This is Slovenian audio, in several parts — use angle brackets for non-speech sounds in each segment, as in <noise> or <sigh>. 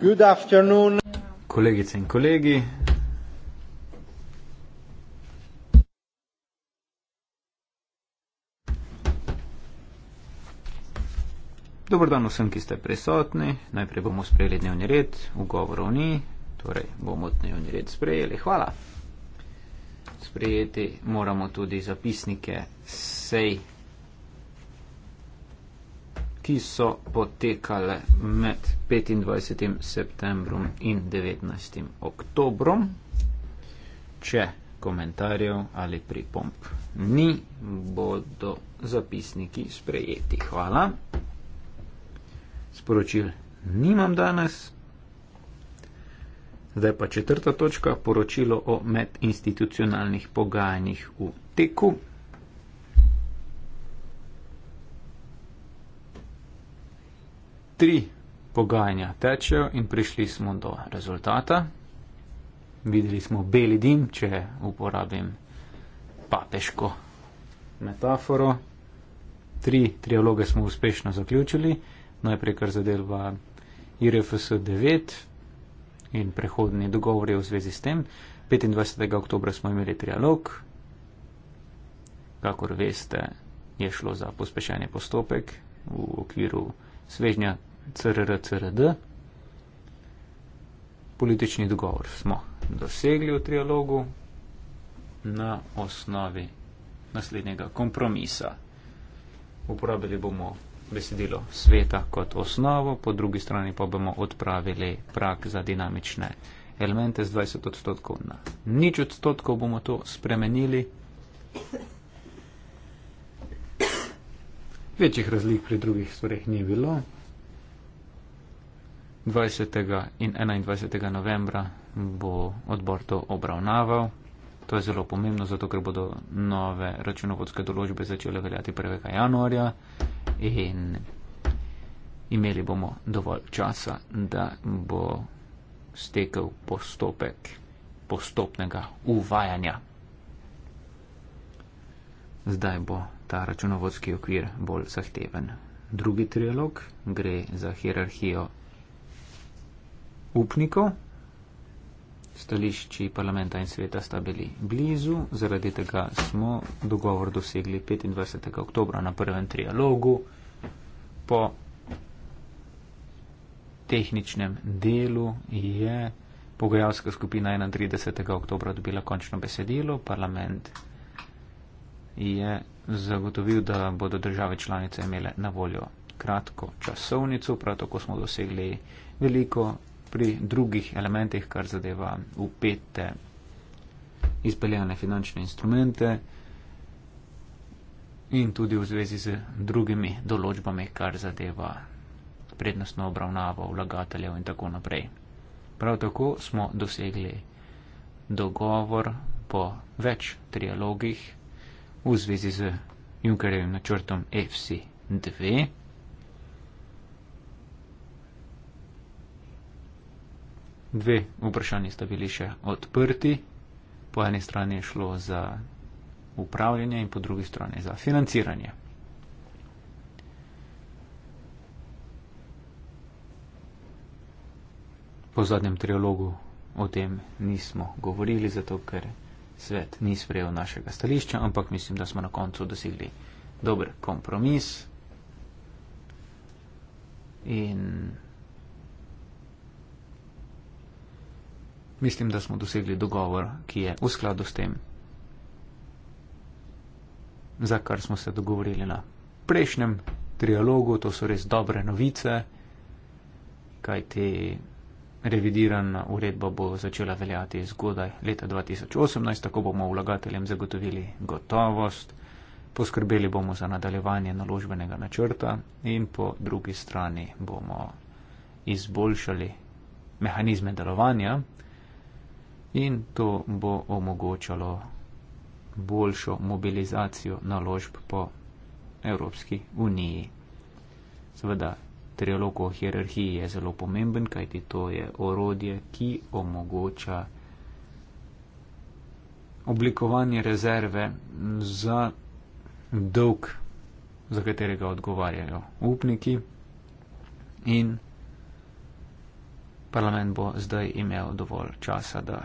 Good afternoon. Kolegice in kolegi. Dobro dan vsem, ki ste prisotni. Najprej bomo sprejeli dnevni red, ugovorov ni, torej bomo dnevni red sprejeli. Hvala. Sprejeti moramo tudi zapisnike sej ki so potekale med 25. septembrom in 19. oktobrom. Če komentarjev ali pripomp ni, bodo zapisniki sprejeti. Hvala. Sporočil nimam danes. Zdaj pa četrta točka, poročilo o medinstitucionalnih pogajanjih v teku. tri pogajanja tečejo in prišli smo do rezultata. Videli smo beli dim, če uporabim papeško metaforo. Tri trialoge smo uspešno zaključili, najprej kar zadeva IRFS 9 in prehodni dogovori v zvezi s tem. 25. oktober smo imeli trialog, kakor veste, je šlo za pospešenje postopek v okviru svežnja crr, crrd. Politični dogovor smo dosegli v trialogu na osnovi naslednjega kompromisa. Uporabili bomo besedilo sveta kot osnovo, po drugi strani pa bomo odpravili prak za dinamične elemente z 20 odstotkov na nič odstotkov bomo to spremenili. Večjih razlik pri drugih stvareh ni bilo, 20. in 21. novembra bo odbor to obravnaval. To je zelo pomembno, zato ker bodo nove računovodske določbe začele veljati 1. januarja in imeli bomo dovolj časa, da bo stekel postopek postopnega uvajanja. Zdaj bo ta računovodski okvir bolj zahteven. Drugi trilog gre za hierarhijo upnikov. Stališči parlamenta in sveta sta bili blizu, zaradi tega smo dogovor dosegli 25. oktobra na prvem trialogu. Po tehničnem delu je pogajalska skupina 31. oktobra dobila končno besedilo. Parlament je zagotovil, da bodo države članice imele na voljo kratko časovnico, prav tako smo dosegli veliko pri drugih elementih, kar zadeva upete izpeljane finančne instrumente in tudi v zvezi z drugimi določbami, kar zadeva prednostno obravnavo vlagateljev in tako naprej. Prav tako smo dosegli dogovor po več trialogih v zvezi z Junkerjevim načrtom FC2. dve vprašanje sta bili še odprti. Po eni strani je šlo za upravljanje in po drugi strani za financiranje. Po zadnjem trialogu o tem nismo govorili, zato ker svet ni sprejel našega stališča, ampak mislim, da smo na koncu dosegli dober kompromis. In mislim, da smo dosegli dogovor, ki je v skladu s tem, za kar smo se dogovorili na prejšnjem trialogu. To so res dobre novice, kajti revidirana uredba bo začela veljati zgodaj leta 2018, tako bomo vlagateljem zagotovili gotovost. Poskrbeli bomo za nadaljevanje naložbenega načrta in po drugi strani bomo izboljšali mehanizme delovanja in to bo omogočalo boljšo mobilizacijo naložb po Evropski uniji. Seveda, trialog o hierarhiji je zelo pomemben, kajti to je orodje, ki omogoča oblikovanje rezerve za dolg, za katerega odgovarjajo upniki in Parlament bo zdaj imel dovolj časa, da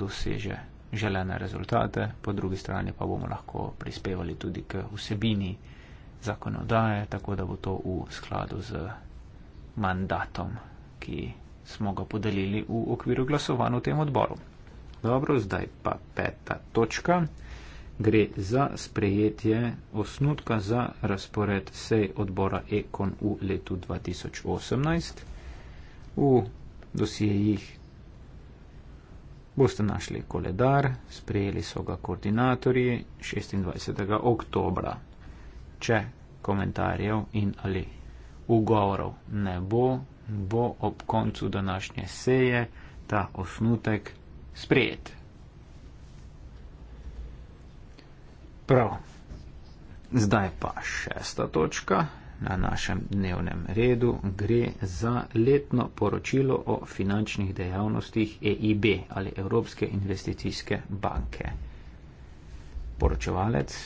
doseže želene rezultate, po drugi strani pa bomo lahko prispevali tudi k vsebini zakonodaje, tako da bo to v skladu z mandatom, ki smo ga podelili v okviru glasovanja v tem odboru. Dobro, zdaj pa peta točka. Gre za sprejetje osnutka za razpored sej odbora Ekon v letu 2018. V dosjejih. Boste našli koledar, sprejeli so ga koordinatorji 26. oktobra. Če komentarjev in ali ugovorov ne bo, bo ob koncu današnje seje ta osnutek sprejet. Prav. Zdaj pa šesta točka, na našem dnevnem redu gre za letno poročilo o finančnih dejavnostih EIB ali Evropske investicijske banke. Poročevalec,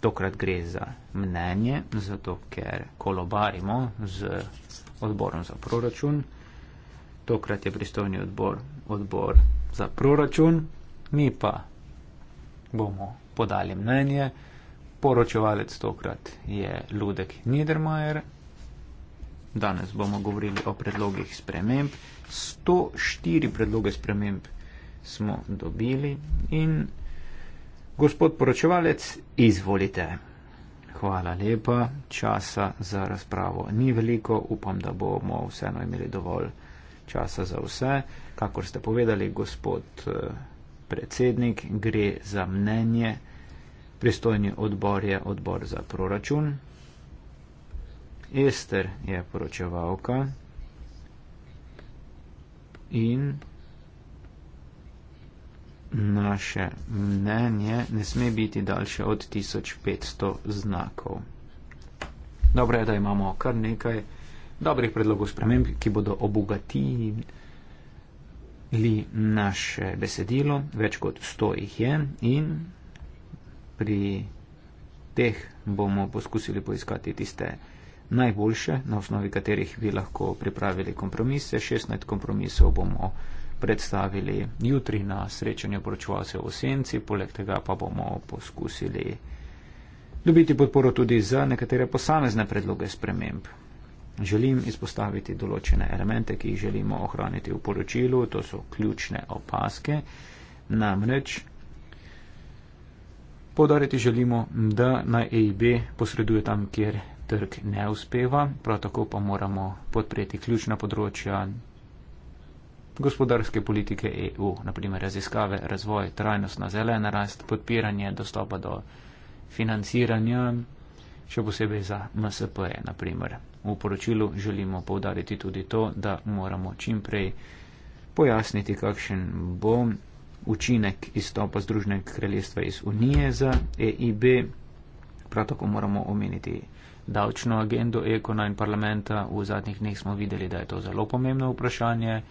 tokrat gre za mnenje, zato ker kolobarimo z odborom za proračun. Tokrat je pristojni odbor odbor za proračun, mi pa bomo podali mnenje poročevalec tokrat je Ludek Niedermayer. Danes bomo govorili o predlogih sprememb. 104 predloge sprememb smo dobili in gospod poročevalec, izvolite. Hvala lepa, časa za razpravo ni veliko, upam, da bomo vseeno imeli dovolj časa za vse. Kakor ste povedali, gospod eh, predsednik, gre za mnenje Pristojni odbor je odbor za proračun. Ester je poročevalka in naše mnenje ne sme biti daljše od 1500 znakov. Dobro je, da imamo kar nekaj dobrih predlogov sprememb, ki bodo obogatili naše besedilo, več kot 100 jih je in pri teh bomo poskusili poiskati tiste najboljše, na osnovi katerih bi lahko pripravili kompromise. 16 kompromisov bomo predstavili jutri na srečanju poročevalcev v senci, poleg tega pa bomo poskusili dobiti podporo tudi za nekatere posamezne predloge sprememb. Želim izpostaviti določene elemente, ki jih želimo ohraniti v poročilu, to so ključne opaske. Namreč Podariti želimo, da naj EIB posreduje tam, kjer trg ne uspeva, prav tako pa moramo podpreti ključna področja gospodarske politike EU, naprimer raziskave, razvoj, trajnostna zelena rast, podpiranje dostopa do financiranja, še posebej za MSP-je, naprimer. V poročilu želimo povdariti tudi to, da moramo čimprej pojasniti, kakšen bo učinek izstopa Združenega kraljestva iz Unije za EIB. Prav tako moramo omeniti davčno agendo Ekona in parlamenta. V zadnjih dneh smo videli, da je to zelo pomembno vprašanje.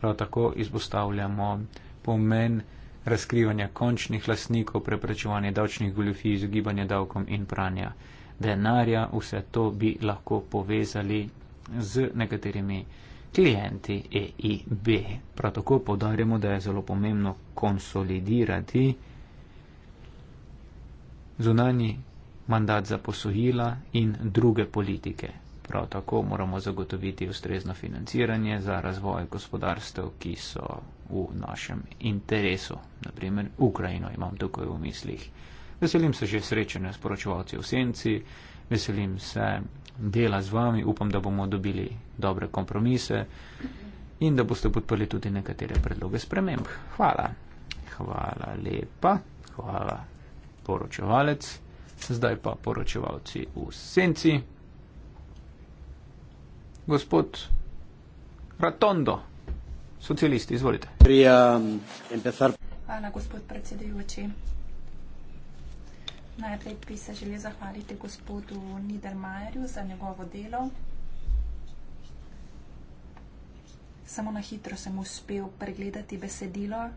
Prav tako izpostavljamo pomen razkrivanja končnih lasnikov, preprečevanje davčnih goljufij, izogibanje davkom in pranja denarja. Vse to bi lahko povezali z nekaterimi klienti EIB. Prav tako podarjamo, da je zelo pomembno konsolidirati zunani mandat za posojila in druge politike. Prav tako moramo zagotoviti ustrezno financiranje za razvoj gospodarstev, ki so v našem interesu, naprimer Ukrajino imam tukaj v mislih. Veselim se že srečanja s poročevalci v senci, veselim se dela z vami, upam, da bomo dobili dobre kompromise in da boste podprli tudi nekatere predloge sprememb. Hvala. Hvala lepa. Hvala poročevalec. Zdaj pa poročevalci v senci. Gospod Ratondo, socialisti, izvolite. Prija, empezar. Hvala, gospod predsedujoči. Najprej bi se želel zahvaliti gospodu Niedermayerju za njegovo delo. Samo na hitro sem uspel pregledati besedilo.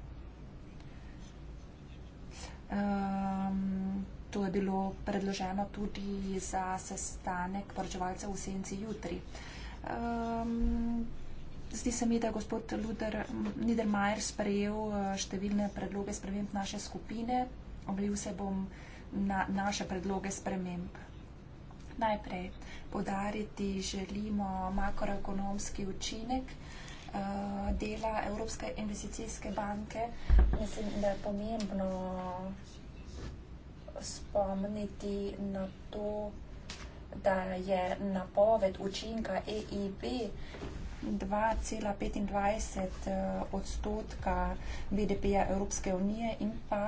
Um, to je bilo predloženo tudi za sestanek vrčevalcev v senci jutri. Um, zdi se mi, da je gospod Luder, Niedermayer sprejel eh, številne predloge sprememb naše skupine. Obljubil se bom na naše predloge sprememb. Najprej podariti želimo makroekonomski učinek eh, dela Evropske investicijske banke. Mislim, da je pomembno spomniti na to, da je napoved učinka EIB 2,25 eh, odstotka BDP-ja Evropske unije in pa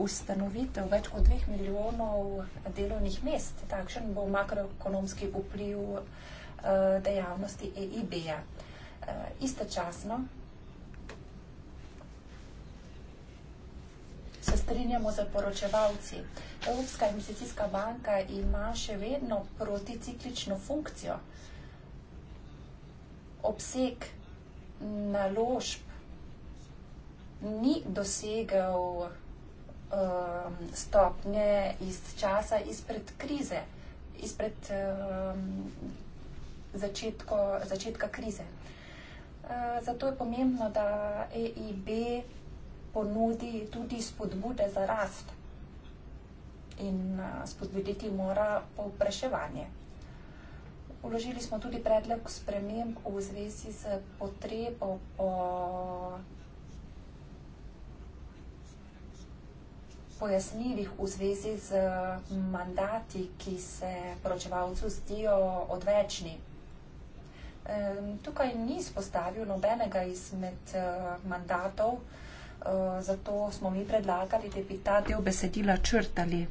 ustanovitev več kot dveh milijonov delovnih mest. Takšen bo makroekonomski vpliv eh, dejavnosti EIB-ja. Eh, istočasno se strinjamo z poročevalci. Evropska investicijska banka ima še vedno proticiklično funkcijo obseg naložb ni dosegel um, stopnje iz časa izpred krize, izpred um, začetko, začetka krize. Uh, zato je pomembno, da EIB ponudi tudi spodbude za rast in uh, spodbuditi mora povpraševanje. Vložili smo tudi predlog sprememb v zvezi z potrebo po pojasnilih v zvezi z mandati, ki se poročevalcu zdijo odvečni. Tukaj ni spostavil nobenega izmed eh, mandatov, eh, zato smo mi predlagali, da bi ta del besedila črtali.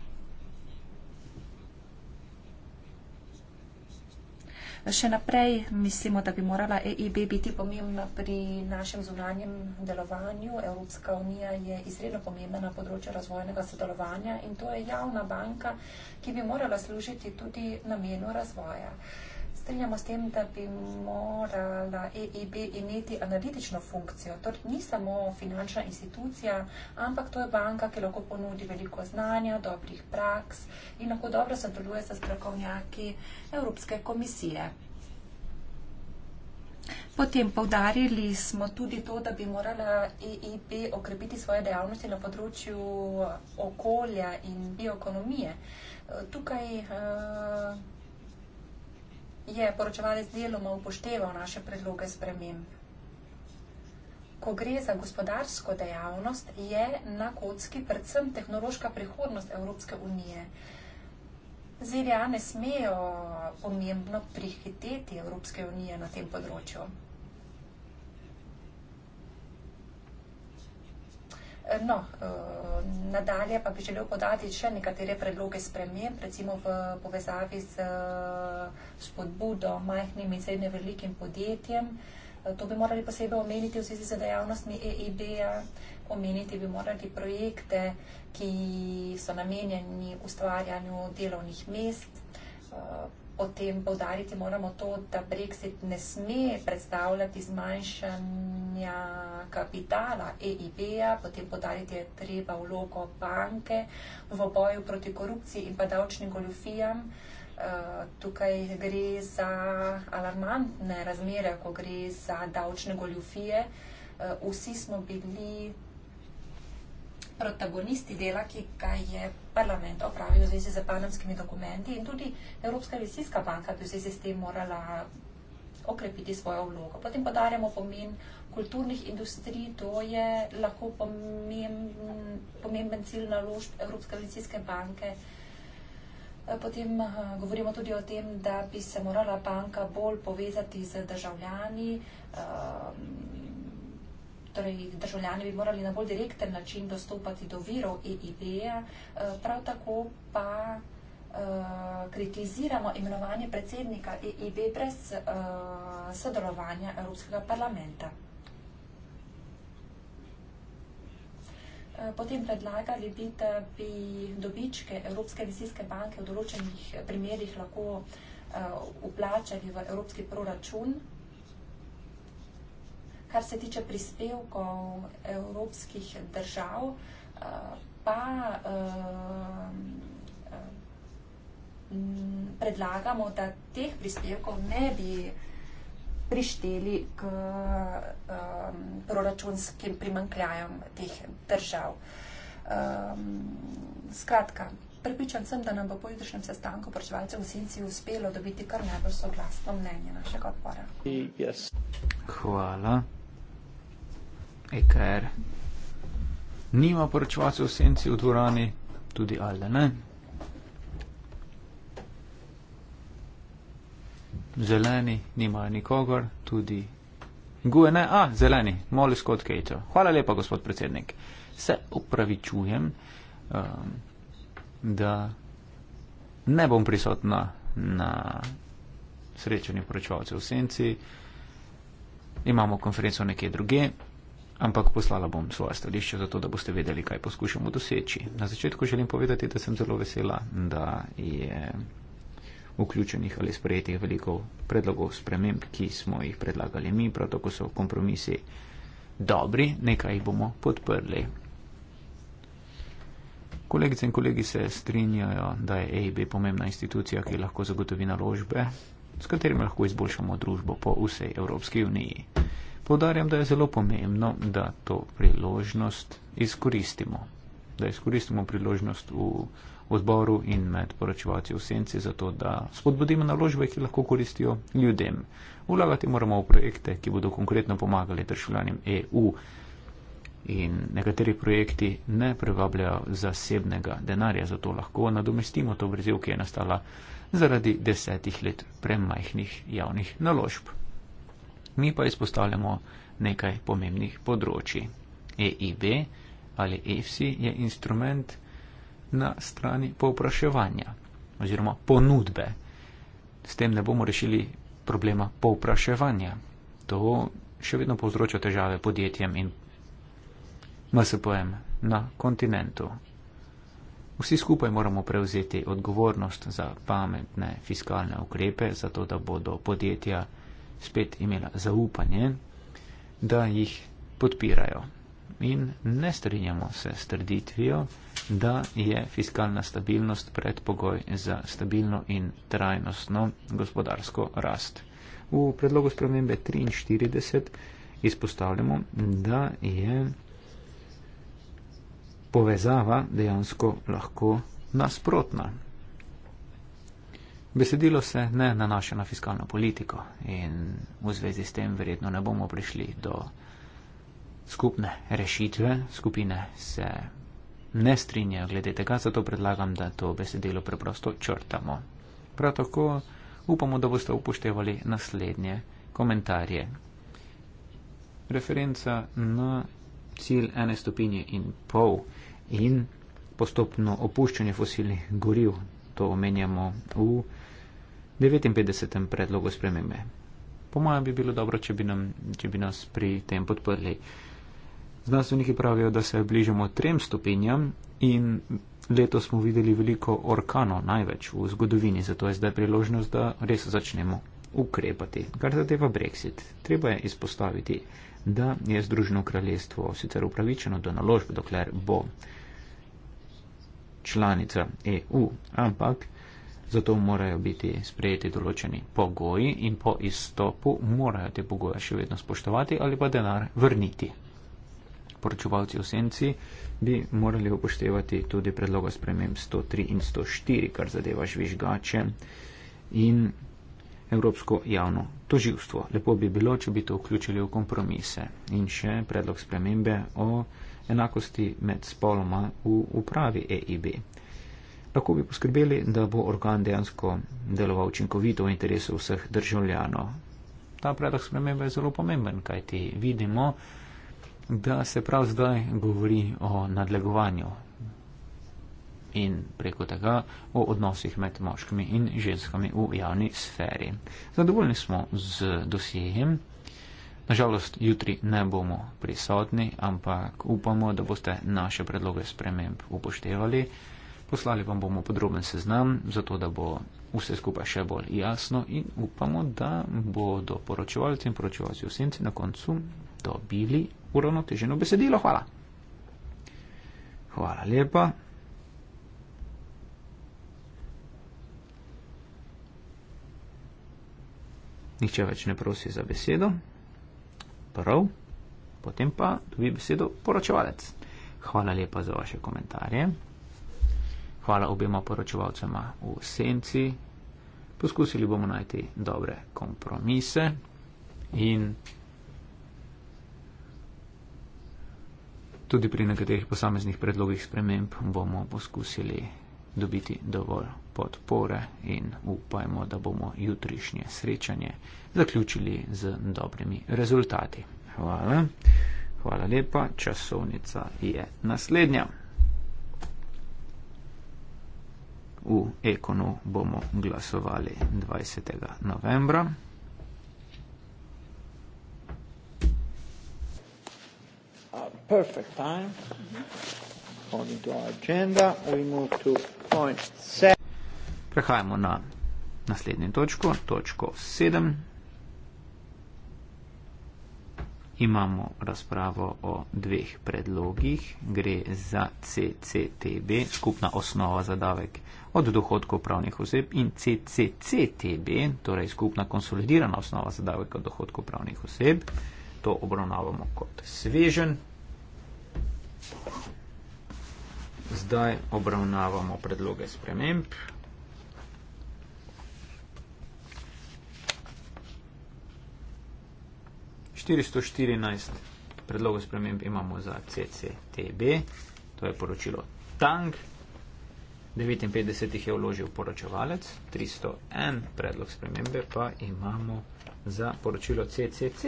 Še naprej mislimo, da bi morala EIB biti pomembna pri našem zunanjem delovanju. Evropska unija je izredno pomembna na področju razvojnega sodelovanja in to je javna banka, ki bi morala služiti tudi namenu razvoja strinjamo s tem, da bi morala EIB imeti analitično funkcijo. To ni samo finančna institucija, ampak to je banka, ki lahko ponudi veliko znanja, dobrih praks in lahko dobro sodeluje s strokovnjaki Evropske komisije. Potem povdarili smo tudi to, da bi morala EIB okrepiti svoje dejavnosti na področju okolja in bioekonomije. Tukaj uh, je poročevalec deloma upošteval naše predloge sprememb. Ko gre za gospodarsko dejavnost, je na kocki predvsem tehnološka prihodnost Evropske unije. ZDA e ne smejo pomembno prihiteti Evropske unije na tem področju. No, eh, nadalje pa bi želel podati še nekatere predloge spremem, recimo v povezavi z eh, spodbudo majhnim in srednje velikim podjetjem. Eh, to bi morali posebej omeniti v zvezi z dejavnostmi EIB-a, omeniti bi morali projekte, ki so namenjeni ustvarjanju delovnih mest, o tem povdariti moramo to, da Brexit ne sme predstavljati zmanjšanja kapitala EIB-a, potem podariti je treba vlogo banke v boju proti korupciji in pa davčnim goljufijam. Eh, tukaj gre za alarmantne razmere, ko gre za davčne goljufije. Eh, vsi smo bili protagonisti dela, ki ga je parlament opravil v zvezi z panamskimi dokumenti in tudi Evropska resijska banka bi v zvezi s tem morala okrepiti svojo vlogo. Potem podarjamo pomen kulturnih industrij, to je lahko pomemben, pomemben cilj naložb Evropske resijske banke. Eh, potem eh, govorimo tudi o tem, da bi se morala banka bolj povezati z državljani. Um, torej državljani bi morali na bolj direkten način dostopati do virov EIB-ja, eh, prav tako pa eh, kritiziramo imenovanje predsednika EIB brez eh, sodelovanja Evropskega parlamenta. Potem predlagali bi, da bi dobičke Evropske visijske banke v določenih primerjih lahko uplačali v Evropski proračun, kar se tiče prispevkov evropskih držav, eh, pa eh, predlagamo, da teh prispevkov ne bi prišteli k eh, proračunskim primankljajem teh držav. Skratka, pripričan sem, da nam bo po jutrišnjem sestanku poročevalcev v Sinci uspelo dobiti kar najbolj soglasno mnenje našega odbora. Hvala. EKR. Nima poročevalcev v senci v dvorani, tudi Alde ne. Zeleni nimajo nikogor, tudi Guje ne. A, zeleni, moli Scott Cato. Hvala lepa, gospod predsednik. Se upravičujem, um, da ne bom prisotna na srečanju poročevalcev v senci. Imamo konferenco nekje druge ampak poslala bom svoje stališče, zato da boste vedeli, kaj poskušamo doseči. Na začetku želim povedati, da sem zelo vesela, da je vključenih ali sprejetih veliko predlogov sprememb, ki smo jih predlagali mi, prav tako so kompromisi dobri, nekaj jih bomo podprli. Kolegice in kolegi se strinjajo, da je EIB pomembna institucija, ki lahko zagotovi naložbe, s katerimi lahko izboljšamo družbo po vsej Evropski uniji. Povdarjam, da je zelo pomembno, da to priložnost izkoristimo. Da izkoristimo priložnost v odboru in med poročevalci v senci, zato da spodbudimo naložbe, ki lahko koristijo ljudem. Vlagati moramo v projekte, ki bodo konkretno pomagali državljanjem EU. In nekateri projekti ne privabljajo zasebnega denarja, zato lahko nadomestimo to vrzel, ki je nastala zaradi desetih let premajhnih javnih naložb mi pa izpostavljamo nekaj pomembnih področji. E EIB ali EFSI je instrument na strani povpraševanja oziroma ponudbe. S tem ne bomo rešili problema povpraševanja. To še vedno povzroča težave podjetjem in MSP-jem na kontinentu. Vsi skupaj moramo prevzeti odgovornost za pametne fiskalne ukrepe, zato da bodo podjetja spet imela zaupanje, da jih podpirajo. In ne strinjamo se s trditvijo, da je fiskalna stabilnost predpogoj za stabilno in trajnostno gospodarsko rast. V predlogu spremembe 43 izpostavljamo, da je povezava dejansko lahko nasprotna. Besedilo se ne nanaša na fiskalno politiko in v zvezi s tem verjetno ne bomo prišli do skupne rešitve. Skupine se ne strinjajo glede tega, zato predlagam, da to besedilo preprosto črtamo. Prav tako upamo, da boste upoštevali naslednje komentarje. Referenca na cilj ene stopinje in pol in postopno opuščanje fosilnih goriv. To omenjamo v. 59. predlogu spremembe. Po mojem bi bilo dobro, če bi, nam, če bi nas pri tem podprli. Znanstveniki pravijo, da se bližamo trem stopinjam in leto smo videli veliko orkano, največ v zgodovini, zato je zdaj priložnost, da res začnemo ukrepati. Kar zadeva Brexit, treba je izpostaviti, da je Združeno kraljestvo sicer upravičeno do naložb, dokler bo članica EU, ampak zato morajo biti sprejeti določeni pogoji in po izstopu morajo te pogoje še vedno spoštovati ali pa denar vrniti. Poročevalci v senci bi morali upoštevati tudi predloga sprememb 103 in 104, kar zadeva žvižgače in Evropsko javno toživstvo. Lepo bi bilo, če bi to vključili v kompromise. In še predlog spremembe o enakosti med spoloma v upravi EIB lahko bi poskrbeli, da bo organ dejansko deloval učinkovito v interesu vseh državljanov. Ta predlog spremembe je zelo pomemben, kajti vidimo, da se prav zdaj govori o nadlegovanju in preko tega o odnosih med moškimi in ženskami v javni sferi. Zadovoljni smo z dosjejem. Nažalost, jutri ne bomo prisotni, ampak upamo, da boste naše predloge sprememb upoštevali. Poslali vam bomo podroben seznam, zato da bo vse skupaj še bolj jasno in upamo, da bodo poročevalci in poročevalci v senci na koncu dobili uravnoteženo besedilo. Hvala. Hvala lepa. Nihče več ne prosi za besedo. Prav. Potem pa dobi besedo poročevalec. Hvala lepa za vaše komentarje. Hvala obema poročevalcema v senci. Poskusili bomo najti dobre kompromise in tudi pri nekaterih posameznih predlogih sprememb bomo poskusili dobiti dovolj podpore in upajmo, da bomo jutrišnje srečanje zaključili z dobrimi rezultati. Hvala. Hvala lepa. Časovnica je naslednja. V Ekonu bomo glasovali 20. novembra. Perfect time. According to our agenda, we move to point 7. Prehajamo na naslednjo točko, točko 7. Imamo razpravo o dveh predlogih. Gre za CCTB, skupna osnova za davek od dohodkov pravnih oseb in CCCTB, torej skupna konsolidirana osnova za davek od dohodkov pravnih oseb. To obravnavamo kot svežen. Zdaj obravnavamo predloge sprememb. Predlogov sprememb imamo za CCTB, to je poročilo TANG 59 jih je vložil poročevalec, 301 predlog spremembe pa imamo za poročilo CCC.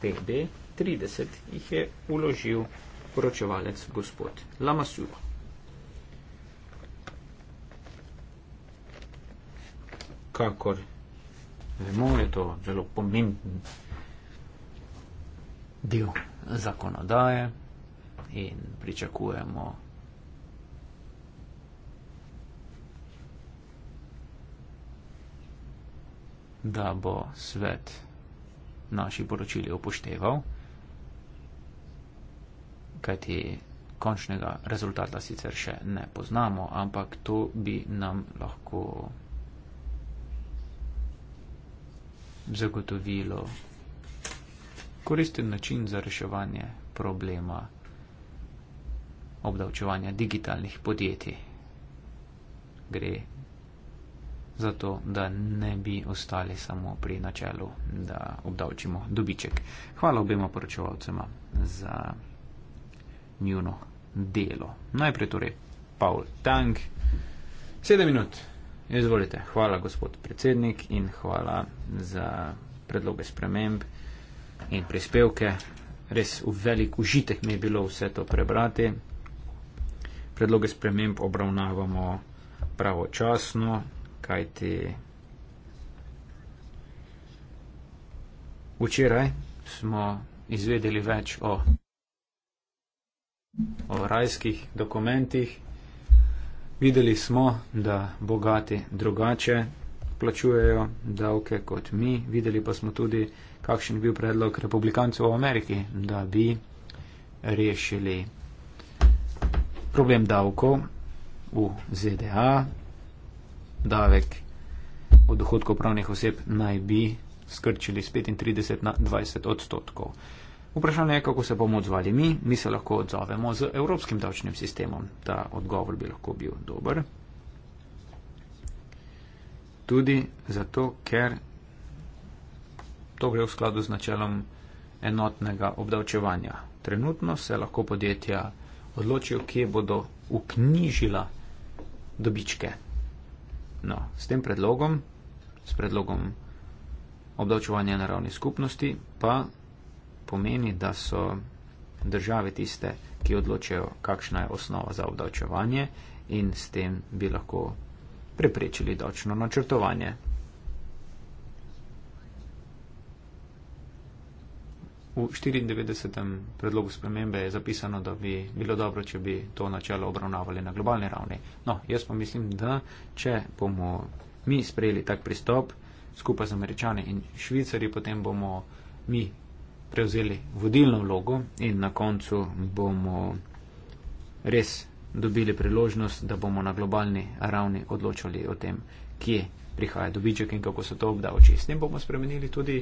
Teh B, 30 jih je vložil poročevalec gospod Lamasuro. Kakor vemo, je to zelo pomemben del zakonodaje in pričakujemo da bo svet naši poročili upošteval, kajti končnega rezultata sicer še ne poznamo, ampak to bi nam lahko zagotovilo koristen način za reševanje problema obdavčevanja digitalnih podjetij. Gre zato da ne bi ostali samo pri načelu, da obdavčimo dobiček. Hvala obema poročevalcema za njuno delo. Najprej torej Paul Tang. Sedem minut. Izvolite. Hvala, gospod predsednik, in hvala za predloge sprememb in prispevke. Res v velik užitek mi je bilo vse to prebrati. Predloge sprememb obravnavamo pravočasno, kaj ti včeraj smo izvedeli več o, o rajskih dokumentih. Videli smo, da bogati drugače plačujejo davke kot mi. Videli pa smo tudi, kakšen je bil predlog republikancev v Ameriki, da bi rešili problem davkov v ZDA, davek od dohodkov pravnih oseb naj bi skrčili z 35 na 20 odstotkov. Vprašanje je, kako se bomo odzvali mi. Mi se lahko odzovemo z evropskim davčnim sistemom. Ta odgovor bi lahko bil dober. Tudi zato, ker to gre v skladu z načelom enotnega obdavčevanja. Trenutno se lahko podjetja odločijo, kje bodo uknjižila dobičke. No, s tem predlogom, s predlogom obdavčevanja na ravni skupnosti, pa pomeni, da so države tiste, ki odločajo, kakšna je osnova za obdavčevanje in s tem bi lahko preprečili davčno načrtovanje. V 94. predlogu spremembe je zapisano, da bi bilo dobro, če bi to načelo obravnavali na globalni ravni. No, jaz pa mislim, da če bomo mi sprejeli tak pristop skupaj z američani in švicari, potem bomo mi prevzeli vodilno vlogo in na koncu bomo res dobili priložnost, da bomo na globalni ravni odločali o tem, kje prihaja dobiček in kako se to obdavči. S tem bomo spremenili tudi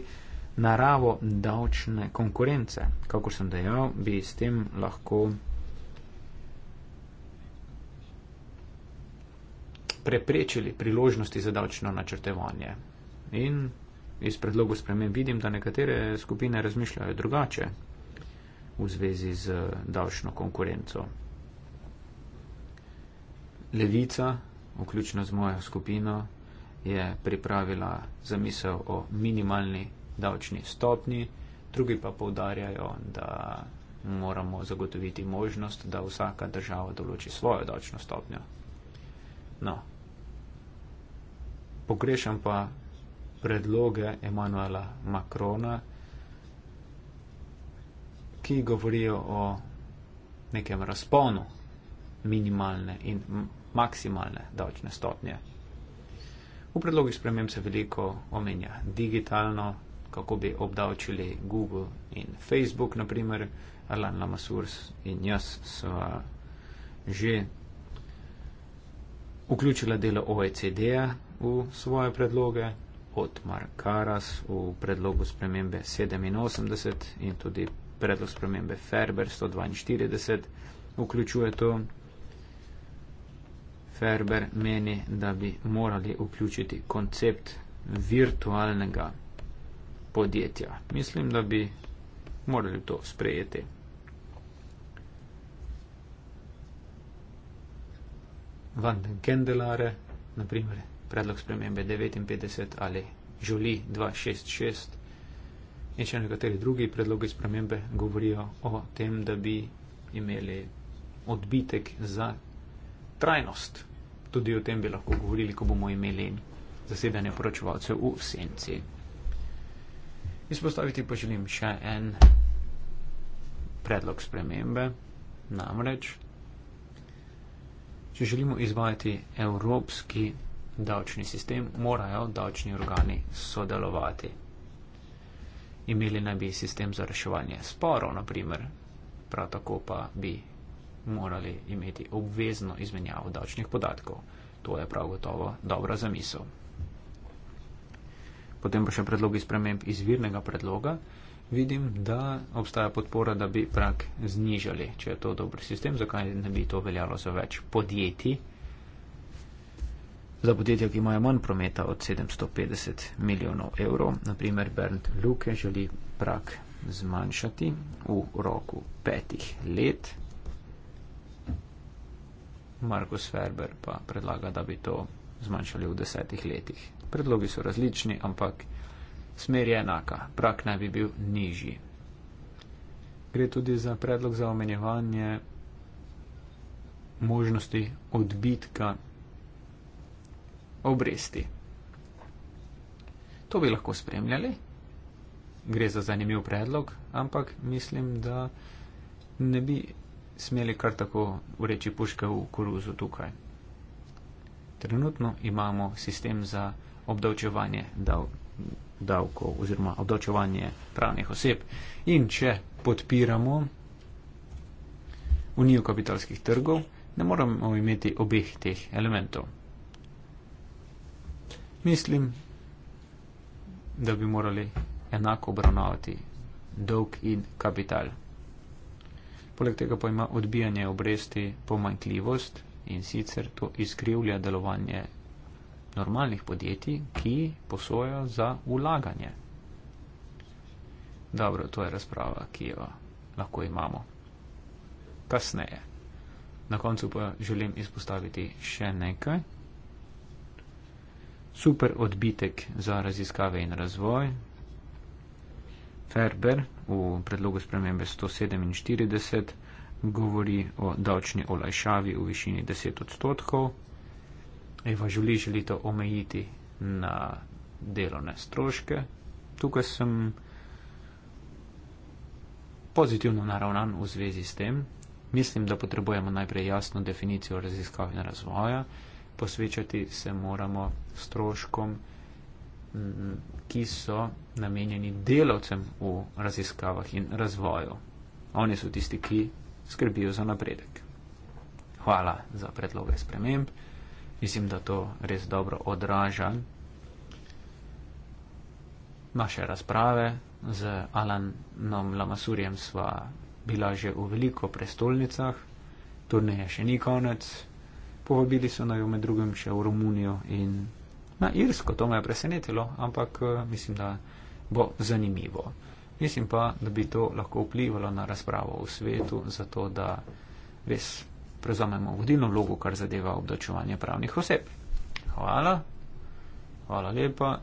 naravo davčne konkurence. Kako sem dejal, bi s tem lahko preprečili priložnosti za davčno načrtevanje. In iz predlogu spremem vidim, da nekatere skupine razmišljajo drugače v zvezi z davčno konkurenco. Levica, vključno z mojo skupino, je pripravila zamisel o minimalni davčni stopni, drugi pa povdarjajo, da moramo zagotoviti možnost, da vsaka država določi svojo davčno stopnjo. No, pogrešam pa predloge Emanuela Makrona, ki govorijo o nekem razponu minimalne in maksimalne davčne stopnje. V predlogih sprememb se veliko omenja digitalno kako bi obdavčili Google in Facebook, naprimer, Alan Lamasurs in jaz sva že vključila delo OECD-ja v svoje predloge, od Markaras v predlogu spremembe 87 in tudi predlog spremembe Ferber 142 vključuje to. Ferber meni, da bi morali vključiti koncept virtualnega podjetja. Mislim, da bi morali to sprejeti. Van den Kendelare, naprimer, predlog spremembe 59 ali Žuli 266 in še nekateri drugi predlogi spremembe govorijo o tem, da bi imeli odbitek za trajnost. Tudi o tem bi lahko govorili, ko bomo imeli zasedanje poročevalcev v senci. Izpostaviti pa želim še en predlog spremembe, namreč, če želimo izvajati evropski davčni sistem, morajo davčni organi sodelovati. Imeli naj bi sistem za reševanje sporov, naprimer, prav tako pa bi morali imeti obvezno izmenjavo davčnih podatkov. To je prav gotovo dobra zamisel potem pa še predlogi sprememb izvirnega predloga, vidim, da obstaja podpora, da bi prak znižali, če je to dober sistem, zakaj ne bi to veljalo za več podjetij, za podjetja, ki imajo manj prometa od 750 milijonov evrov, naprimer Bernd Luke želi prak zmanjšati v roku petih let. Markus Ferber pa predlaga, da bi to zmanjšali v desetih letih. Predlogi so različni, ampak smer je enaka. Prak naj bi bil nižji. Gre tudi za predlog za omenjevanje možnosti odbitka obresti. To bi lahko spremljali. Gre za zanimiv predlog, ampak mislim, da ne bi smeli kar tako vreči puške v koruzu tukaj. Trenutno imamo sistem za obdavčevanje dav, davkov oziroma obdavčevanje pravnih oseb. In če podpiramo unijo kapitalskih trgov, ne moramo imeti obeh teh elementov. Mislim, da bi morali enako obravnavati dolg in kapital. Poleg tega pa ima odbijanje obresti pomankljivost in sicer to izkrivlja delovanje normalnih podjetij, ki posojajo za ulaganje. Dobro, to je razprava, ki jo lahko imamo kasneje. Na koncu pa želim izpostaviti še nekaj. Super odbitek za raziskave in razvoj. Ferber v predlogu spremembe 147 govori o davčni olajšavi v višini 10 odstotkov. Eva želi, želi to omejiti na delovne stroške. Tukaj sem pozitivno naravnan v zvezi s tem. Mislim, da potrebujemo najprej jasno definicijo raziskav in razvoja. Posvečati se moramo stroškom, ki so namenjeni delavcem v raziskavah in razvoju. Oni so tisti, ki skrbijo za napredek. Hvala za predloge sprememb. Mislim, da to res dobro odraža naše razprave. Z Alanom Lamasurjem sva bila že v veliko prestolnicah, turneja še ni konec. Povabili so naj jo med drugim še v Romunijo in na Irsko, to me je presenetilo, ampak eh, mislim, da bo zanimivo. Mislim pa, da bi to lahko vplivalo na razpravo v svetu, zato da res prevzamemo vodilno vlogo, kar zadeva obdačevanje pravnih oseb. Hvala, hvala lepa.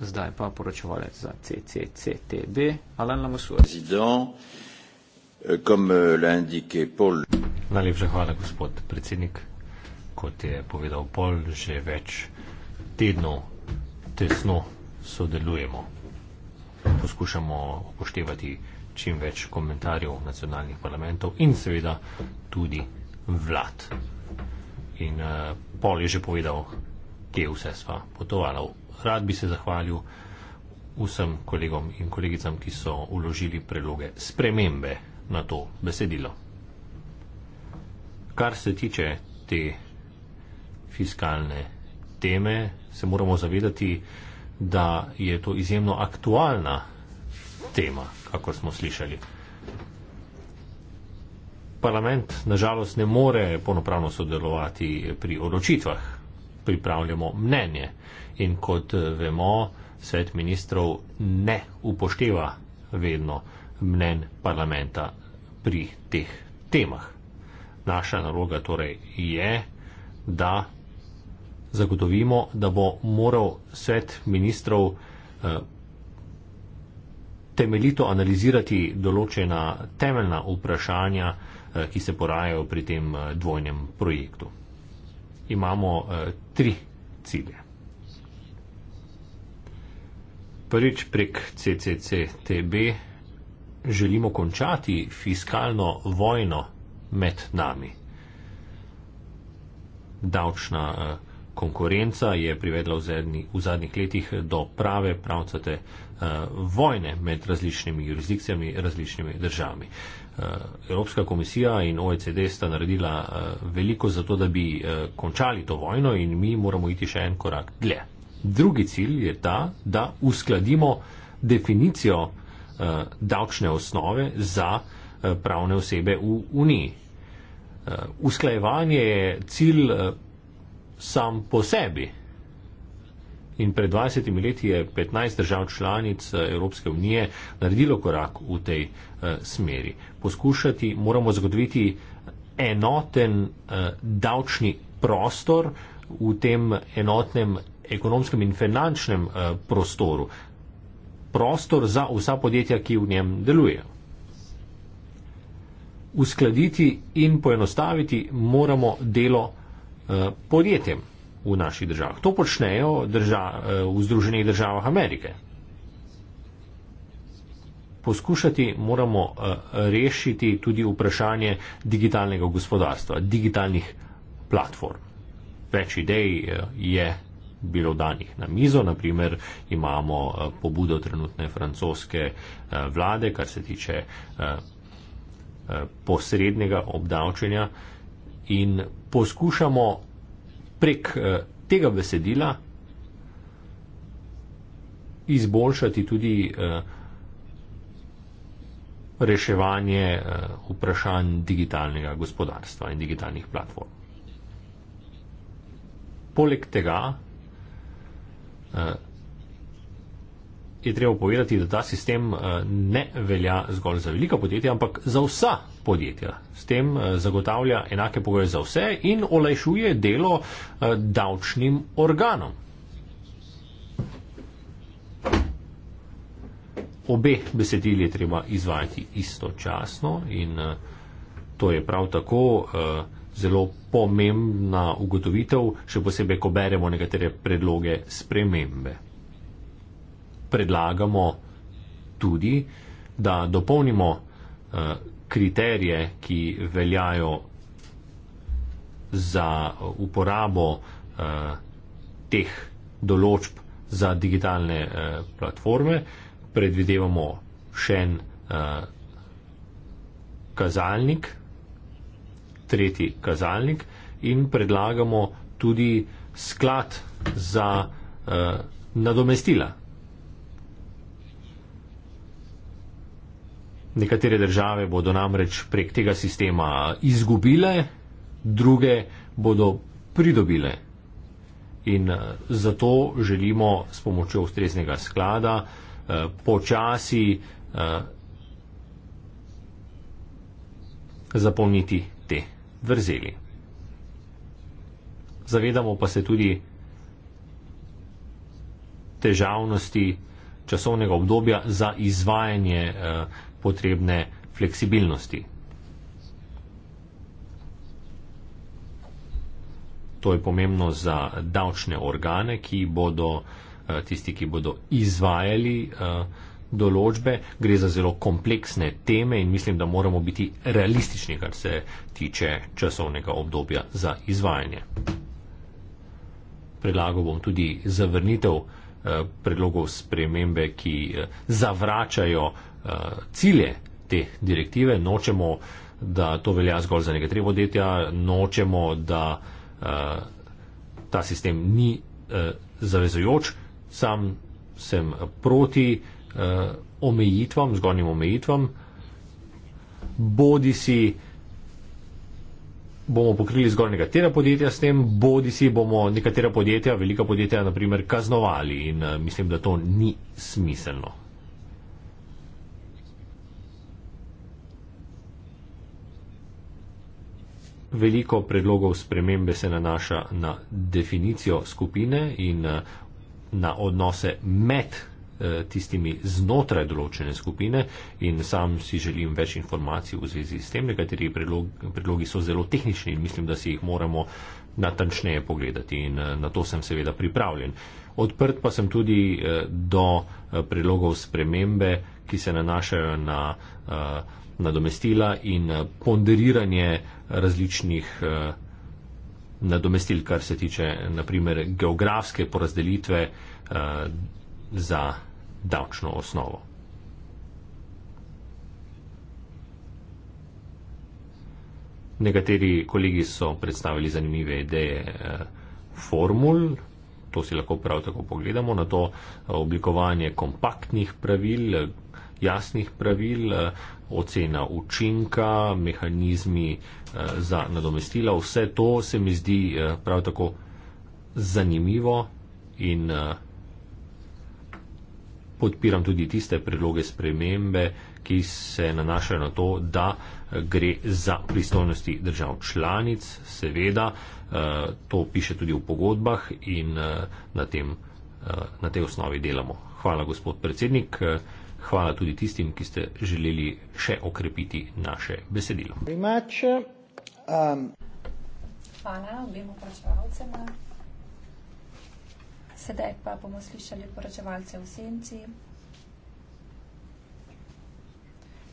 Zdaj pa poročevalec za CCCTB, Alan Lamasu. Euh, euh, Najlepša hvala, gospod predsednik. Kot je povedal Pol, že več tednov tesno sodelujemo. Poskušamo upoštevati čim več komentarjev nacionalnih parlamentov in seveda tudi vlad. In uh, Pol je že povedal, kje vse sva potovala. Rad bi se zahvalil vsem kolegom in kolegicam, ki so uložili predloge spremembe na to besedilo. Kar se tiče te fiskalne teme, se moramo zavedati, da je to izjemno aktualna tema, kako smo slišali parlament nažalost ne more ponopravno sodelovati pri odločitvah. Pripravljamo mnenje in kot eh, vemo, svet ministrov ne upošteva vedno mnen parlamenta pri teh temah. Naša naloga torej je, da zagotovimo, da bo moral svet ministrov eh, temeljito analizirati določena temeljna vprašanja, Eh, ki se porajajo pri tem eh, dvojnem projektu. Imamo eh, tri cilje. Prvič prek CCCTB želimo končati fiskalno vojno med nami. Davčna konkurenca je privedla v, zadnji, v zadnjih letih do prave pravcate vojne med različnimi jurisdikcijami, različnimi državami. Eh, Evropska komisija in OECD sta naredila eh, veliko za to, da bi eh, končali to vojno in mi moramo iti še en korak dlje. Drugi cilj je ta, da uskladimo definicijo davčne osnove za pravne osebe v Uniji. Usklajevanje je cilj sam po sebi. In pred 20 leti je 15 držav članic Evropske unije naredilo korak v tej uh, Eh, smeri. Poskušati moramo zagotoviti enoten eh, davčni prostor v tem enotnem ekonomskem in finančnem eh, prostoru. Prostor za vsa podjetja, ki v njem delujejo. Uskladiti in poenostaviti moramo delo podjetjem v naših državah. To počnejo držav, v Združenih državah Amerike poskušati moramo eh, rešiti tudi vprašanje digitalnega gospodarstva, digitalnih platform. Več idej eh, je bilo danih na mizo, naprimer imamo eh, pobudo trenutne francoske vlade, kar se tiče posrednega obdavčenja in poskušamo prek tega besedila izboljšati tudi eh, reševanje eh, vprašanj digitalnega gospodarstva in digitalnih platform. Poleg tega eh, je treba povedati, da ta sistem eh, ne velja zgolj za velika podjetja, ampak za vsa podjetja. S tem zagotavlja enake pogoje za vse in olajšuje delo davčnim organom. obe besedili je treba izvajati istočasno in eh, to je prav tako eh, zelo pomembna ugotovitev, še posebej, ko beremo nekatere predloge spremembe. Predlagamo tudi, da dopolnimo eh, kriterije, ki veljajo za uporabo teh določb za digitalne platforme predvidevamo še en uh, kazalnik, tretji kazalnik in predlagamo tudi sklad za uh, nadomestila. Nekatere države bodo namreč prek tega sistema izgubile, druge bodo pridobile. In eh, zato želimo s pomočjo ustreznega sklada uh, Eh, počasi eh, zapolniti te vrzeli. Zavedamo pa se tudi težavnosti časovnega obdobja za izvajanje eh, potrebne fleksibilnosti. To je pomembno za davčne organe, ki bodo uh, Eh, tisti, ki bodo izvajali eh, določbe. Gre za zelo kompleksne teme in mislim, da moramo biti realistični, kar se tiče časovnega obdobja za izvajanje. Predlagal bom tudi zavrnitev eh, predlogov spremembe, ki zavračajo cilje te direktive. Nočemo, da to velja zgolj za nekaj trebodetja, nočemo, da ta sistem ni zavezojoč sam sem proti uh, omejitvam, zgornjim omejitvam, bodi si bomo pokrili zgolj nekatera podjetja s tem, bodi si bomo nekatera podjetja, velika podjetja, naprimer, kaznovali in uh, mislim, da to ni smiselno. Veliko predlogov spremembe se nanaša na definicijo skupine in eh, na odnose med eh, tistimi znotraj določene skupine in sam si želim več informacij v zvezi s tem. Nekateri predlogi so zelo tehnični in mislim, da si jih moramo natančneje pogledati in eh, na to sem seveda pripravljen. Odprt pa sem tudi eh, do predlogov spremembe, ki se nanašajo na nadomestila in ponderiranje različnih nadomestil, kar se tiče naprimer geografske porazdelitve uh, za davčno osnovo. Nekateri kolegi so predstavili zanimive ideje uh, formul, to si lahko prav tako pogledamo, na to uh, oblikovanje kompaktnih pravil, eh, jasnih pravil. Uh, ocena učinka, mehanizmi eh, za nadomestila, vse to se mi zdi eh, prav tako zanimivo in eh, podpiram tudi tiste predloge spremembe, ki se nanašajo na to, da gre za pristojnosti držav članic, seveda, to piše tudi v pogodbah in na, tem, na tej osnovi delamo. Hvala, gospod predsednik hvala tudi tistim, ki ste želeli še okrepiti naše besedilo. Much, um... Hvala obim vprašalcem. Sedaj pa bomo slišali poročevalce v senci.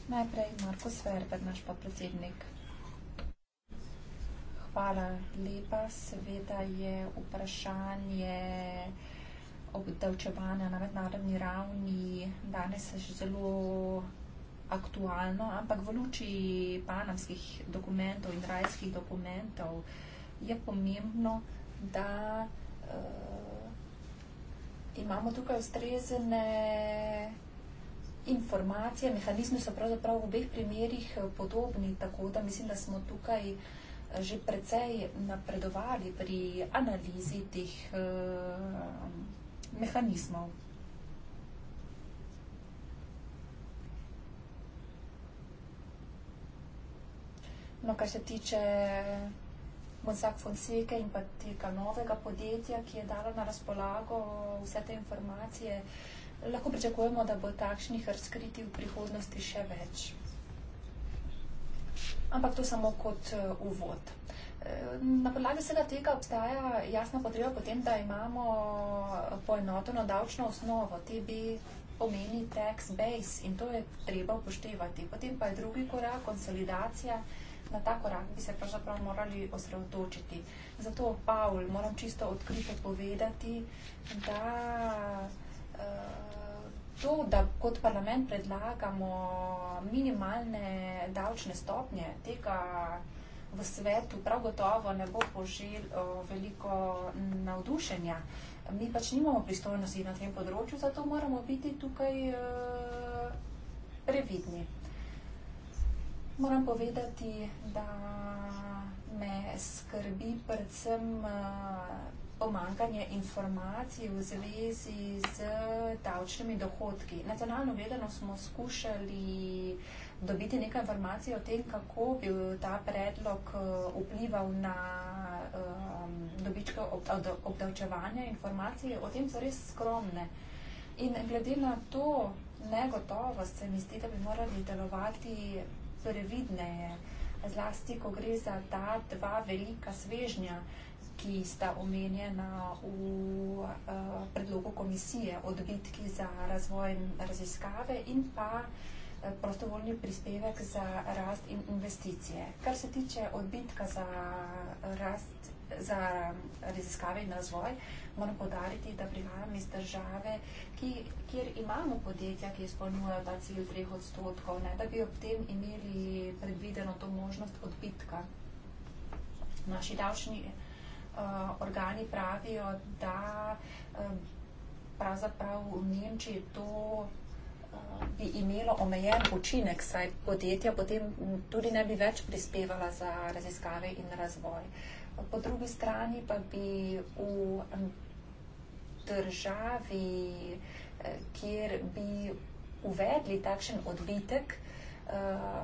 Najprej Marko Sverber, naš podpredsednik. Hvala lepa. Seveda je vprašanje obdavčevanja na mednarodni ravni danes še zelo aktualno, ampak v luči panamskih dokumentov in rajskih dokumentov je pomembno, da uh, imamo tukaj ustrezne informacije, mehanizmi so pravzaprav v obeh primerih eh, podobni, tako da mislim, da smo tukaj eh, že precej napredovali pri analizi teh uh, mehanizmov. No, kar se tiče Monsak Fonseke in pa tega novega podjetja, ki je dalo na razpolago vse te informacije, lahko pričakujemo, da bo takšnih razkriti v prihodnosti še več. Ampak to samo kot eh, uvod. Na podlagi vsega tega obstaja jasna potreba potem, da imamo poenoteno davčno osnovo, TB pomeni tax base in to je treba upoštevati. Potem pa je drugi korak, konsolidacija, na ta korak bi se pravzaprav morali osredotočiti. Zato, Paul, moram čisto odkrito povedati, da eh, to, da kot parlament predlagamo minimalne davčne stopnje tega, v svetu prav gotovo ne bo požel eh, veliko navdušenja. Mi pač nimamo pristojnosti na tem področju, zato moramo biti tukaj eh, previdni. Moram povedati, da me skrbi predvsem eh, pomankanje informacij v zvezi z davčnimi dohodki. Nacionalno gledano smo skušali uh, dobiti nekaj informacije o tem, kako bi ta predlog eh, vplival na um, ehm, dobičko obdavčevanja informacije, o tem so res skromne. In glede na to negotovost, se mi zdi, da bi morali delovati previdneje, zlasti, ko gre za ta dva velika svežnja, ki sta omenjena v uh, predlogu komisije, odbitki za razvoj raziskave in pa uh, prostovoljni prispevek za rast in investicije. Kar se tiče odbitka za rast, za raziskave in razvoj, moram podariti, da prihajam iz države, ki, kjer imamo podjetja, ki izpolnjujejo ta cilj 3 odstotkov, ne, da bi ob tem imeli predvideno to možnost odbitka. Naši davčni uh, organi pravijo, da uh, pravzaprav v Nemčiji to bi imelo omejen učinek, saj podjetja potem tudi ne bi več prispevala za raziskave in razvoj. Po drugi strani pa bi v državi, eh, kjer bi uvedli takšen odbitek, eh,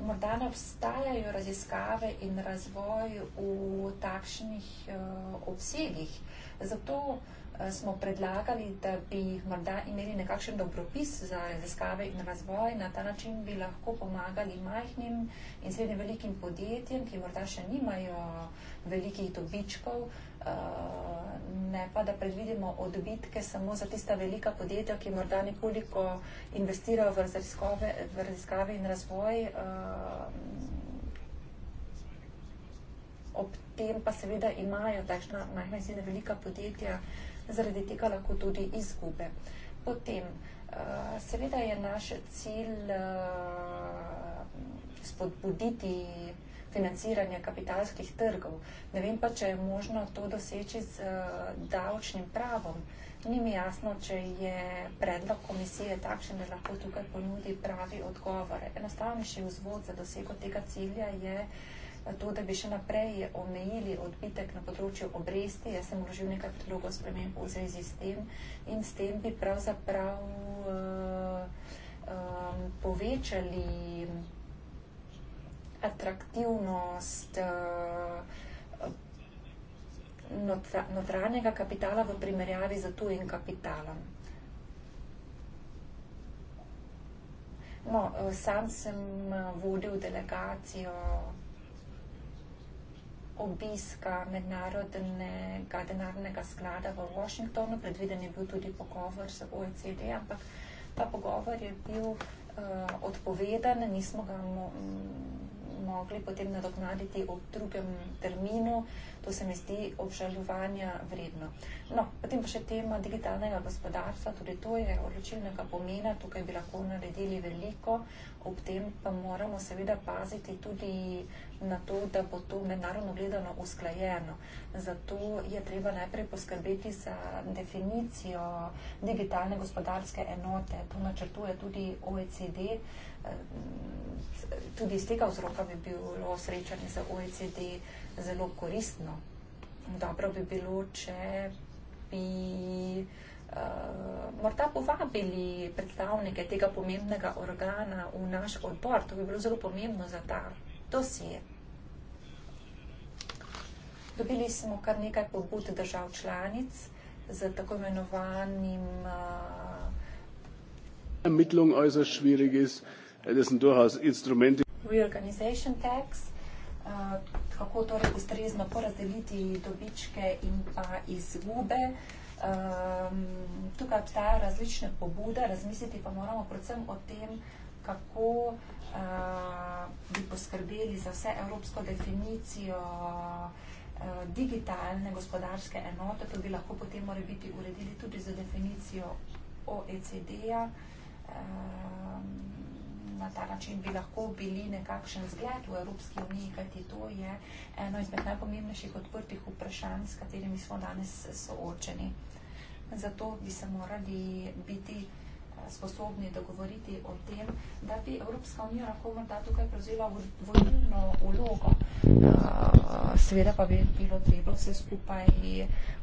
morda ne obstajajo raziskave in razvoj v takšnih eh, obsegih. Zato smo predlagali, da bi morda imeli nekakšen dobropis za raziskave in razvoj. Na ta način bi lahko pomagali majhnim in srednje velikim podjetjem, ki morda še nimajo velikih dobičkov, eh, ne pa da predvidimo odbitke samo za tista velika podjetja, ki morda nekoliko investirajo v raziskave, v raziskave in razvoj. Eh, ob tem pa seveda imajo takšna majhna in srednja velika podjetja zaradi tega lahko tudi izgube. Potem, eh, seveda je naš cilj eh, spodbuditi financiranje kapitalskih trgov. Ne vem pa, če je možno to doseči z eh, davčnim pravom. Ni mi jasno, če je predlog komisije takšen, da lahko tukaj ponudi pravi odgovore. Enostavnejši vzvod za dosego tega cilja je, da to, da bi še naprej omejili odbitek na področju obresti. Jaz sem vložil nekaj predlogov sprememb v zvezi s tem in s tem bi pravzaprav uh, um, povečali atraktivnost uh, notranjega kapitala v primerjavi z tujim kapitalom. No, sam sem vodil delegacijo obiska mednarodnega denarnega sklada v Washingtonu, predviden je bil tudi pogovor z OECD, ampak ta pogovor je bil uh, odpovedan, nismo ga mo mogli potem nadoknaditi ob drugem terminu, to se mi zdi obžalovanja vredno. No, potem pa še tema digitalnega gospodarstva, tudi to je odločilnega pomena, tukaj bi lahko naredili veliko, ob tem pa moramo seveda paziti tudi na to, da bo to mednarodno gledano usklajeno. Zato je treba najprej poskrbeti za definicijo digitalne gospodarske enote. To načrtuje tudi OECD. Tudi iz tega vzroka bi bilo srečanje za OECD zelo koristno. Dobro bi bilo, če bi. Eh, morda povabili predstavnike tega pomembnega organa v naš odbor. To bi bilo zelo pomembno za ta dosije. Dobili smo kar nekaj pobud držav članic z tako imenovanim. Eh, Ermittlung äußerst schwierig ist. Das sind durchaus Instrumente. Reorganization tax. Eh, kako torej ustrezno porazdeliti dobičke in pa izgube? Uh, Um, tukaj obstajajo različne pobude, razmisliti pa moramo predvsem o tem, kako uh, bi poskrbeli za vse evropsko definicijo uh, digitalne gospodarske enote. To bi lahko potem more biti uredili tudi za definicijo OECD-ja. Um, ehm, na ta način bi lahko bili nekakšen zgled v Evropski uniji, kajti to je eno izmed najpomembnejših odprtih vprašanj, s katerimi smo danes soočeni. Zato bi se morali biti eh, sposobni dogovoriti o tem, da bi Evropska unija lahko morda tukaj prevzela vodilno ulogo. Eh, seveda pa bi bilo treba vse skupaj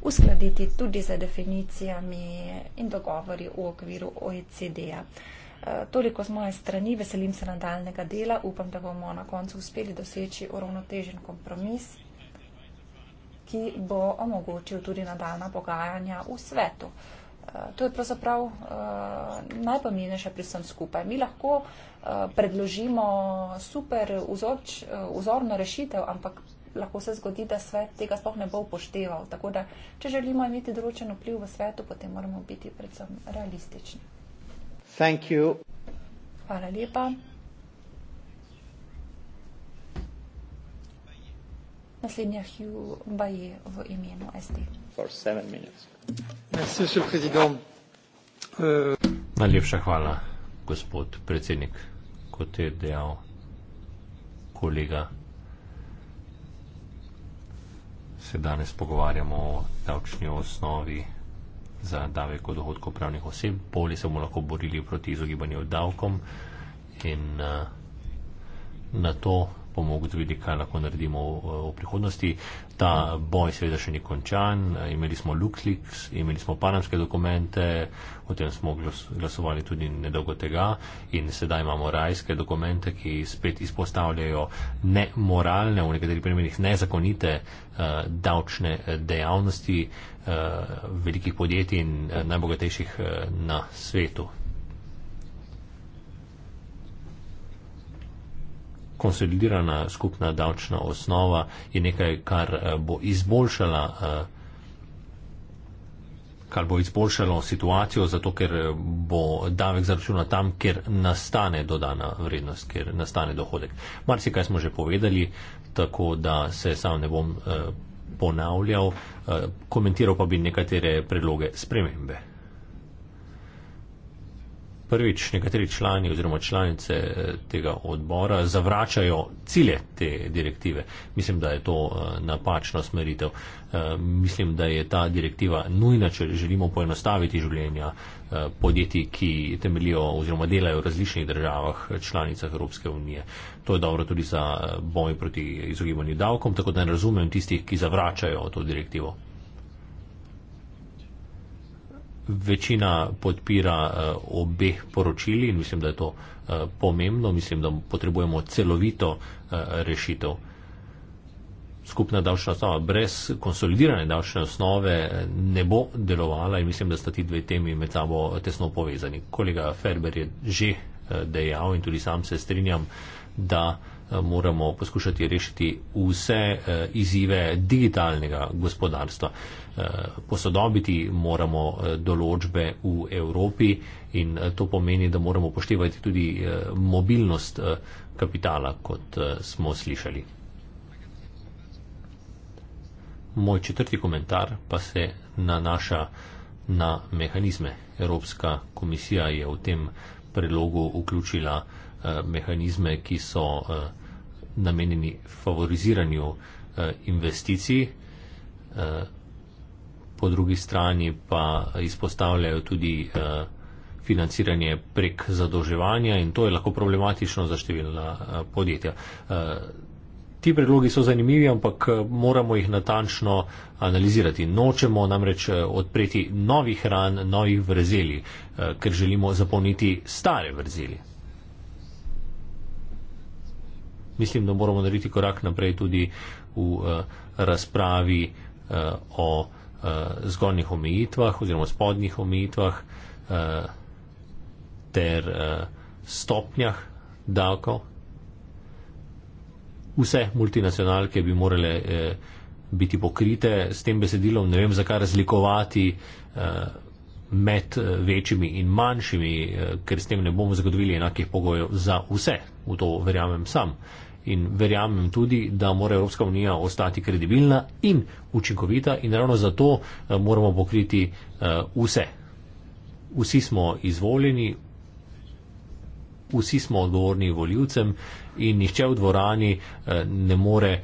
uskladiti tudi za definicijami in dogovori v okviru OECD-a. Eh, toliko z moje strani, veselim se nadaljnega dela, upam, da bomo na koncu uspeli doseči uravnotežen kompromis ki bo omogočil tudi nadaljna pogajanja v svetu. Eh, to je pravzaprav eh, najpomembnejše pri vsem skupaj. Mi lahko eh, predložimo super vzorč, vzorno rešitev, ampak lahko se zgodi, da svet tega sploh ne bo upošteval. Tako da, če želimo imeti določen vpliv v svetu, potem moramo biti predvsem realistični. Thank you. Hvala lepa. Naslednja Hugh Baye v imenu SD. For seven minutes. Merci, monsieur le président. Euh, Najlepša hvala, gospod predsednik, kot je dejal kolega. Se danes pogovarjamo o davčni osnovi za davek od dohodkov pravnih oseb. Bolje se bomo lahko borili proti izogibanju davkom in uh, na to bomo ugotovili, kaj lahko naredimo v, eh, v prihodnosti. Ta boj seveda še ni končan. Imeli smo LuxLeaks, imeli smo panamske dokumente, o tem smo glasovali tudi nedolgo tega in sedaj imamo rajske dokumente, ki spet izpostavljajo nemoralne, v nekaterih primerjih nezakonite uh, davčne eh, dejavnosti uh, velikih podjetij in uh, najbogatejših uh, na svetu. konsolidirana skupna davčna osnova je nekaj, kar eh, bo izboljšala eh, kar bo izboljšalo situacijo, zato ker eh, bo davek zaračunal tam, kjer nastane dodana vrednost, kjer nastane dohodek. Marsikaj smo že povedali, tako da se sam ne bom eh, ponavljal, eh, komentiral pa bi nekatere predloge spremembe prvič nekateri člani oziroma članice eh, tega odbora zavračajo cilje te direktive. Mislim, da je to eh, napačna smeritev. Eh, mislim, da je ta direktiva nujna, če želimo poenostaviti življenja podjetij, ki temeljijo oziroma delajo v različnih državah, članicah Evropske unije. To je dobro tudi za boj proti izogibanju davkom, tako da ne razumem tistih, ki zavračajo to direktivo večina podpira uh, obeh poročili in mislim, da je to uh, pomembno. Mislim, da potrebujemo celovito uh, rešitev. Skupna davčna osnova brez konsolidirane davčne osnove ne bo delovala in mislim, da sta ti dve temi med sabo tesno povezani. Kolega Ferber je že uh, dejal in tudi sam se strinjam, da uh, Eh, moramo poskušati rešiti vse eh, izzive digitalnega gospodarstva. Eh, posodobiti moramo določbe v Evropi in to pomeni, da moramo poštevati tudi mobilnost kapitala, kot smo slišali. Moj četrti komentar pa se nanaša na mehanizme. Evropska komisija je v tem predlogu vključila Eh, mehanizme, ki so eh, namenjeni favoriziranju eh, investicij. Po drugi strani pa izpostavljajo tudi financiranje prek zadolževanja in to je lahko problematično za številna podjetja. Ti predlogi so zanimivi, ampak moramo jih natančno analizirati. Nočemo namreč odpreti novih ran, novih vrzeli, ker želimo zapolniti stare vrzeli mislim, da moramo narediti korak naprej tudi v eh, razpravi eh, o eh, zgornjih omejitvah oziroma spodnjih omejitvah ter stopnjah davkov. Vse multinacionalke bi morale biti pokrite s tem besedilom, ne vem, zakaj razlikovati med večjimi in manjšimi, ker s tem ne bomo zagotovili enakih pogojev za vse. V to verjamem sam. Uh, in verjamem tudi, da mora Evropska unija ostati kredibilna in učinkovita in ravno zato eh, moramo pokriti eh, vse. Vsi smo izvoljeni, vsi smo odgovorni voljivcem in nihče v dvorani eh, ne more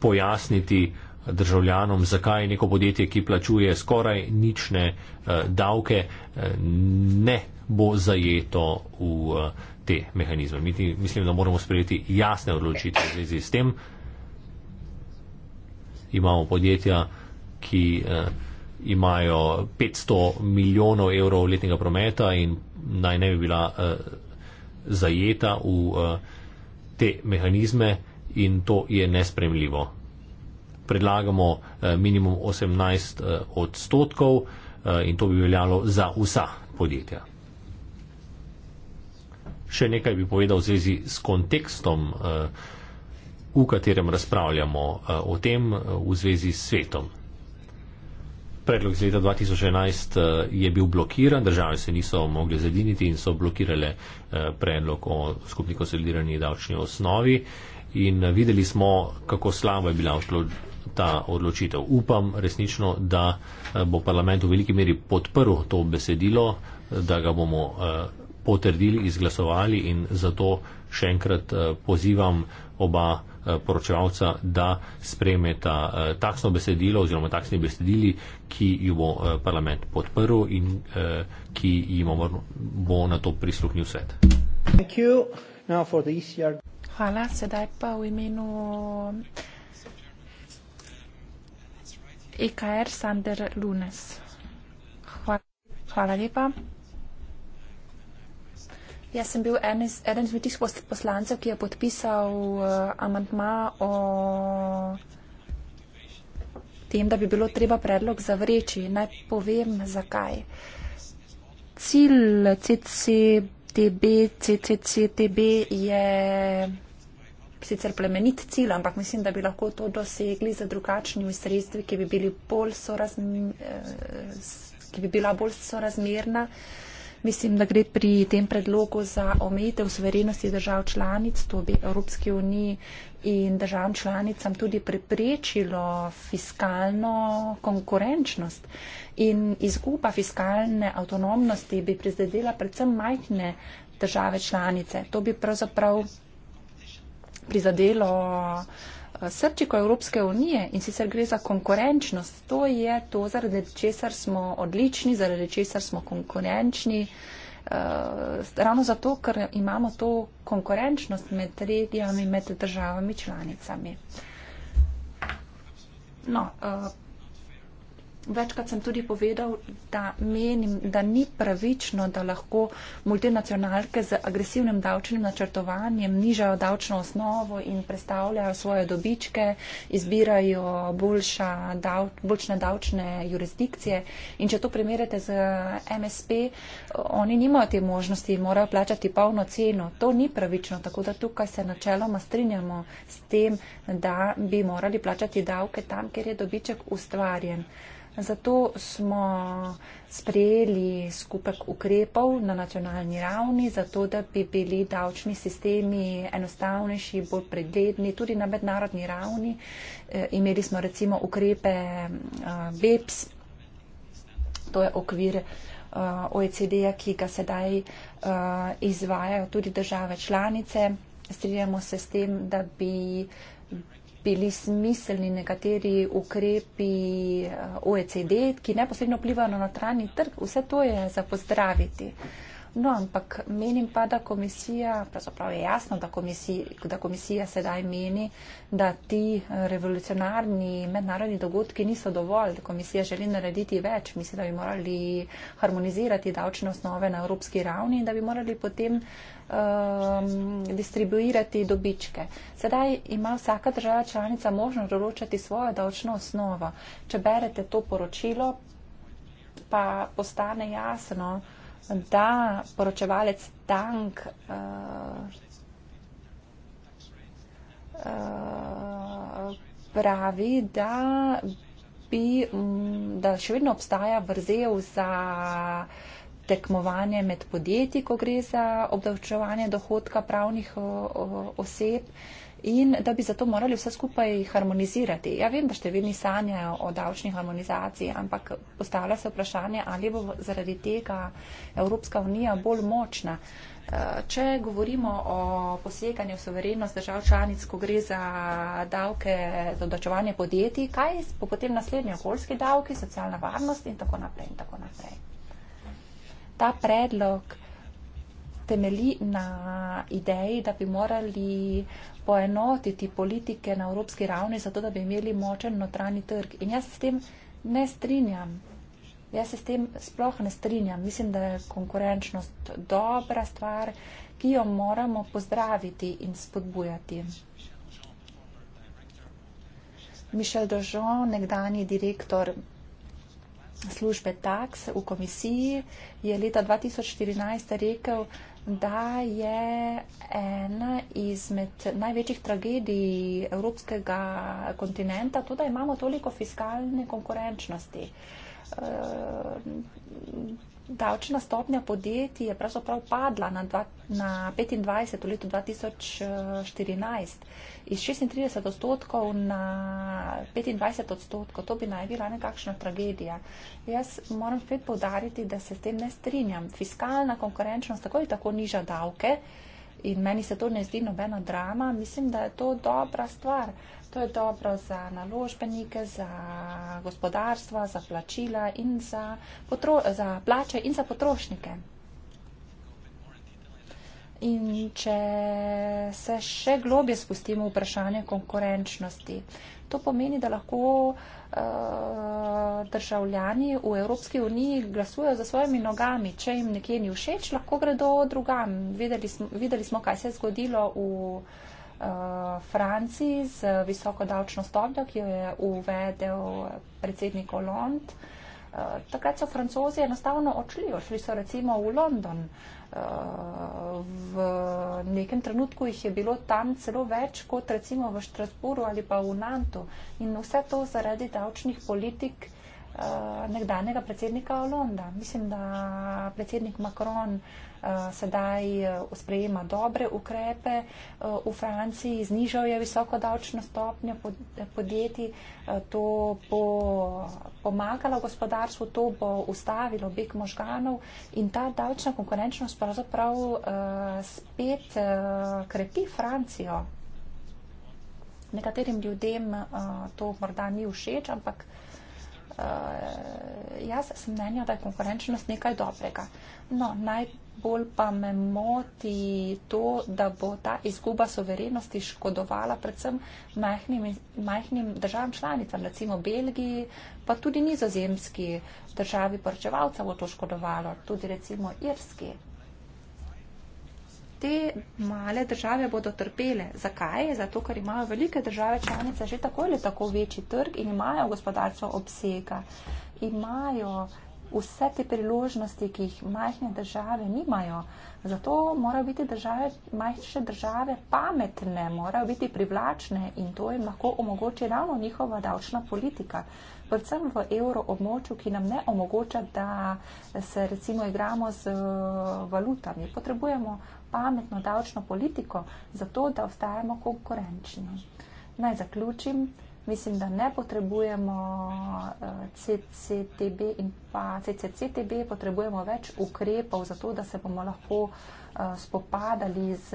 pojasniti državljanom, zakaj neko podjetje, ki plačuje skoraj nične davke, ne bo zajeto v te mehanizme. Mi ti, mislim, da moramo sprejeti jasne odločitve v zvezi s tem. Imamo podjetja, ki eh, imajo 500 milijonov evrov letnega prometa in naj ne bi bila eh, zajeta v eh, te mehanizme in to je nespremljivo. Predlagamo eh, minimum 18 eh, odstotkov eh, in to bi veljalo za vsa podjetja še nekaj bi povedal v zvezi s kontekstom, eh, v katerem razpravljamo eh, o tem eh, v zvezi s svetom. Predlog iz leta 2011 je bil blokiran, države se niso mogli zediniti in so blokirale predlog o skupni konsolidirani davčni osnovi in videli smo, kako slaba je bila ta odločitev. Upam resnično, da bo parlament v veliki meri podprl to besedilo, da ga bomo potrdili, izglasovali in zato še enkrat eh, pozivam oba eh, poročevalca, da spremeta eh, takšno besedilo oziroma takšni besedili, ki jo bo parlament podprl in ki jim bo na to prisluhnil svet. E hvala, sedaj pa v imenu EKR Sander Lunes. Hvala, hvala lepa. Jaz sem bil eden izmed tistih poslancev, ki je podpisal uh, eh, amantma o tem, da bi bilo treba predlog zavreči. Naj povem, zakaj. Cilj CCTB, CCTB je sicer plemenit cilj, ampak mislim, da bi lahko to dosegli z drugačnimi sredstvi, ki bi, bili bolj sorazm, eh, ki bi bila bolj sorazmerna. Mislim, da gre pri tem predlogu za omejitev suverenosti držav članic, to bi Evropski uniji in državam članicam tudi preprečilo fiskalno konkurenčnost. In izguba fiskalne avtonomnosti bi prizadela predvsem majhne države članice. To bi pravzaprav prizadelo srčiko Evropske unije in sicer gre za konkurenčnost. To je to, zaradi česar smo odlični, zaradi česar smo konkurenčni. Eh, ravno zato, ker imamo to konkurenčnost med tretjami, med državami članicami. No, eh, večkrat sem tudi povedal, da menim, da ni pravično, da lahko multinacionalke z agresivnim davčnim načrtovanjem nižajo davčno osnovo in predstavljajo svoje dobičke, izbirajo boljša, dav, boljšne davčne jurisdikcije. In če to primerjate z MSP, oni nimajo te možnosti in morajo plačati polno ceno. To ni pravično, tako da tukaj se načeloma strinjamo s tem, da bi morali plačati davke tam, kjer je dobiček ustvarjen. Zato smo sprejeli skupek ukrepov na nacionalni ravni, zato da bi bili davčni sistemi enostavnejši, bolj pregledni, tudi na mednarodni ravni. E, imeli smo recimo ukrepe e, BEPS, to je okvir. E, OECD-ja, ki ga sedaj uh, izvajajo tudi države članice. Strinjamo se s tem, da bi bili smiselni nekateri ukrepi eh, OECD, ki neposredno vplivajo na notranji trg, vse to je za pozdraviti. No, ampak menim pa, da komisija, pravzaprav je jasno, da, komisij, da komisija sedaj meni, da ti eh, revolucionarni mednarodni dogodki niso dovolj. Komisija želi narediti več. Mislim, da bi morali harmonizirati davčne osnove na evropski ravni in da bi morali potem um, distribuirati dobičke. Sedaj ima vsaka država članica možnost določati svojo davčno osnovo. Če berete to poročilo, pa postane jasno, da poročevalec Tank uh, eh, uh, eh, pravi, da, bi, mm, da še vedno obstaja vrzel za tekmovanje med podjetji, ko gre za obdavčevanje dohodka pravnih uh, oseb. Uh, in da bi zato morali vse skupaj harmonizirati. Ja vem, da številni sanjajo o davčni harmonizaciji, ampak postavlja se vprašanje, ali bo zaradi tega Evropska unija bolj močna. Eh, če govorimo o poseganju soverenost držav članic, ko gre za davke, dodačovanje podjetij, kaj bo potem naslednji okoljski davki, socialna varnost in tako naprej in tako naprej. Ta predlog temeli na ideji, da bi morali poenotiti politike na evropski ravni, zato da bi imeli močen notranji trg. In jaz se s tem ne strinjam. Jaz se s tem sploh ne strinjam. Mislim, da je konkurenčnost dobra stvar, ki jo moramo pozdraviti in spodbujati. Mišel Dožon, nekdani direktor službe TAX v komisiji, je leta 2014 rekel, da je ena izmed največjih tragedij evropskega kontinenta to, da imamo toliko fiskalne konkurenčnosti davčna stopnja podjetij je pravzaprav padla na, dva, na 25 v letu 2014 eh, iz 36 odstotkov na 25 odstotkov. To bi naj bila nekakšna tragedija. Jaz moram spet povdariti, da se s tem ne strinjam. Fiskalna konkurenčnost tako in tako niža davke in meni se to ne zdi nobena drama. Mislim, da je to dobra stvar. Uh, To je dobro za naložbenike, za gospodarstva, za plačila in za, potro, za plače in za potrošnike. In če se še globje spustimo v vprašanje konkurenčnosti, to pomeni, da lahko uh, državljani v Evropski uniji glasujejo za svojimi nogami. Če jim nekje ni všeč, lahko gredo drugam. Videli smo, videli smo kaj se je zgodilo v. Franciji z visoko davčno stopnjo, ki jo je uvedel predsednik Hollond. Eh, takrat so francozi enostavno odšli, odšli so recimo v London. Eh, v nekem trenutku jih je bilo tam celo več kot recimo v Štrasburu ali pa v Nantu. In vse to zaradi davčnih politik eh, nekdanjega predsednika Hollonda. Mislim, da predsednik Macron uh, Eh, sedaj eh, sprejema dobre ukrepe. Eh, v Franciji znižal je visoko davčno stopnjo podjetij, to bo pomagalo gospodarstvu, to bo ustavilo beg možganov in ta davčna konkurenčnost pravzaprav spet krepi Francijo. Nekaterim ljudem to morda ni všeč, ampak. Uh, jaz sem mnenja, da je konkurenčnost nekaj dobrega. No, naj bolj pa me moti to, da bo ta izguba soverenosti škodovala predvsem majhnim, majhnim državam članicam, recimo Belgiji, pa tudi nizozemski državi poročevalca bo to škodovalo, tudi recimo Irski. Te male države bodo trpele. Zakaj? Zato, ker imajo velike države članice že tako ali tako večji trg in imajo gospodarstvo obsega. Imajo vse te priložnosti, ki jih majhne države nimajo. Zato morajo biti države, majhne države pametne, morajo biti privlačne in to jim lahko omogoči ravno njihova davčna politika. Predvsem v evroobmočju, ki nam ne omogoča, da se recimo igramo z eh, valutami. Potrebujemo pametno davčno politiko, zato da ostajamo konkurenčni. Naj zaključim mislim, da ne potrebujemo eh, CCTB in pa CCCTB, potrebujemo več ukrepov za to, da se bomo lahko eh, spopadali z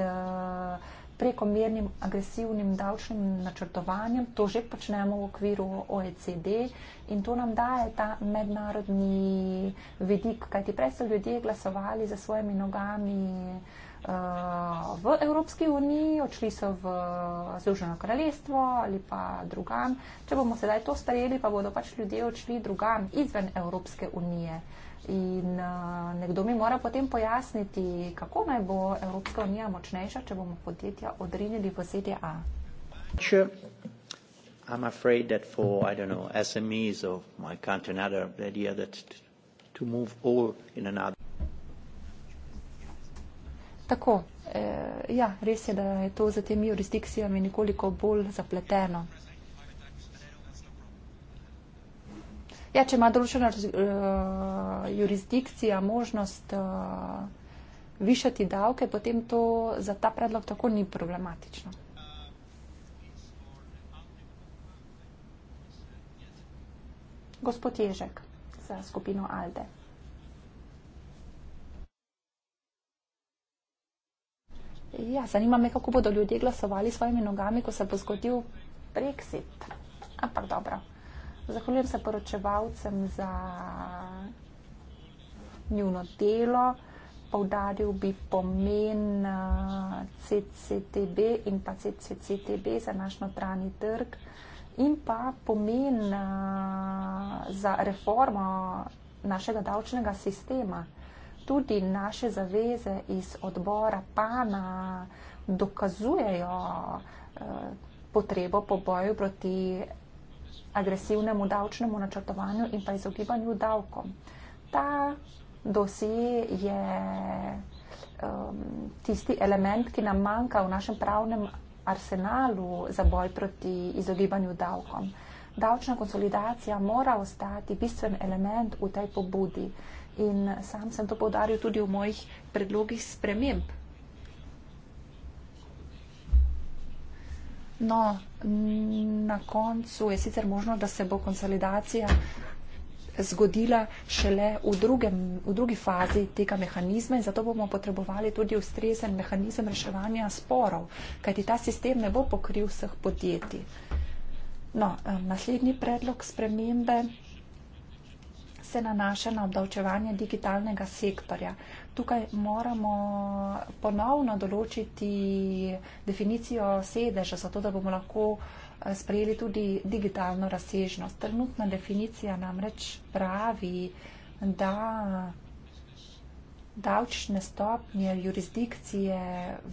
prekomernim agresivnim davčnim načrtovanjem. To že počnemo v okviru OECD in to nam daje ta mednarodni vidik, kajti prej so ljudje glasovali za svojimi nogami uh, v Evropski uniji, odšli so v Združeno kraljestvo ali pa drugam. Če bomo sedaj to sprejeli, pa bodo pač ljudje odšli drugam izven Evropske unije. Uh, In uh, nekdo mi mora potem pojasniti, kako naj bo Evropska unija močnejša, če bomo podjetja odrinili v ZDA. Tako, eh, ja, res je, da je to za temi jurisdikcijami nekoliko bolj zapleteno. Ja, če ima določena uh, jurisdikcija možnost uh, višati davke, potem to za ta predlog tako ni problematično. Gospod Ježek za skupino Alde. Ja, zanima me, kako bodo ljudje glasovali svojimi nogami, ko se bo zgodil Brexit. Ampak dobro. Zahvaljujem se poročevalcem za njuno delo. Povdaril bi pomen uh, CCTB in pa CCCTB za naš notranji trg in pa pomen uh, za reformo našega davčnega sistema. Tudi naše zaveze iz odbora PANA dokazujejo uh, potrebo po boju proti agresivnemu davčnemu načrtovanju in pa izogibanju davkom. Ta dosje je um, tisti element, ki nam manjka v našem pravnem arsenalu za boj proti izogibanju davkom. Davčna konsolidacija mora ostati bistven element v tej pobudi in sam sem to povdaril tudi v mojih predlogih sprememb No, na koncu je sicer možno, da se bo konsolidacija zgodila šele v, drugem, v drugi fazi tega mehanizma in zato bomo potrebovali tudi ustrezen mehanizem reševanja sporov, kajti ta sistem ne bo pokril vseh podjetij. No, eh, naslednji predlog spremembe se nanaša na obdavčevanje digitalnega sektorja tukaj moramo ponovno določiti definicijo sedeža, zato da bomo lahko eh, sprejeli tudi digitalno razsežnost. Trenutna definicija namreč pravi, da davčne stopnje jurisdikcije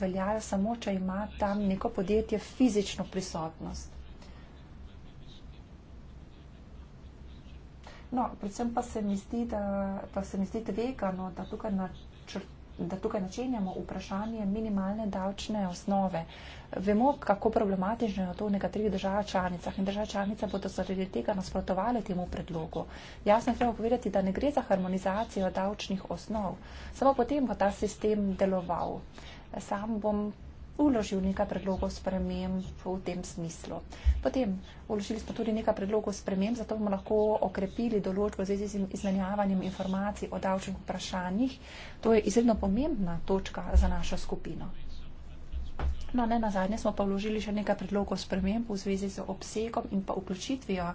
veljajo samo, če ima tam neko podjetje fizično prisotnost. No, predvsem pa se mi zdi, da, da se mi zdi tvegano, da tukaj na Pač, da tukaj načenjamo vprašanje minimalne davčne osnove. Vemo, kako problematično je to v nekaterih državah članicah in države članice bodo zaradi tega nasprotovali temu predlogu. Jasno je treba povedati, da ne gre za harmonizacijo davčnih osnov, samo potem bo ta sistem deloval. Sam bom vložil nekaj predlogov sprememb v tem smislu. Potem vložili smo tudi nekaj predlogov sprememb, zato bomo lahko okrepili določbo v zvezi z izmenjavanjem informacij o davčnih vprašanjih. To je izredno pomembna točka za našo skupino. No, ne na zadnje smo pa vložili še nekaj predlogov sprememb v zvezi z obsegom in pa vključitvijo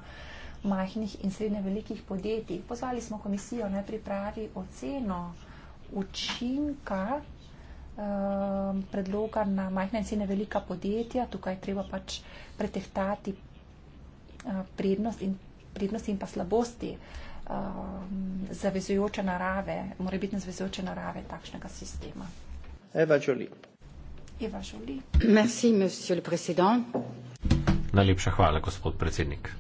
majhnih in srednje velikih podjetij. Pozvali smo komisijo, naj pripravi oceno učinka Ehm, predloga na majhna in srednja velika podjetja. Tukaj je treba pač pretehtati eh, prednost in, prednosti in pa slabosti ehm, zavezujoče narave, mora biti na zavezujoče narave takšnega sistema. Eva Žoli. Eva Žoli. Merci, monsieur le président. Najlepša hvala, gospod predsednik.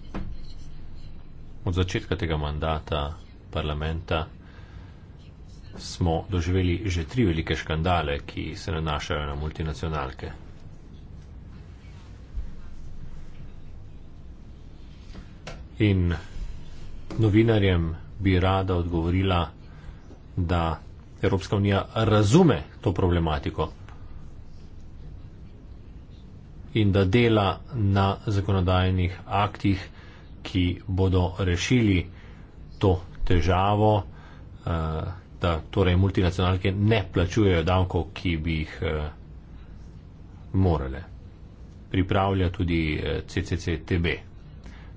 Od začetka tega mandata parlamenta smo doživeli že tri velike škandale, ki se nanašajo na multinacionalke. In novinarjem bi rada odgovorila, da Evropska unija razume to problematiko in da dela na zakonodajnih aktih, ki bodo rešili to težavo. Uh, da torej multinacionalke ne plačujejo davkov, ki bi jih eh, morale. Pripravlja tudi eh, CCCTB.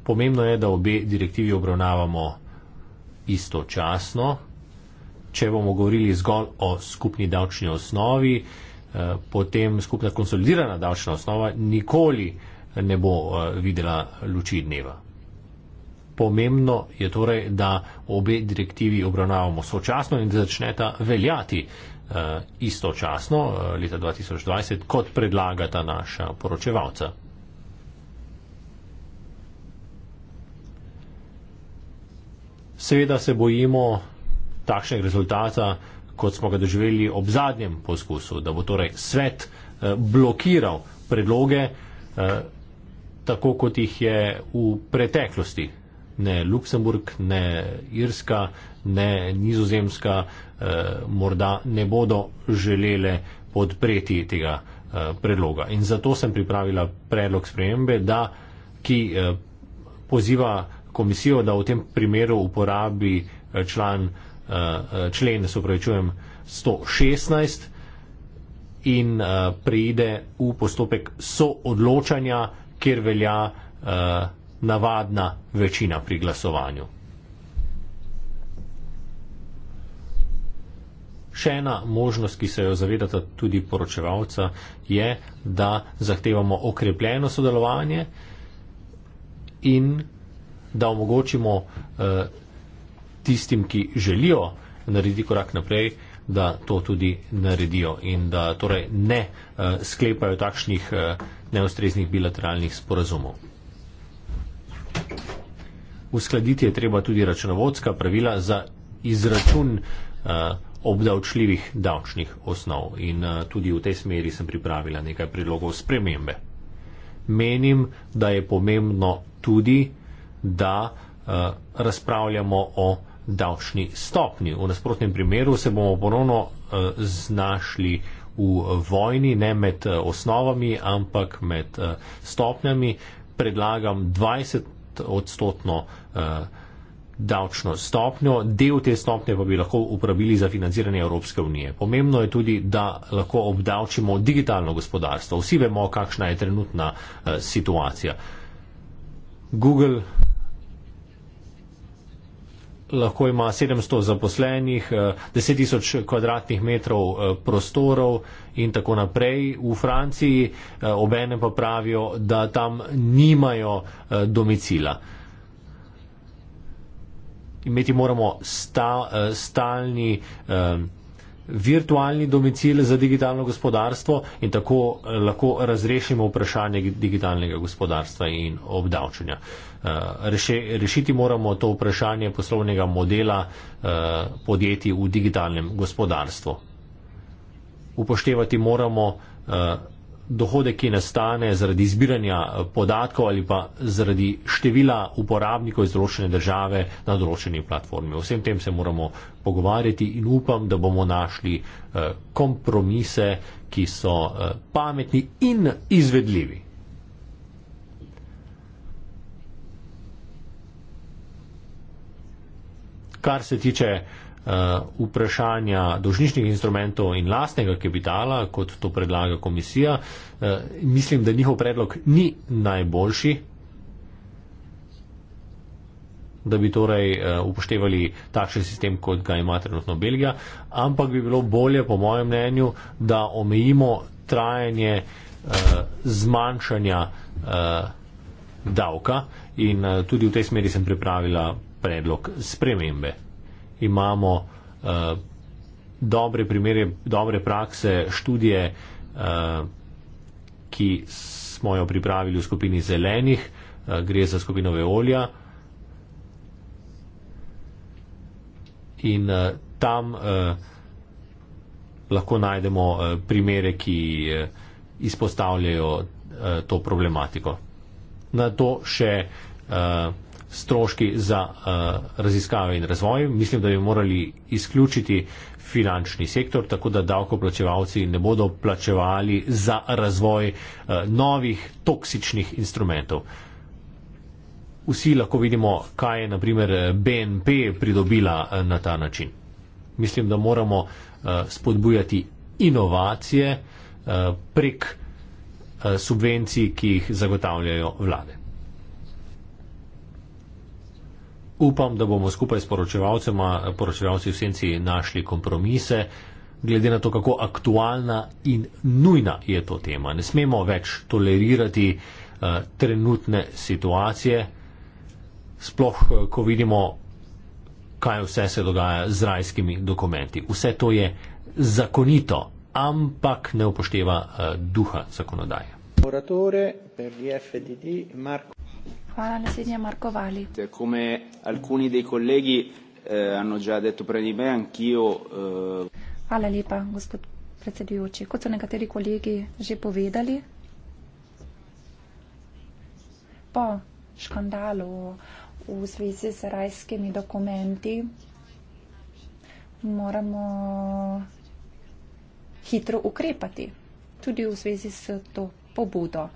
Pomembno je, da obe direktivi obravnavamo istočasno. Če bomo govorili zgolj o skupni davčni osnovi, eh, potem skupna konsolidirana davčna osnova nikoli ne bo videla luči dneva pomembno je torej, da obe direktivi obravnavamo sočasno in da začneta veljati uh, istočasno uh, leta 2020, kot predlagata naša poročevalca. Seveda se bojimo takšnega rezultata, kot smo ga doživeli ob zadnjem poskusu, da bo torej svet eh, blokiral predloge, tako kot jih je v preteklosti ne Luksemburg, ne Irska, ne Nizozemska eh, morda ne bodo želele podpreti tega eh, predloga. In zato sem pripravila predlog spremembe, da, ki eh, poziva komisijo, da v tem primeru uporabi eh, član, eh, eh člen čujem, 116 in eh, prejde v postopek soodločanja, kjer velja eh, navadna večina pri glasovanju. Še ena možnost, ki se jo zavedata tudi poročevalca, je, da zahtevamo okrepljeno sodelovanje in da omogočimo eh, tistim, ki želijo narediti korak naprej, da to tudi naredijo in da torej ne eh, sklepajo takšnih eh, neustreznih bilateralnih sporazumov. Uskladiti je treba tudi računovodska pravila za izračun eh, obdavčljivih davčnih osnov in eh, tudi v tej smeri sem pripravila nekaj predlogov spremembe. Menim, da je pomembno tudi, da eh, razpravljamo o davčni stopni. V nasprotnem primeru se bomo ponovno znašli v vojni, ne med osnovami, ampak med stopnjami. Predlagam 20 odstotno eh, davčno stopnjo. Del te stopnje pa bi lahko uporabili za financiranje Evropske unije. Pomembno je tudi, da lahko obdavčimo digitalno gospodarstvo. Vsi vemo, kakšna je trenutna eh, situacija. Google, lahko ima 700 zaposlenih, 10 eh, tisoč kvadratnih metrov eh, prostorov in tako naprej v Franciji, eh, obene pa pravijo, da tam nimajo domicila. Imeti moramo sta, stalni. Um, virtualni domicil za digitalno gospodarstvo in tako eh, lahko razrešimo vprašanje digitalnega gospodarstva in obdavčenja. Eh, rešiti moramo to vprašanje poslovnega modela eh, podjetij v digitalnem gospodarstvu. Upoštevati moramo dohodek, ki nastane zaradi zbiranja eh, podatkov ali pa zaradi števila uporabnikov iz določene države na določeni platformi. O vsem tem se moramo pogovarjati in upam, da bomo našli eh, kompromise, ki so eh, pametni in izvedljivi. Kar se tiče uh, uh, vprašanja dožničnih instrumentov in lastnega kapitala, kot to predlaga komisija. Uh, mislim, da njihov predlog ni najboljši, da bi torej uh, upoštevali takšen sistem, kot ga ima trenutno Belgija, ampak bi bilo bolje, po mojem mnenju, da omejimo trajanje uh, zmanjšanja uh, davka in uh, tudi v tej smeri sem pripravila predlog spremembe imamo uh, dobre primere, dobre prakse, študije, uh, ki smo jo pripravili v skupini zelenih, uh, gre za skupino Veolia. In uh, tam uh, lahko najdemo uh, primere, ki uh, izpostavljajo uh, to problematiko. Na to še uh, stroški za uh, raziskave in razvoj. Mislim, da bi morali izključiti finančni sektor, tako da davkoplačevalci ne bodo plačevali za razvoj uh, novih toksičnih instrumentov. Vsi lahko vidimo, kaj je naprimer BNP pridobila eh, na ta način. Mislim, da moramo uh, spodbujati inovacije uh, prek uh, subvencij, ki jih zagotavljajo vlade. Upam, da bomo skupaj s poročevalcema, poročevalci v senci, našli kompromise, glede na to, kako aktualna in nujna je to tema. Ne smemo več tolerirati uh, trenutne situacije, sploh eh, ko vidimo, kaj vse se dogaja z rajskimi dokumenti. Vse to je zakonito, ampak ne upošteva uh, duha zakonodaje. Hvala. Naslednja Marko Vali. Come alcuni dei colleghi eh, hanno già detto prima di me, anch'io. Eh... Hvala lepa, gospod predsedujoči. Kot so nekateri kolegi že povedali, po škandalu v zvezi z rajskimi dokumenti moramo hitro ukrepati tudi v zvezi s to pobudo.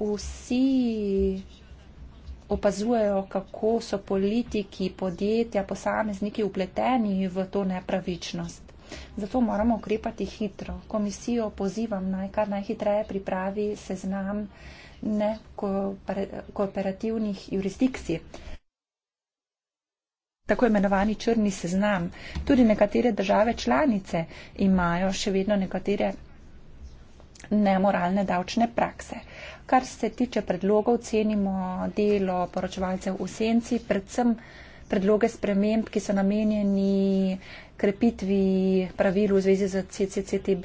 Vsi opazujejo, kako so politiki, podjetja, posamezniki upleteni v to nepravičnost. Zato moramo ukrepati hitro. Komisijo pozivam naj kar najhitreje pripravi seznam nekooperativnih jurisdikcij. Tako imenovani črni seznam. Tudi nekatere države članice imajo še vedno nekatere nemoralne davčne prakse kar se tiče predlogov, cenimo delo poročevalcev v senci, predvsem predloge sprememb, ki so namenjeni krepitvi pravil v zvezi z CCCTB,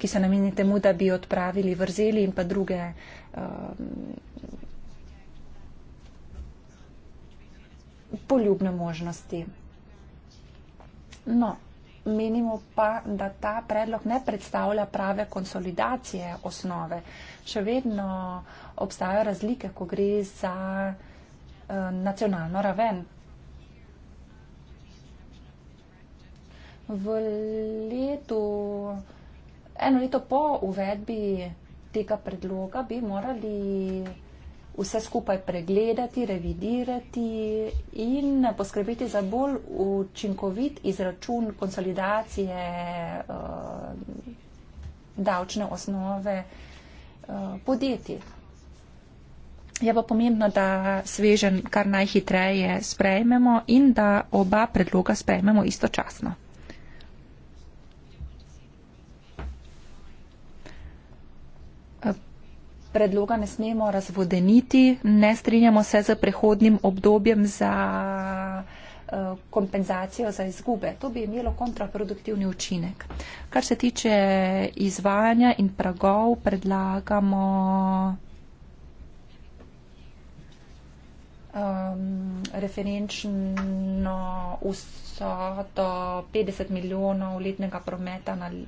ki so namenjeni temu, da bi odpravili vrzeli in pa druge. Um, poljubne možnosti. No menimo pa, da ta predlog ne predstavlja prave konsolidacije osnove. Še vedno obstajajo razlike, ko gre za eh, nacionalno raven. V letu, eno leto po uvedbi tega predloga bi morali vse skupaj pregledati, revidirati in poskrbeti za bolj učinkovit izračun konsolidacije uh, davčne osnove uh, podjetij. Je pa pomembno, da svežen kar najhitreje sprejmemo in da oba predloga sprejmemo istočasno. predloga ne smemo razvodeniti, ne strinjamo se z prehodnim obdobjem za eh, kompenzacijo za izgube. To bi imelo kontraproduktivni učinek. Kar se tiče izvajanja in pragov, predlagamo um, referenčno vsoto 50 milijonov letnega prometa, na, eh,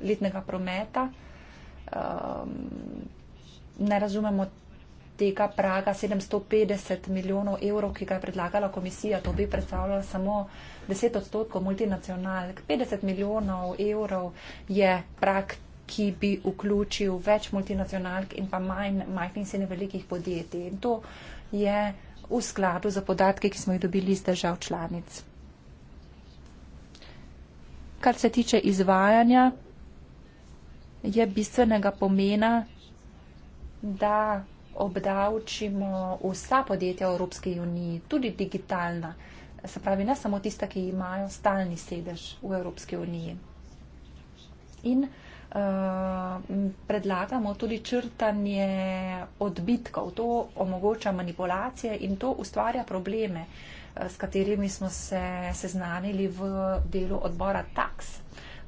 letnega prometa um, ne razumemo tega praga 750 milijonov evrov, ki ga je predlagala komisija. To bi predstavljalo samo 10 odstotkov multinacionalk. 50 milijonov evrov je prag, ki bi vključil več multinacionalk in pa manj majhnih in velikih podjetij. In to je v skladu za podatke, ki smo jih dobili iz držav članic. Kar se tiče izvajanja, je bistvenega pomena, da obdavčimo vsa podjetja v Evropski uniji, tudi digitalna, se pravi ne samo tista, ki imajo stalni sedež v Evropski uniji. In uh, predlagamo tudi črtanje odbitkov. To omogoča manipulacije in to ustvarja probleme, uh, s katerimi smo se seznanili v delu odbora TAX.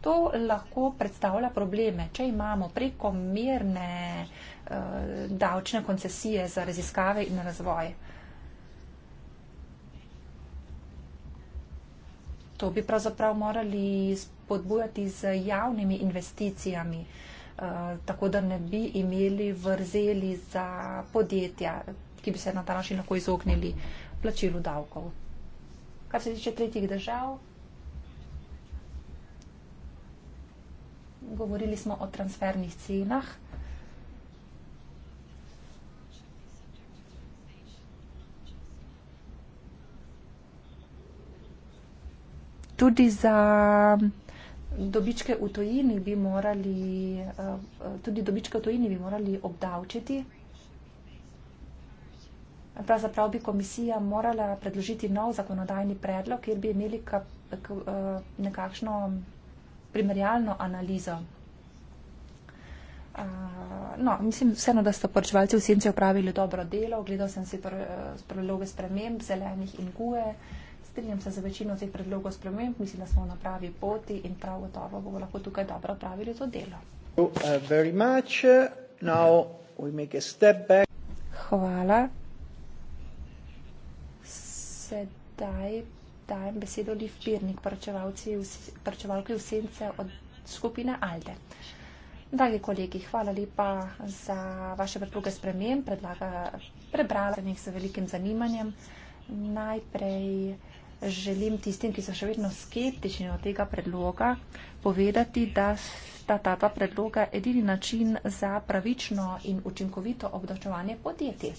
To lahko predstavlja probleme, če imamo prekomerne uh, Eh, davčne koncesije za raziskave in razvoj. To bi pravzaprav morali spodbujati z javnimi investicijami, eh, tako da ne bi imeli vrzeli za podjetja, ki bi se na ta način lahko izognili plačilu davkov. Kar se tiče tretjih držav, govorili smo o transfernih cenah. tudi za dobičke v tojini bi morali, eh, tudi dobičke v tojini bi morali obdavčiti. Pravzaprav bi komisija morala predložiti nov zakonodajni predlog, kjer bi imeli eh, nekakšno primerjalno analizo. Eh, no, mislim vseeno, da so poročevalci v Senci opravili dobro delo. Gledal sem si predloge sprememb zelenih in guje strinjam se za večino teh predlogov sprememb, mislim, da smo na pravi poti in prav gotovo bomo lahko tukaj dobro pravili to delo. Uh, hvala. Sedaj dajem besedo Liv Pirnik, poročevalki vsence od skupine Alde. Dragi kolegi, hvala lepa za vaše predloge spremem, predlaga prebrala sem jih z velikim zanimanjem. Najprej želim tistim, ki so še vedno skeptični od tega predloga, povedati, da sta ta dva predloga edini način za pravično in učinkovito obdavčevanje podjetij.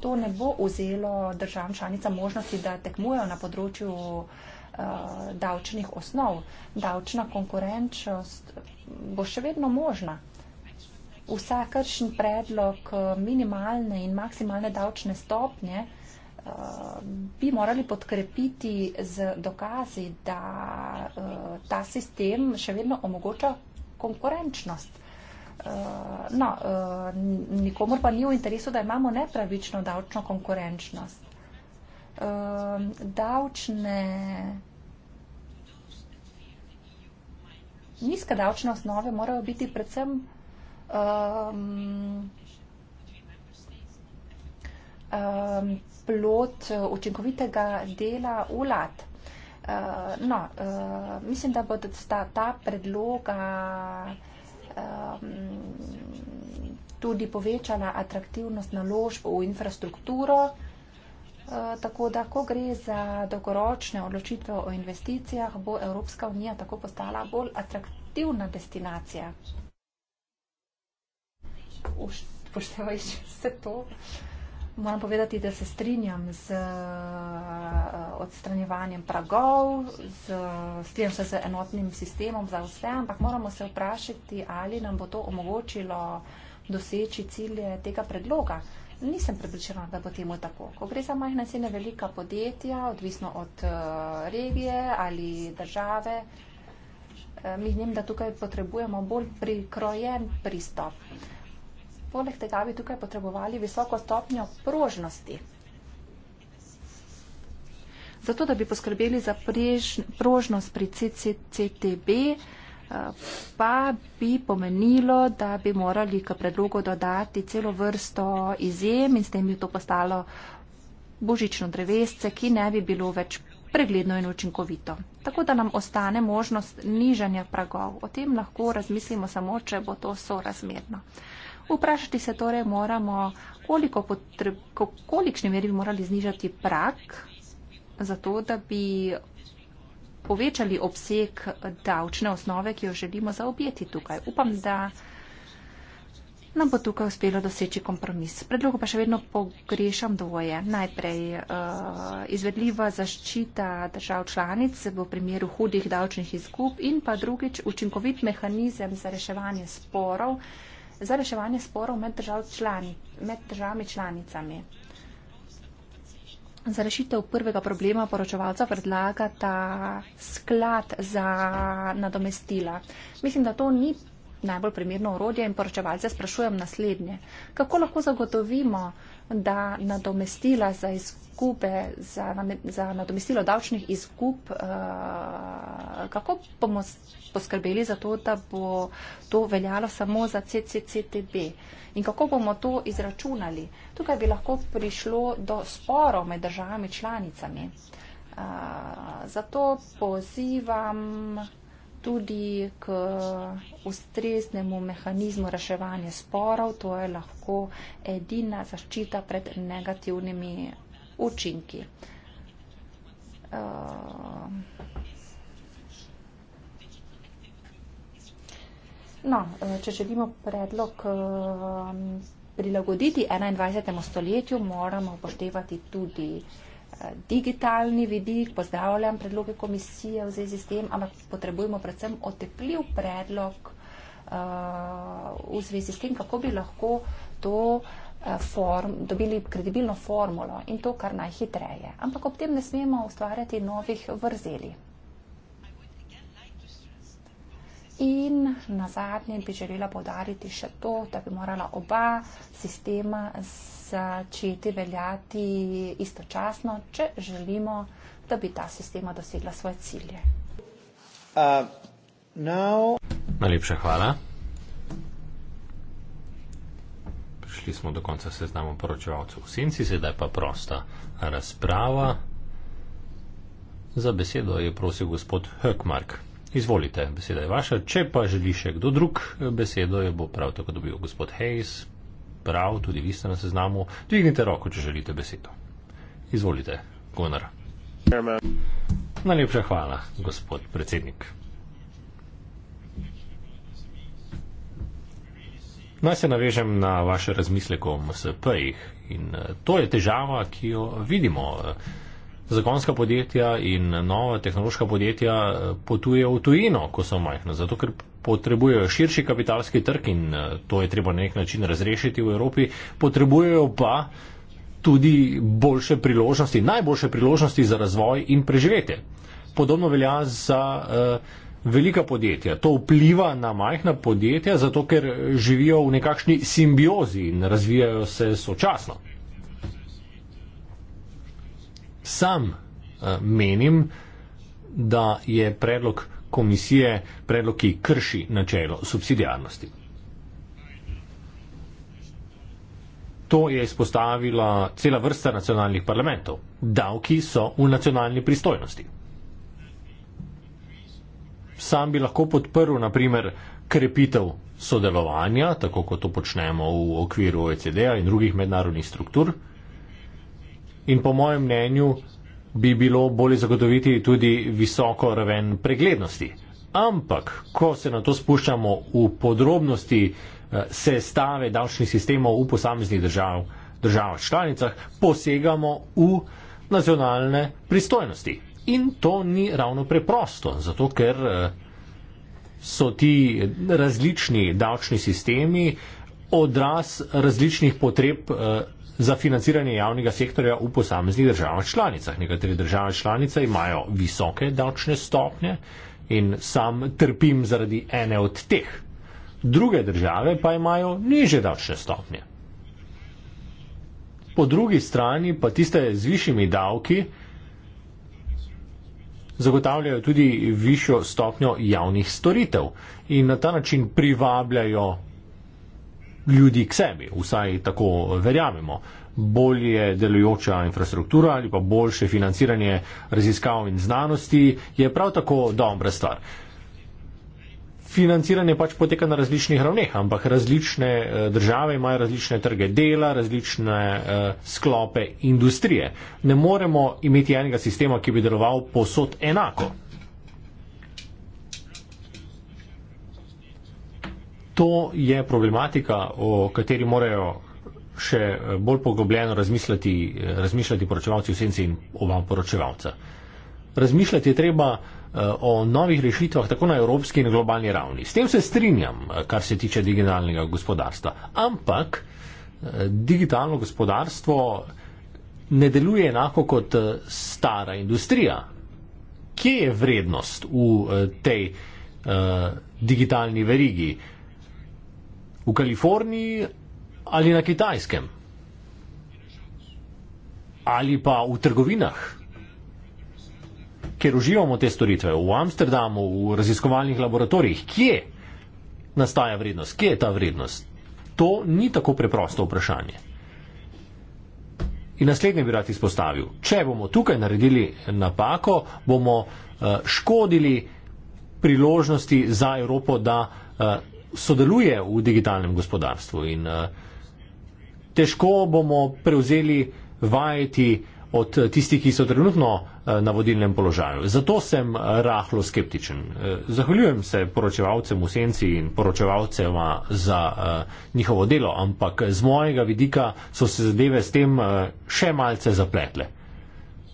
To ne bo vzelo državam članicam možnosti, da tekmujejo na področju uh, davčnih osnov. Davčna konkurenčnost bo še vedno možna vsakršen predlog eh, minimalne in maksimalne davčne stopnje eh, bi morali podkrepiti z dokazi, da eh, ta sistem še vedno omogoča konkurenčnost. No, nikomor pa ni v interesu, da imamo nepravično davčno konkurenčnost. Davčne, nizke davčne osnove morajo biti predvsem um, um plot učinkovitega dela vlad. Uh, no, uh, mislim, da bodo ta, ta predloga um, tudi povečala atraktivnost naložb v infrastrukturo, uh, tako da, ko gre za dolgoročne odločitve o investicijah, bo Evropska unija tako postala bolj atraktivna destinacija upoštevajoče vse to, moram povedati, da se strinjam z eh, odstranjevanjem pragov, z, strinjam se z enotnim sistemom za vse, ampak moramo se vprašati, ali nam bo to omogočilo doseči cilje tega predloga. Nisem prepričana, da bo temu tako. Ko gre za majhna cena velika podjetja, odvisno od eh, regije ali države, eh, mislim, da tukaj potrebujemo bolj prikrojen pristop. Uh, Poleg tega bi tukaj potrebovali visoko stopnjo prožnosti. Zato, da bi poskrbeli za prožnost pri CCTB, eh, pa bi pomenilo, da bi morali k predlogu dodati celo vrsto izjem in s tem bi to postalo božično drevesce, ki ne bi bilo več pregledno in učinkovito. Tako da nam ostane možnost nižanja pragov. O tem lahko razmislimo samo, če bo to sorazmerno. Vprašati se torej moramo, koliko kolikšni meri bi morali znižati prak, zato da bi povečali obseg davčne osnove, ki jo želimo zaobjeti tukaj. Upam, da nam bo tukaj uspelo doseči kompromis. Predlogo pa še vedno pogrešam dvoje. Najprej eh, izvedljiva zaščita držav članic v primeru hudih davčnih izgub in pa drugič učinkovit mehanizem za reševanje sporov za reševanje sporov med, držav člani, med državami članicami. Za rešitev prvega problema poročevalca predlaga ta sklad za nadomestila. Mislim, da to ni najbolj primerno orodje in poročevalce sprašujem naslednje. Kako lahko zagotovimo, da nadomestila za izgube, za, za nadomestilo davčnih izgub, uh, kako bomo poskrbeli za to, da bo to veljalo samo za CCCTB. In kako bomo to izračunali? Tukaj bi lahko prišlo do sporov med državami članicami. A, zato pozivam tudi k ustreznemu mehanizmu reševanja sporov. To je lahko edina zaščita pred negativnimi učinki. A, No, eh, če želimo predlog eh, prilagoditi 21. stoletju, moramo upoštevati tudi eh, digitalni vidik. Pozdravljam predloge komisije v zvezi s tem, ampak potrebujemo predvsem otepljiv predlog v zvezi s tem, kako bi lahko to form, dobili kredibilno formulo in to kar najhitreje. Ampak ob tem ne smemo ustvarjati novih vrzeli. In na zadnje bi želela podariti še to, da bi morala oba sistema začeti veljati istočasno, če želimo, da bi ta sistema dosegla svoje cilje. Uh, now... Najlepša hvala. Prišli smo do konca seznamo poročevalcev v senci, sedaj pa prosta razprava. Za besedo je prosil gospod Höckmark. Izvolite, beseda je vaša. Če pa želi še kdo drug eh, besedo, jo bo prav tako dobil gospod Hayes. Prav, tudi vi ste na seznamu. Dvignite roko, če želite besedo. Izvolite, Gunnar. Najlepša hvala, gospod predsednik. Naj se navežem na vaše razmisleke o MSP-jih. In eh, to je težava, ki jo vidimo. Eh, zagonska podjetja in nova tehnološka podjetja eh, potujejo v tujino, ko so majhna, zato ker potrebujejo širši kapitalski trg in eh, to je treba na nek način razrešiti v Evropi, potrebujejo pa tudi boljše priložnosti, najboljše priložnosti za razvoj in preživetje. Podobno velja za uh, velika podjetja. To vpliva na majhna podjetja, zato ker živijo v nekakšni simbiozi in razvijajo se sočasno sam uh, menim, da je predlog komisije predlog, ki krši načelo subsidijarnosti. To je izpostavila cela vrsta nacionalnih parlamentov. Davki so v nacionalni pristojnosti. Sam bi lahko podprl, naprimer, krepitev sodelovanja, tako kot to počnemo v okviru OECD-a in drugih mednarodnih struktur in po mojem mnenju bi bilo bolje zagotoviti tudi visoko raven preglednosti. Ampak, ko se na to spuščamo v podrobnosti eh, sestave davčnih sistemov v posameznih držav, državah članicah, posegamo v nacionalne pristojnosti. In to ni ravno preprosto, zato ker eh, so ti različni davčni sistemi odraz različnih potreb eh, za financiranje javnega sektorja v posameznih državah članicah. Nekatere države članice imajo visoke davčne stopnje in sam trpim zaradi ene od teh. Druge države pa imajo niže davčne stopnje. Po drugi strani pa tiste z višjimi davki zagotavljajo tudi višjo stopnjo javnih storitev in na ta način privabljajo ljudi k sebi, vsaj tako verjamemo. Bolje delujoča infrastruktura ali pa boljše financiranje raziskav in znanosti je prav tako dobra stvar. Financiranje pač poteka na različnih ravneh, ampak različne eh, države imajo različne trge dela, različne eh, sklope industrije. Ne moremo imeti enega sistema, ki bi deloval posod enako. to je problematika, o kateri morajo še bolj poglobljeno razmišljati, razmišljati poročevalci v senci in oba poročevalca. Razmišljati je treba eh, o novih rešitvah tako na evropski in globalni ravni. S tem se strinjam, kar se tiče digitalnega gospodarstva. Ampak eh, digitalno gospodarstvo ne deluje enako kot eh, stara industrija. Kje je vrednost v tej uh, digitalni verigi? Uh, v Kaliforniji ali na Kitajskem ali pa v trgovinah, kjer uživamo te storitve, v Amsterdamu, v raziskovalnih laboratorijih, kje nastaja vrednost, kje je ta vrednost. To ni tako preprosto vprašanje. In naslednje bi rad izpostavil. Če bomo tukaj naredili napako, bomo eh, škodili priložnosti za Evropo, da eh, sodeluje v digitalnem gospodarstvu in eh, težko bomo prevzeli vajeti od eh, tistih, ki so trenutno eh, na vodilnem položaju. Zato sem rahlo skeptičen. Zahvaljujem se poročevalcem v senci in poročevalcem za njihovo delo, ampak z mojega vidika so se zadeve s tem še malce zapletle.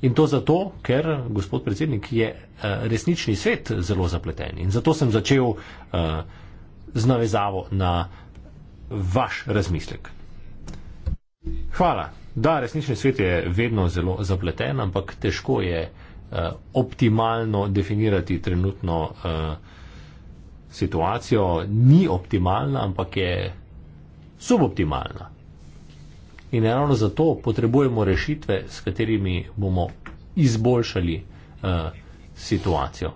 In to zato, ker, gospod predsednik, je resnični svet zelo zapleten. In zato sem začel z navezavo na vaš razmislek. Hvala. Da, resnični svet je vedno zelo zapleten, ampak težko je uh, optimalno definirati trenutno uh, situacijo. Ni optimalna, ampak je suboptimalna. In ravno zato potrebujemo rešitve, s katerimi bomo izboljšali uh, situacijo.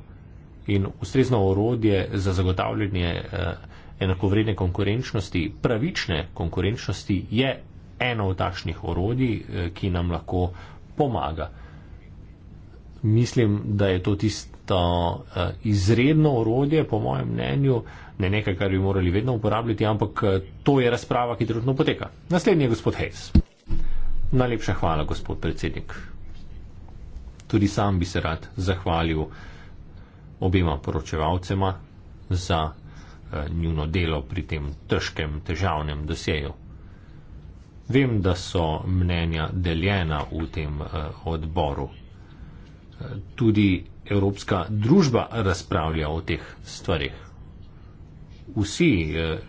In ustrezno orodje za zagotavljanje. Uh, enakovredne konkurenčnosti, pravične konkurenčnosti je eno od takšnih orodij, eh, ki nam lahko pomaga. Mislim, da je to tisto eh, izredno orodje, po mojem mnenju, ne nekaj, kar bi morali vedno uporabljati, ampak eh, to je razprava, ki trenutno poteka. Naslednji je gospod Hayes. Najlepša hvala, gospod predsednik. Tudi sam bi se rad zahvalil obima poročevalcema za. Eh, njuno delo pri tem težkem, težavnem dosjeju. Vem, da so mnenja deljena v tem eh, odboru. Eh, tudi Evropska družba razpravlja o teh stvarih. Vsi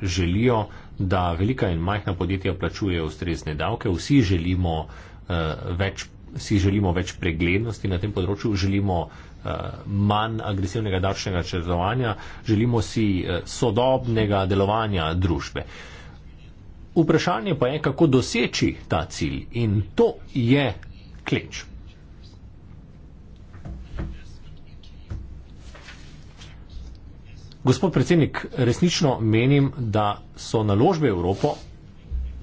želijo, da velika in majhna podjetja plačujejo ustrezne davke, vsi želimo, uh, več, želimo več preglednosti na tem področju, želimo uh, Eh, manj agresivnega davčnega črzovanja, želimo si eh, sodobnega delovanja družbe. Vprašanje pa je, kako doseči ta cilj in to je kleč. Gospod predsednik, resnično menim, da so naložbe v Evropo,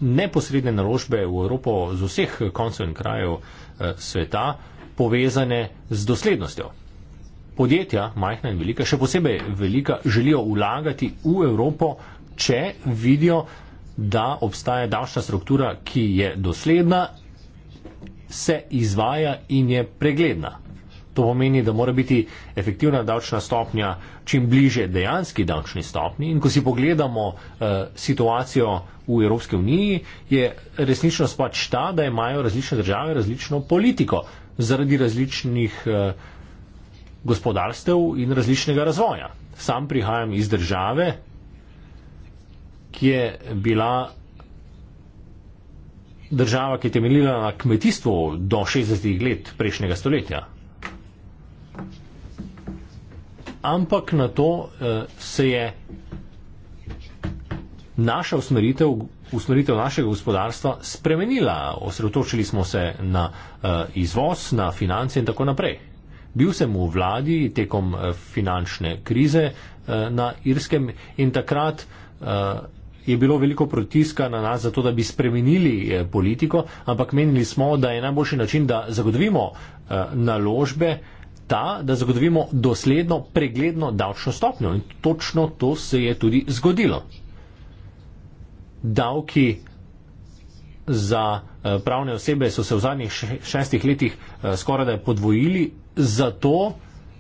neposredne naložbe v Evropo z vseh koncev in krajev eh, sveta povezane z doslednostjo podjetja, majhna in velika, še posebej velika, želijo vlagati v Evropo, če vidijo, da obstaja davčna struktura, ki je dosledna, se izvaja in je pregledna. To pomeni, da mora biti efektivna davčna stopnja čim bliže dejanski davčni stopnji. In ko si pogledamo eh, situacijo v Evropski uniji, je resničnost pač ta, da imajo različne države različno politiko zaradi različnih eh, gospodarstev in različnega razvoja. Sam prihajam iz države, ki je bila država, ki je temeljila na kmetijstvu do 60. let prejšnjega stoletja. Ampak na to eh, se je naša usmeritev, usmeritev našega gospodarstva spremenila. Osredotočili smo se na eh, izvoz, na finance in tako naprej. Bil sem v vladi tekom eh, finančne krize eh, na Irskem in takrat eh, je bilo veliko protiska na nas za to, da bi spremenili politiko, ampak menili smo, da je najboljši način, da zagotovimo naložbe ta, da zagotovimo dosledno, pregledno davčno stopnjo. In točno to se je tudi zgodilo. Davki za eh, pravne osebe so se v zadnjih šestih letih eh, skoraj da podvojili, zato,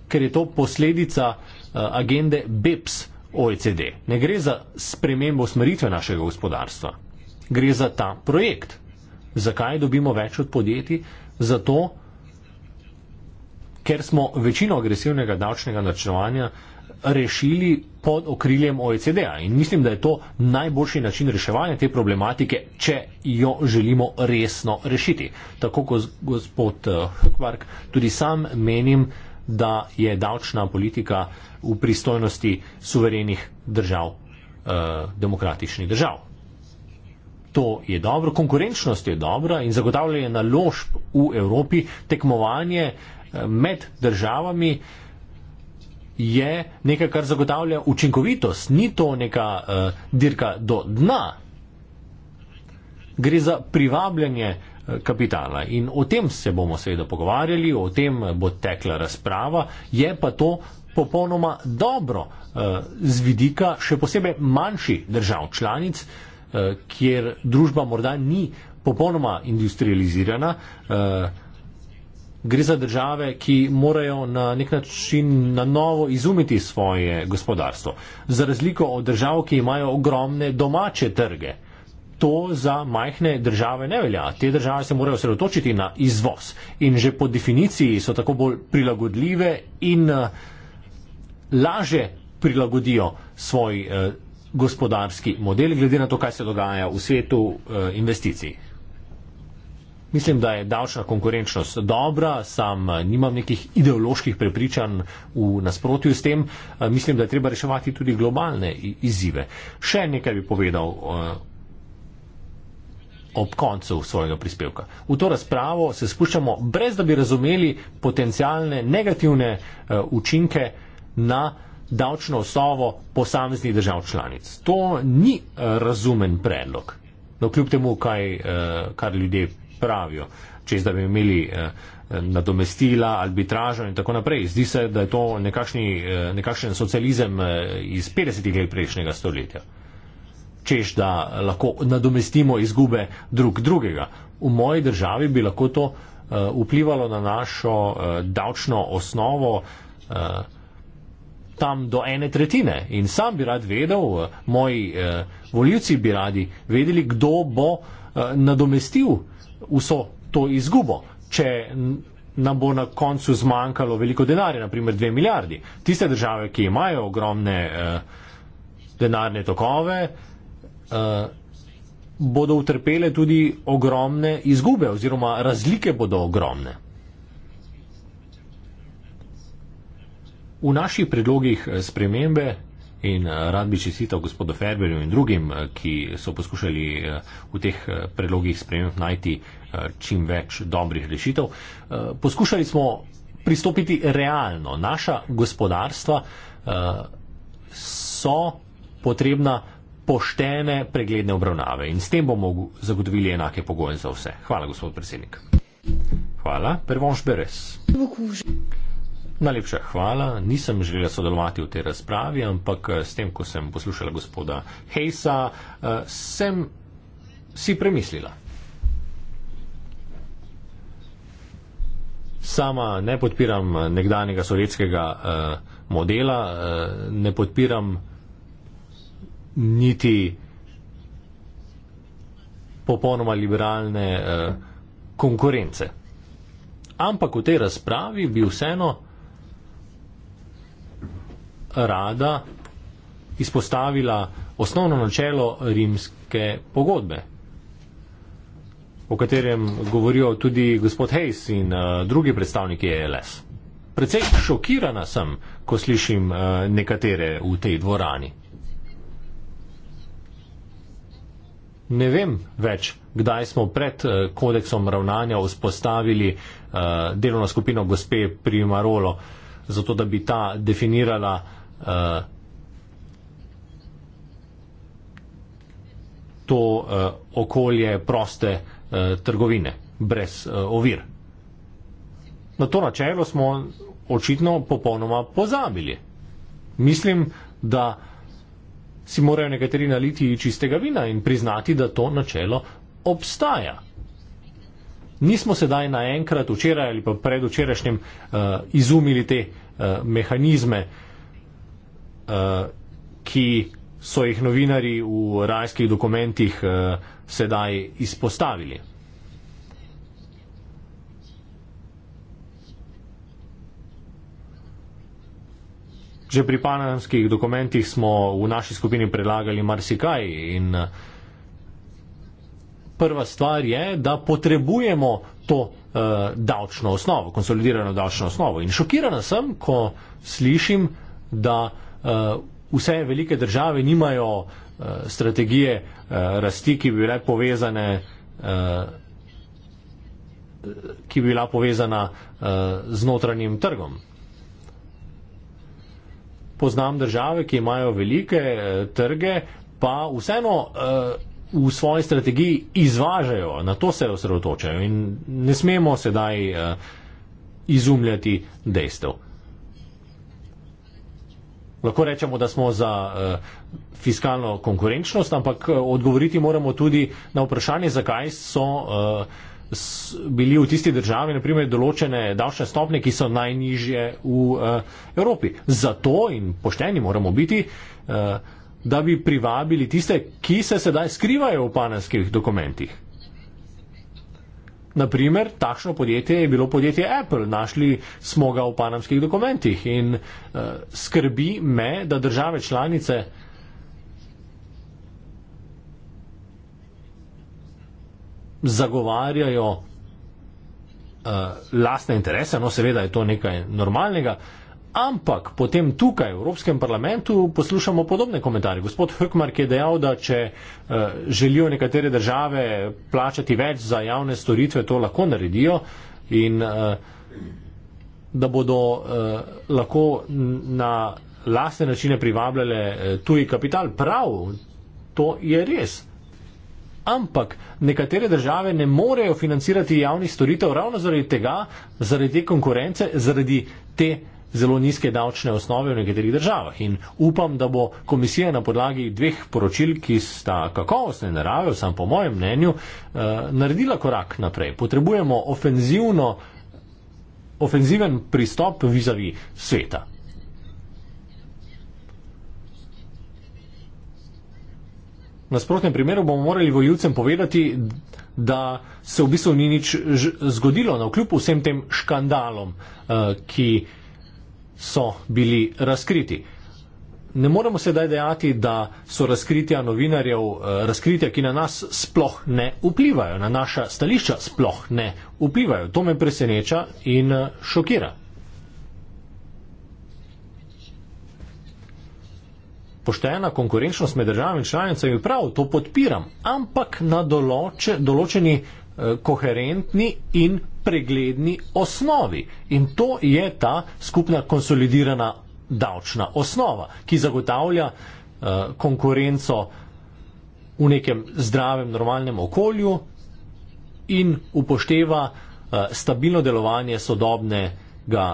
ker je to posledica eh, agende BEPS OECD. Ne gre za spremembo smeritve našega gospodarstva, gre za ta projekt. Zakaj dobimo več od podjetij? Zato, ker smo večino agresivnega davčnega načrtovanja uh, rešili pod okriljem OECD-a. In mislim, da je to najboljši način reševanja te problematike, če jo želimo resno rešiti. Tako kot gospod Hukvark, eh, tudi sam menim, da je davčna politika v pristojnosti suverenih držav, eh, demokratičnih držav. To je dobro, konkurenčnost je dobra in zagotavljanje naložb v Evropi, tekmovanje eh, med državami, eh, je nekaj, kar zagotavlja učinkovitost, ni to neka uh, dirka do dna. Gre za privabljanje eh, kapitala in o tem se bomo seveda pogovarjali, o tem bo tekla razprava, je pa to popolnoma dobro eh, z vidika še posebej manjših držav članic, kjer družba morda ni popolnoma industrializirana, gre za države, ki morajo na nek način na novo izumiti svoje gospodarstvo. Za razliko od držav, ki imajo ogromne domače trge, to za majhne države ne velja. Te države se morajo osredotočiti na izvoz in že po definiciji so tako bolj prilagodljive in eh, laže prilagodijo svoj eh, gospodarski model, glede na to, kaj se dogaja v svetu eh, investicij. Mislim, da je davčna konkurenčnost dobra, sam eh, nimam nekih ideoloških prepričanj v nasprotju s tem. Eh, mislim, da je treba reševati tudi globalne izzive. Še nekaj bi povedal eh, ob koncu svojega prispevka. V to razpravo se spuščamo, brez da bi razumeli potencijalne negativne učinke na davčno osovo posameznih držav članic. To ni razumen predlog. No, kljub temu, kaj, kar ljudje pravijo, če zdaj bi imeli eh, nadomestila, arbitražo in tako naprej. Zdi se, da je to nekakšni, eh, nekakšen socializem eh, iz 50-ih let prejšnjega stoletja. Češ, da lahko nadomestimo izgube drug drugega. V moji državi bi lahko to eh, vplivalo na našo eh, davčno osnovo. Eh, tam do ene tretjine in sam bi rad vedel, eh, moji eh, voljivci bi radi vedeli, kdo bo eh, nadomestil eh, vso to izgubo, če nam bo na koncu zmanjkalo veliko denarja, naprimer 2 milijardi. Tiste države, ki imajo ogromne uh, denarne tokove, uh, bodo utrpele tudi ogromne izgube oziroma razlike bodo ogromne. V naših predlogih eh, spremembe In eh, rad bi čestital gospodu Ferberju in drugim, eh, ki so poskušali eh, v teh predlogih sprememb najti čim več dobrih rešitev. Poskušali smo pristopiti realno. Naša gospodarstva so potrebna poštene, pregledne obravnave in s tem bomo zagotovili enake pogoje za vse. Hvala, gospod predsednik. Hvala. Prvonš Beres. Dvukuži. Najlepša hvala. Nisem želela sodelovati v tej razpravi, ampak eh, s tem, ko sem poslušala gospoda Hejsa, eh, sem si premislila. Sama ne podpiram eh, nekdanjega sovjetskega modela, ne podpiram niti popolnoma liberalne konkurence. Ampak v tej razpravi bi vseeno rada izpostavila osnovno načelo rimske pogodbe, o katerem govorijo tudi gospod Hayes in uh, drugi predstavniki ALS. Predvsej šokirana sem, ko slišim uh, nekatere v tej dvorani. Ne vem več, kdaj smo pred uh, kodeksom ravnanja vzpostavili uh, delovno skupino gospe Primarolo, zato da bi ta definirala uh, 呃 to eh, e, eh, okolje proste e, trgovine brez e, ovir. Na to načelo smo očitno popolnoma pozabili. Mislim, da si morajo nekateri naliti čistega vina in priznati, da to načelo obstaja. Nismo sedaj naenkrat včeraj ali pa predvčerajšnjem uh, izumili te uh, mehanizme uh, Eh, ki so jih novinari v rajskih dokumentih uh, sedaj izpostavili. Že pri panamskih dokumentih smo v naši skupini predlagali marsikaj in eh, prva stvar je, da potrebujemo to uh, davčno osnovo, konsolidirano davčno osnovo. In šokirana sem, ko slišim, da uh, Eh, vse velike države nimajo uh, strategije uh, rasti, ki bi bile povezane, uh, ki bi bila povezana uh, z notranjim trgom. Poznam države, ki imajo velike uh, trge, pa vseeno uh, v svoji strategiji izvažajo, na to se osredotočajo in ne smemo sedaj uh, izumljati dejstev lahko rečemo, da smo za uh, fiskalno konkurenčnost, ampak eh, odgovoriti moramo tudi na vprašanje, zakaj so. Uh, bili v tisti državi, naprimer, določene davčne stopne, ki so najnižje v uh, Evropi. Zato in pošteni moramo biti, uh, da bi privabili tiste, ki se sedaj skrivajo v panamskih dokumentih. Naprimer, takšno podjetje je bilo podjetje Apple, našli smo ga v panamskih dokumentih in uh, skrbi me, da države članice. zagovarjajo uh, lastne interese, no seveda je to nekaj normalnega, uh, Ampak potem tukaj v Evropskem parlamentu poslušamo podobne komentarje. Gospod Hökmark je dejal, da če eh, želijo nekatere države plačati več za javne storitve, to lahko naredijo in eh, da bodo eh, lahko na lasne načine privabljale tuji kapital. Prav, to je res. Ampak nekatere države ne morejo financirati javnih storitev ravno zaradi tega, zaradi te konkurence, zaradi te zelo nizke davčne osnove v nekaterih državah. In upam, da bo komisija na podlagi dveh poročil, ki sta kakovostne narave, sam po mojem mnenju, eh, naredila korak naprej. Potrebujemo ofenzivno, ofenziven pristop vizavi sveta. Nasprotnem primeru bomo morali voljivcem povedati, da se v bistvu ni nič zgodilo na kljub vsem tem škandalom, eh, ki so bili razkriti. Ne moremo sedaj dejati, da so razkritja novinarjev eh, razkritja, ki na nas sploh ne vplivajo, na naša stališča sploh ne vplivajo. To me preseneča in eh, šokira. Poštena konkurenčnost med državami članicami prav, to podpiram, ampak na določeni koherentni in pregledni osnovi. In to je ta skupna konsolidirana davčna osnova, ki zagotavlja eh, konkurenco v nekem zdravem, normalnem okolju in upošteva eh, stabilno delovanje sodobne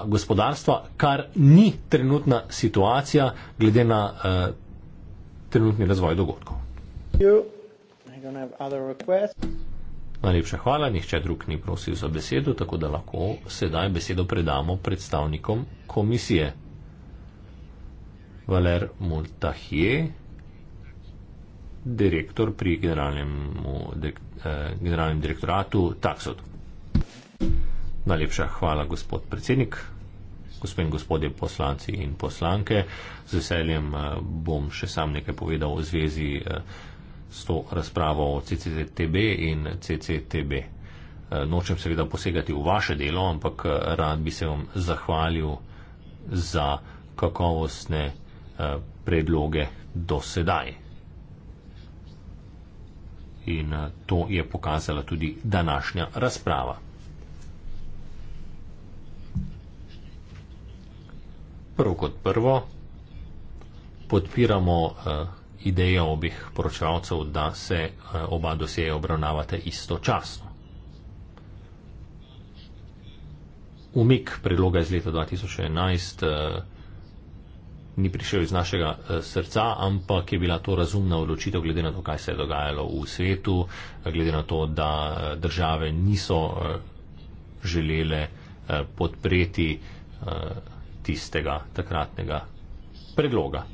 gospodarstva, kar ni trenutna situacija glede na uh, trenutni razvoj dogodkov. Najlepša hvala, nihče drug ni prosil za besedo, tako da lahko sedaj besedo predamo predstavnikom komisije. Valer Multahije, direktor pri generalnem, eh, generalnem direktoratu Taksot. Najlepša hvala, gospod predsednik, gospe in gospodje poslanci in poslanke. Z veseljem eh, bom še sam nekaj povedal o zvezi. Eh, s to razpravo o CCTB in CCTB. Eh, nočem seveda posegati v vaše delo, ampak eh, rad bi se vam zahvalil za kakovostne eh, predloge do sedaj. In to je pokazala tudi današnja razprava. Prvo kot prvo, podpiramo eh, ideja obih poročevalcev, da se eh, oba dosjeja obravnavate istočasno. Umik predloga iz leta 2011 eh, ni prišel iz našega eh, srca, ampak je bila to razumna odločitev glede na to, kaj se je dogajalo v svetu, glede na to, da države niso želele podpreti tistega takratnega predloga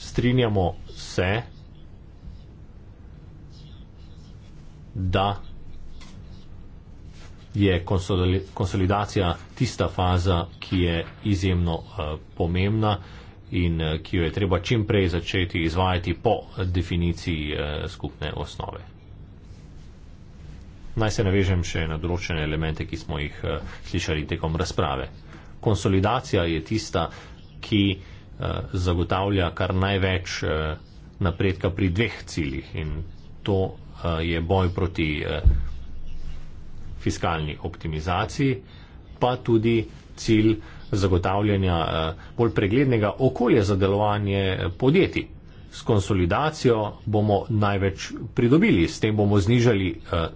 strinjamo se, da je konsolidacija tista faza, ki je izjemno eh, pomembna in eh, ki jo je treba čim prej začeti izvajati po definiciji eh, skupne osnove. Naj se navežem še na določene elemente, ki smo jih slišali tekom razprave. Konsolidacija je tista, ki Eh, zagotavlja kar največ eh, napredka pri dveh ciljih in to eh, je boj proti fiskalni optimizaciji, pa tudi cilj zagotavljanja bolj preglednega okolja za delovanje podjetij. S konsolidacijo bomo največ pridobili, s tem bomo znižali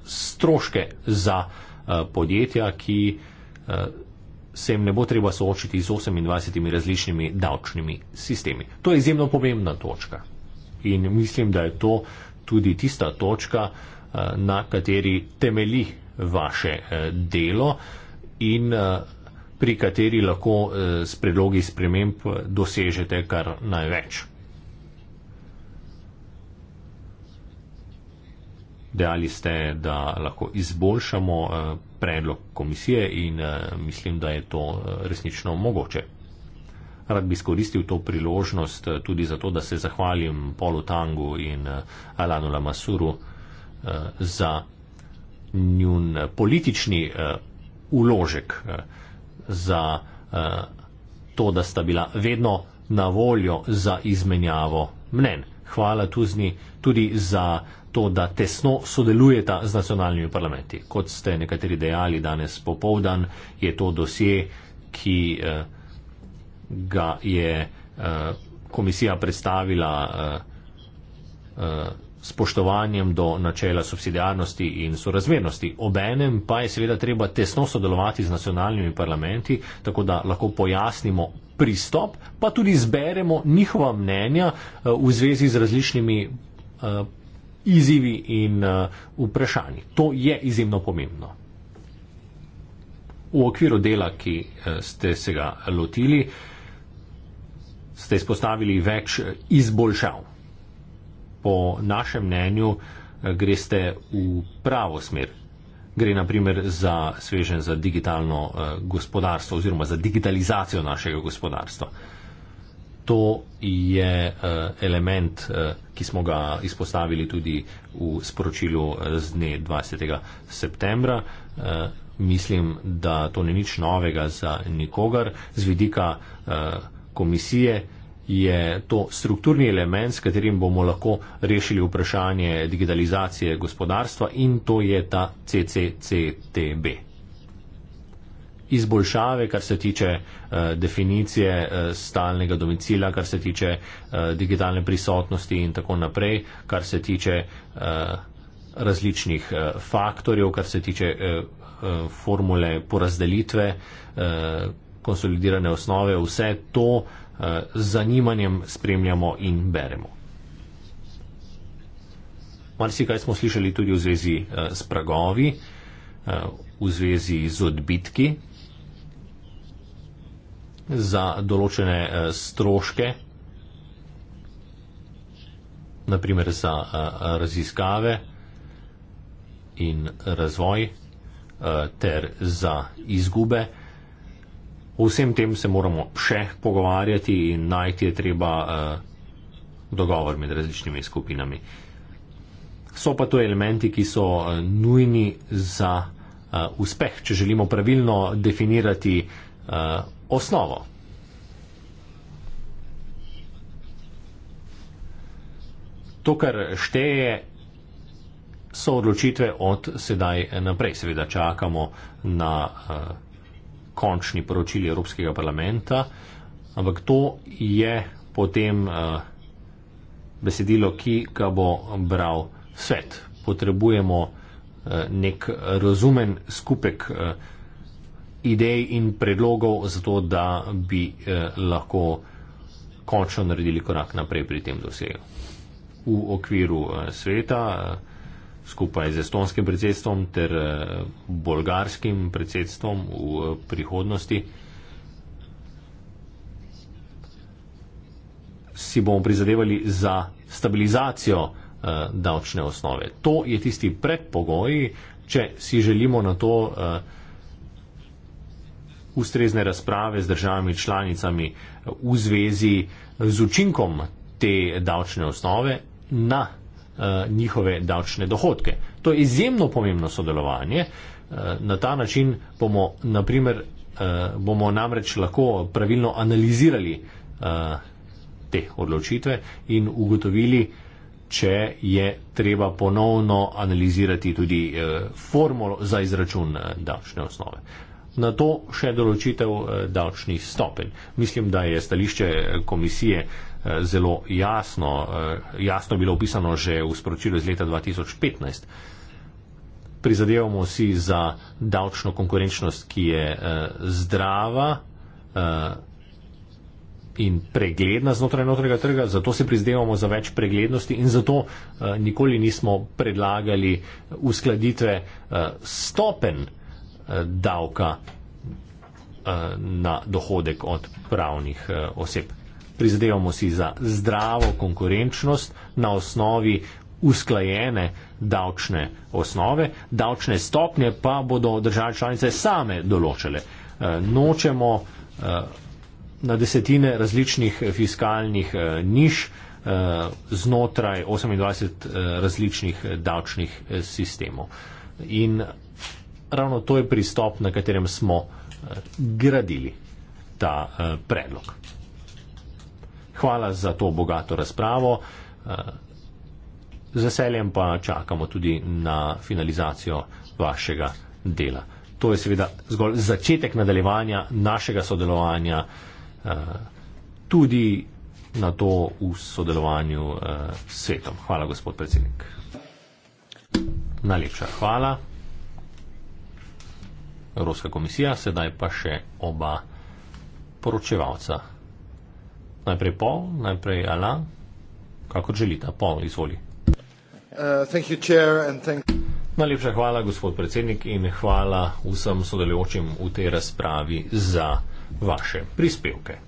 stroške za podjetja, ki se jim ne bo treba soočiti z 28 različnimi davčnimi sistemi. To je izjemno pomembna točka in mislim, da je to tudi tista točka, eh, na kateri temeli vaše eh, delo in eh, pri kateri lahko s predlogi sprememb dosežete kar največ. Dejali ste, da lahko izboljšamo predlog komisije in eh, mislim, da je to eh, resnično mogoče. Rad bi skoristil to priložnost eh, tudi zato, da se zahvalim Polu Tangu in Alanu Lamasuru za njun politični uložek, za to, da sta bila vedno na voljo za izmenjavo mnen. Hvala tuzni, tudi za to, da tesno sodelujeta z nacionalnimi parlamenti. Kot ste nekateri dejali danes popovdan, je to dosje, ki eh, ga je eh, komisija predstavila eh, eh, spoštovanjem do načela subsidijarnosti in sorazmernosti. Obenem pa je seveda treba tesno sodelovati z nacionalnimi parlamenti, tako da lahko pojasnimo pristop, pa tudi zberemo njihova mnenja eh, v zvezi z različnimi. Eh, izzivi in eh, vprašanji. To je izjemno pomembno. V okviru dela, ki eh, ste se ga lotili, ste izpostavili več izboljšav. Po našem mnenju eh, greste v pravo smer. Gre naprimer za svežen za digitalno gospodarstvo oziroma za digitalizacijo našega gospodarstva. To je eh, element, eh, ki smo ga izpostavili tudi v sporočilu eh, z dne 20. septembra. Mislim, da to ni nič novega za nikogar. Z vidika komisije je to strukturni element, s katerim bomo lahko rešili vprašanje digitalizacije gospodarstva in to je ta CCCTB izboljšave, kar se tiče uh, definicije uh, stalnega domicila, kar se tiče uh, digitalne prisotnosti in tako naprej, kar se tiče uh, različnih uh, faktorjev, kar se tiče uh, formule porazdelitve, uh, konsolidirane osnove, vse to uh, z zanimanjem spremljamo in beremo. Marsikaj smo slišali tudi v zvezi uh, s pragovi, uh, v zvezi z odbitki za določene eh, stroške, naprimer za eh, raziskave in razvoj eh, ter za izgube. Vsem tem se moramo še pogovarjati in najti je treba dogovor med različnimi skupinami. So pa to elementi, ki so nujni za uspeh, če želimo pravilno definirati osnovo. To, kar šteje, so odločitve od sedaj naprej. Seveda čakamo na uh, končni poročili Evropskega parlamenta, ampak to je potem uh, besedilo, ki ga bo bral svet. Potrebujemo uh, nek razumen skupek. Uh, idej in predlogov za to, da bi eh, lahko končno naredili korak naprej pri tem dosegu. V okviru eh, sveta, eh, skupaj z estonskim predsedstvom ter eh, bolgarskim predsedstvom v eh, prihodnosti, si bomo prizadevali za stabilizacijo eh, davčne osnove. To je tisti predpogoj, če si želimo na to. Eh, ustrezne razprave z državami članicami v zvezi z učinkom te davčne osnove na uh, njihove davčne dohodke. To je izjemno pomembno sodelovanje. Uh, na ta način bomo, naprimer, uh, eh, bomo namreč lahko pravilno analizirali uh, te odločitve in ugotovili, če je treba ponovno analizirati tudi uh, formulo za izračun uh, davčne osnove. Uh, na to še določitev eh, davčnih stopenj. Mislim, da je stališče eh, komisije eh, zelo jasno, jasno bilo opisano že v sporočilu iz leta 2015. Prizadevamo si za davčno konkurenčnost, ki je zdrava in pregledna znotraj notranjega trga, zato si prizadevamo za več preglednosti in zato nikoli nismo predlagali uskladitve stopenj Eh, davka eh, na dohodek od pravnih eh, oseb. Prizadevamo si za zdravo konkurenčnost na osnovi usklajene davčne osnove, davčne stopnje pa bodo države članice same določile. Nočemo na desetine različnih fiskalnih niš znotraj 28 različnih davčnih sistemov. In ravno to je pristop, na katerem smo eh, gradili ta eh, predlog. Hvala za to bogato razpravo. Eh, z veseljem pa čakamo tudi na finalizacijo vašega dela. To je seveda zgolj začetek nadaljevanja našega sodelovanja, tudi na to v sodelovanju s svetom. Hvala, gospod predsednik. Najlepša hvala. Evropska komisija, sedaj pa še oba poročevalca. Najprej Paul, najprej Alan, kako želite. Paul, izvoli. Uh, Najlepša hvala, gospod predsednik, in hvala vsem sodelujočim v tej razpravi za vaše prispevke.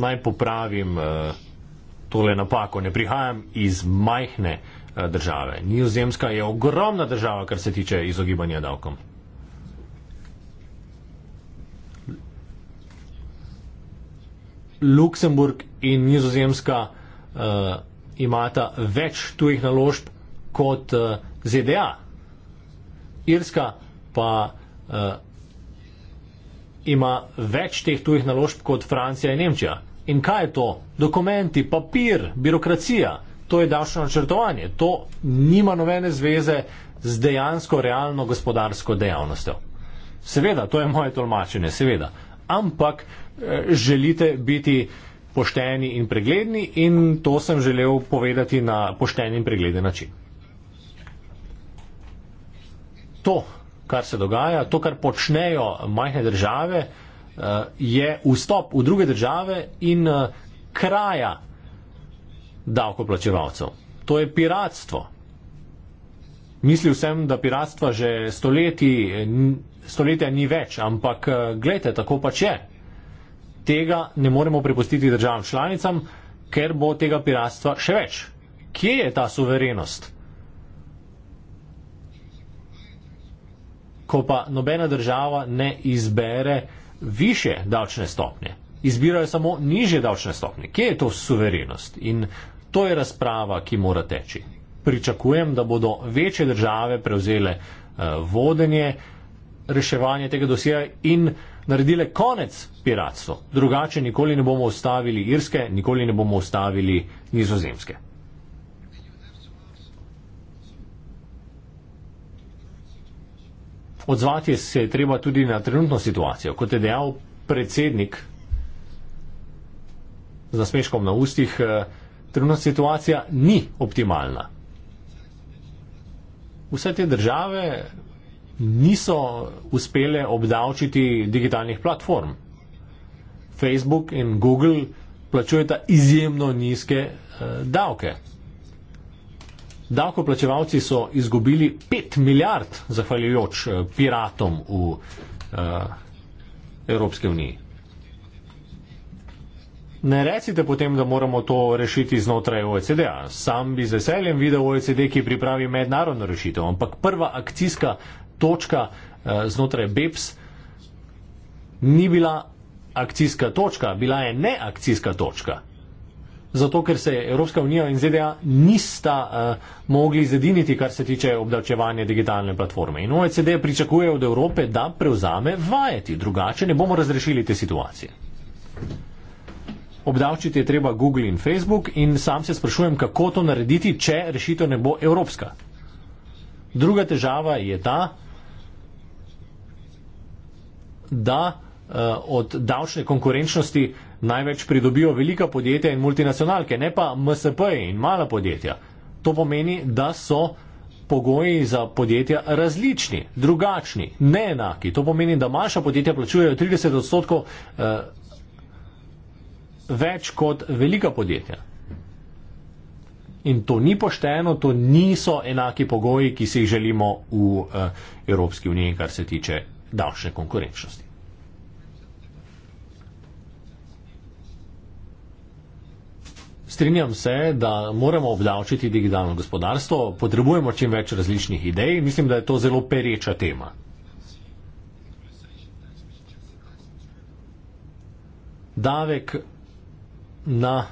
Naj popravim uh, tole napako. Ne prihajam iz majhne uh, Eh, države. Nizozemska je ogromna država, kar se tiče izogibanja davkom. Luksemburg in Nizozemska uh, imata več tujih naložb kot uh, eh, ZDA. Irska pa uh, ima več teh tujih naložb kot Francija in Nemčija. In kaj je to? Dokumenti, papir, birokracija to je davčno načrtovanje. To nima nobene zveze z dejansko realno gospodarsko dejavnostjo. Seveda, to je moje tolmačenje, seveda. Ampak eh, želite biti pošteni in pregledni in to sem želel povedati na pošten in pregleden način. To, kar se dogaja, to, kar počnejo majhne države, eh, je vstop v druge države in eh, kraja davkoplačevalcev. To je piratstvo. Mislil sem, da piratstva že stoletji, eh, stoletja ni več, ampak eh, gledajte, tako pač je. Tega ne moremo prepustiti državam članicam, ker bo tega piratstva še več. Kje je ta suverenost? Ko pa nobena država ne izbere više davčne stopnje, izbirajo samo niže davčne stopnje. Kje je to suverenost? In To je razprava, ki mora teči. Pričakujem, da bodo večje države prevzele uh, vodenje, reševanje tega dosjeja in naredile konec piratstvu. Drugače nikoli ne bomo ustavili Irske, nikoli ne bomo ustavili Nizozemske. Odzvati se je treba tudi na trenutno situacijo. Kot je dejal predsednik z nasmeškom na ustih, uh, trenutna situacija ni optimalna. Vse te države niso uspele obdavčiti digitalnih platform. Facebook in Google plačujeta izjemno nizke eh, davke. Davkoplačevalci so izgubili 5 milijard zahvaljujoč eh, piratom v eh, Evropske unije. Ne recite potem, da moramo to rešiti znotraj OECD-a. Sam bi z veseljem videl OECD, ki pripravi mednarodno rešitev, ampak prva akcijska točka eh, znotraj BEPS ni bila akcijska točka, bila je neakcijska točka. Zato, ker se Evropska unija in ZDA nista eh, mogli zediniti, kar se tiče obdavčevanja digitalne platforme. In OECD pričakuje od Evrope, da prevzame vajeti, drugače ne bomo razrešili te situacije obdavčiti je treba Google in Facebook in sam se sprašujem, kako to narediti, če rešitev ne bo evropska. Druga težava je ta, da uh, od davčne konkurenčnosti največ pridobijo velika podjetja in multinacionalke, ne pa MSP in mala podjetja. To pomeni, da so pogoji za podjetja različni, drugačni, neenaki. To pomeni, da manjša podjetja plačujejo 30 odstotkov uh, več kot velika podjetja. In to ni pošteno, to niso enaki pogoji, ki si jih želimo v eh, Evropski uniji, kar se tiče davčne konkurenčnosti. Strinjam se, da moramo obdavčiti digitalno gospodarstvo, potrebujemo čim več različnih idej, mislim, da je to zelo pereča tema. Davek na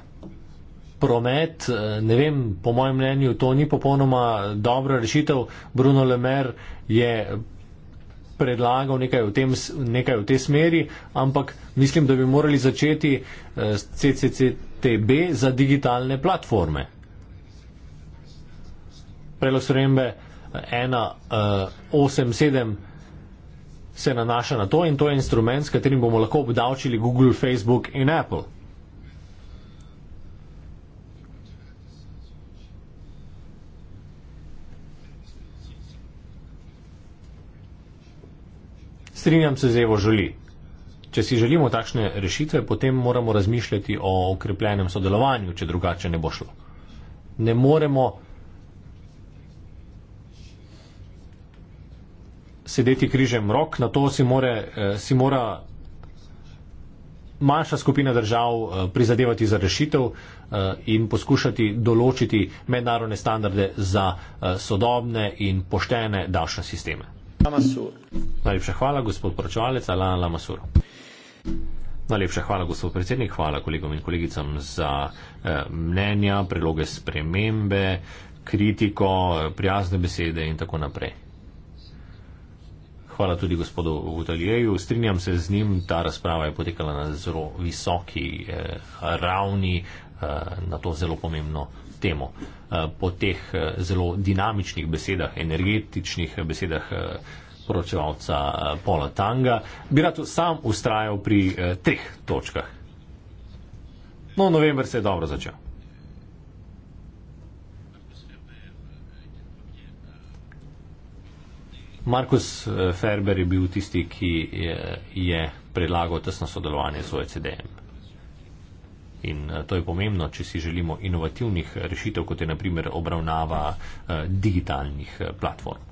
promet. Eh, ne vem, po mojem mnenju to ni popolnoma dobra rešitev. Bruno Lemer je predlagal nekaj v, tem, nekaj v te smeri, ampak mislim, da bi morali začeti eh, s CCCTB za digitalne platforme. Predlog sprejembe 187 eh, se nanaša na to in to je instrument, s katerim bomo lahko obdavčili Google, Facebook in Apple. Strinjam se z Evo Žoli. Če si želimo takšne rešitve, potem moramo razmišljati o ukrepljenem sodelovanju, če drugače ne bo šlo. Ne moremo sedeti križem rok, na to si, more, eh, si mora manjša skupina držav eh, prizadevati za rešitev eh, in poskušati določiti mednarodne standarde za sodobne in poštene davčne sisteme. Lamasur. Najlepša hvala, gospod poročevalec Alan Lamasur. Najlepša hvala, gospod predsednik, hvala kolegom in kolegicam za eh, mnenja, predloge spremembe, kritiko, prijazne besede in tako naprej. Hvala tudi gospodu Vutaljeju. Strinjam se z njim, ta razprava je potekala na zelo visoki eh, ravni, eh, na to zelo pomembno temo. Eh, po teh eh, zelo dinamičnih besedah, energetičnih besedah eh, poročevalca Pola Tanga, bi rad sam ustrajal pri treh točkah. No, november se je dobro začel. Markus Ferber je bil tisti, ki je predlagal tesno sodelovanje z OECD-em. In eh, to je pomembno, če si želimo inovativnih eh, rešitev, kot je naprimer obravnava eh, digitalnih platform.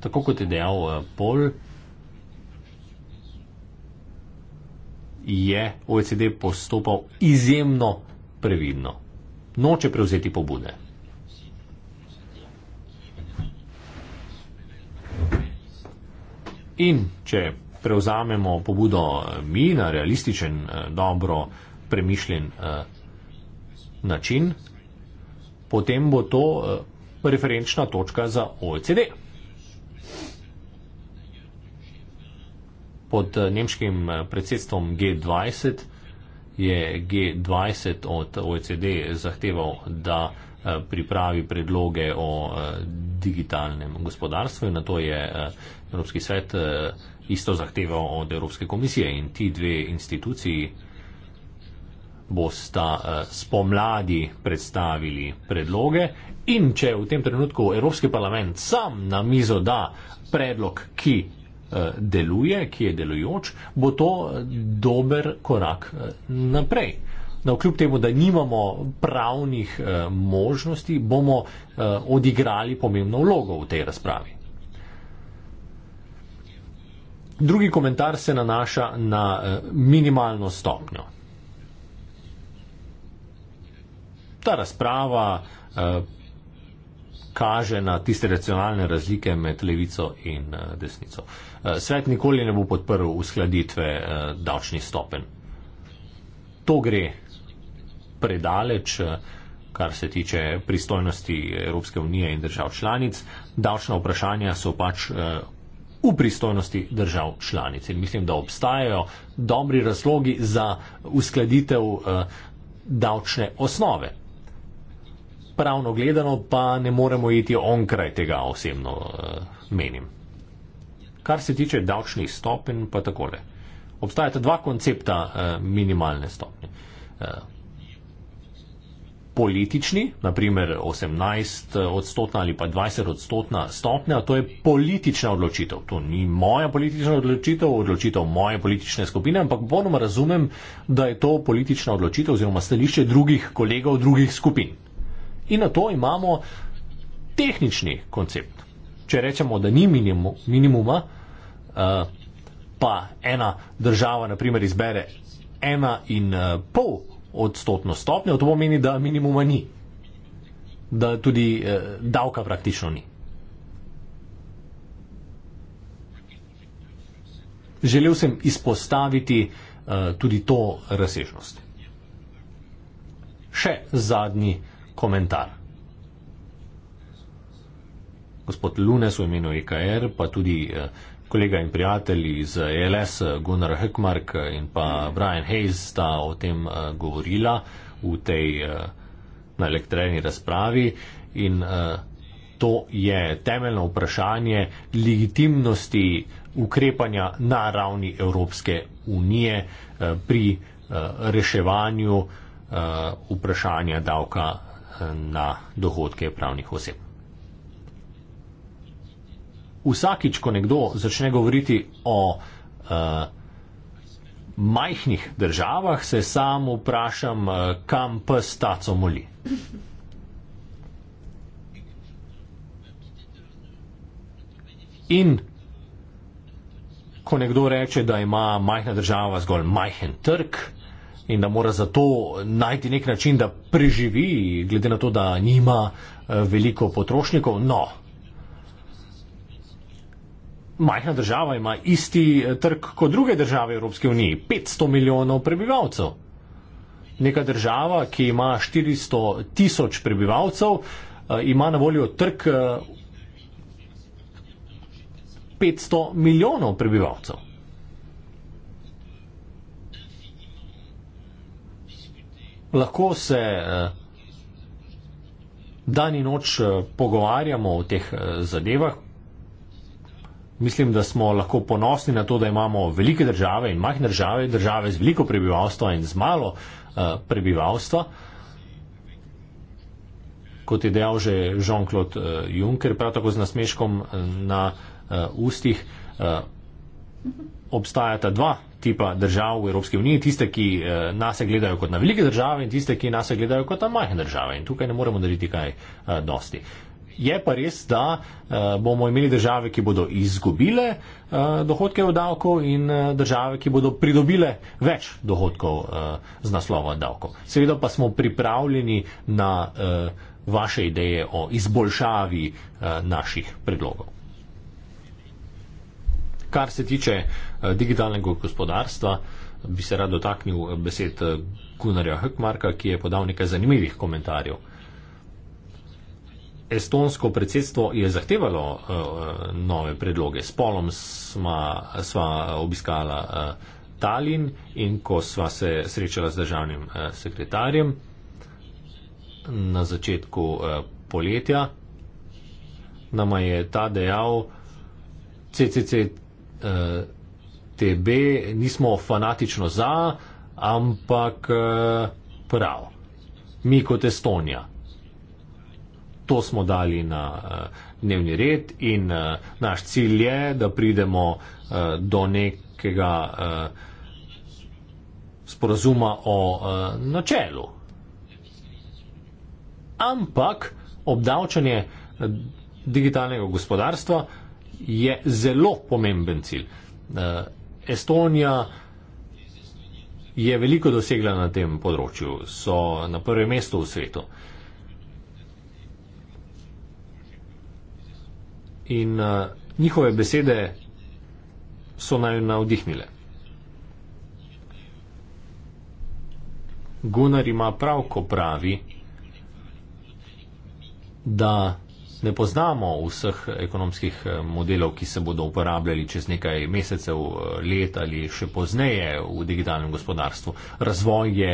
Tako kot je dejal Pol, je OECD postopal izjemno previdno. Noče prevzeti pobude. In če prevzamemo pobudo mi na realističen, dobro, premišljen uh, način, potem bo to uh, eh, referenčna točka za OECD. Pod uh, nemškim predsedstvom G20 je G20 od OECD zahteval, da pripravi predloge o digitalnem gospodarstvu in na to je Evropski svet isto zahteval od Evropske komisije in ti dve instituciji bosta eh, spomladi predstavili predloge in če v tem trenutku Evropski parlament sam na mizo da predlog, ki eh, deluje, ki je delujoč, bo to eh, dober korak naprej. Na vkljub temu, da nimamo pravnih možnosti, bomo odigrali pomembno vlogo v tej razpravi. Drugi komentar se nanaša na minimalno stopnjo. ta razprava eh, kaže na tiste racionalne razlike med levico in eh, desnico. Eh, svet nikoli ne bo podprl uskladitve davčnih stopen. To gre predaleč, kar se tiče pristojnosti Evropske unije in držav članic. Davčna vprašanja so pač v pristojnosti držav članic. In mislim, da obstajajo dobri razlogi za uskladitev davčne osnove pravno gledano, pa ne moremo iti onkraj tega osebno eh, menim. Kar se tiče davčnih stopenj, pa takole. Obstajata dva koncepta eh, minimalne stopnje. Eh, politični, naprimer 18 odstotna ali pa 20 odstotna stopnja, to je politična odločitev. To ni moja politična odločitev, odločitev moje politične skupine, ampak ponoma razumem, da je to politična odločitev oziroma stališče drugih kolegov drugih skupin. In na to imamo tehnični koncept. Če rečemo, da ni minimu, minimuma, uh, pa ena država naprimer izbere ena in uh, pol odstotno stopnjo, to pomeni, da minimuma ni. Da tudi uh, davka praktično ni. Želel sem izpostaviti uh, tudi to razsežnost. Še zadnji uh, komentar. Gospod Lunes v imenu IKR, e pa tudi eh, kolega in prijatelj iz ELS eh, e eh, Gunnar Hekmark in pa Brian Hayes sta o tem govorila v tej na elektreni razpravi in to je temeljno vprašanje legitimnosti ukrepanja na ravni Evropske unije pri reševanju vprašanja davka na dohodke pravnih oseb. Vsakič, ko nekdo začne govoriti o uh, majhnih državah, se sam vprašam, uh, kam pes taco moli. In ko nekdo reče, da ima majhna država zgolj majhen trg, uh, in da mora zato najti nek način, da preživi, glede na to, da nima eh, veliko potrošnikov. No, majhna država ima isti eh, trg kot druge države Evropske unije, 500 milijonov prebivalcev. Neka država, ki ima 400 tisoč prebivalcev, eh, ima na voljo trg 500 milijonov prebivalcev. lahko se eh, dan in noč eh, pogovarjamo o teh eh, zadevah. Mislim, da smo lahko ponosni na to, da imamo velike države in majhne države, države z veliko prebivalstva in z malo prebivalstva. Kot je dejal že Jean-Claude Juncker, prav tako z nasmeškom na ustih, obstajata dva tipa držav v Evropski uniji, tiste, ki eh, nas gledajo kot na velike države in tiste, ki nas gledajo kot na majhne države. In tukaj ne moremo narediti kaj eh, dosti. Je pa res, da eh, bomo imeli države, ki bodo izgubile dohodke v davku in države, ki bodo pridobile več dohodkov z naslova davkov. Seveda pa smo pripravljeni na vaše ideje o izboljšavi naših predlogov. Kar se tiče eh, digitalnega gospodarstva, bi se rad dotaknil eh, besed eh, Gunarja Hökmarka, ki je podal nekaj zanimivih komentarjev. Estonsko predsedstvo je zahtevalo uh, nove predloge. Spolom sva obiskala uh, Talin in ko sva se srečala z državnim uh, sekretarjem na začetku uh, poletja, nama je ta dejal, CCC uh, TB, nismo fanatično za, ampak uh, prav. Mi kot Estonija. To smo dali na uh, dnevni red in uh, naš cilj je, da pridemo uh, do nekega uh, sporazuma o uh, načelu. Ampak obdavčanje digitalnega gospodarstva uh, je zelo pomemben cilj. Uh, Estonija je veliko dosegla na tem področju, so na prvem mestu v svetu. In uh, njihove besede so naj navdihnile. Gunnar ima prav, ko pravi, da ne poznamo vseh ekonomskih eh, modelov, ki se bodo uporabljali čez nekaj mesecev, eh, let ali še pozneje v digitalnem gospodarstvu. Razvoj je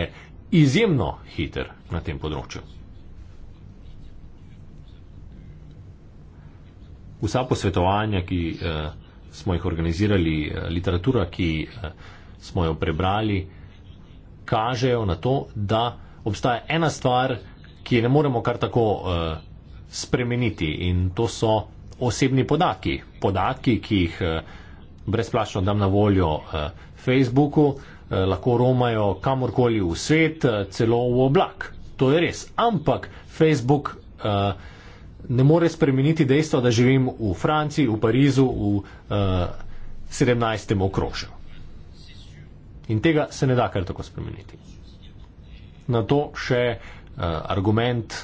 izjemno hiter na tem področju. Vsa posvetovanja, ki eh, smo jih organizirali, eh, literatura, ki eh, smo jo prebrali, kažejo na to, da obstaja ena stvar, ki je ne moremo kar tako eh, spremeniti in to so osebni podatki. Podatki, ki jih eh, brezplačno dam na voljo eh, Facebooku, eh, lahko romajo kamorkoli v svet, celo v oblak. To je res. Ampak Facebook ne more spremeniti dejstva, da živim v Franciji, v Parizu, v 17. okrožju. In tega se ne da kar tako spremeniti. Na to še uh, argument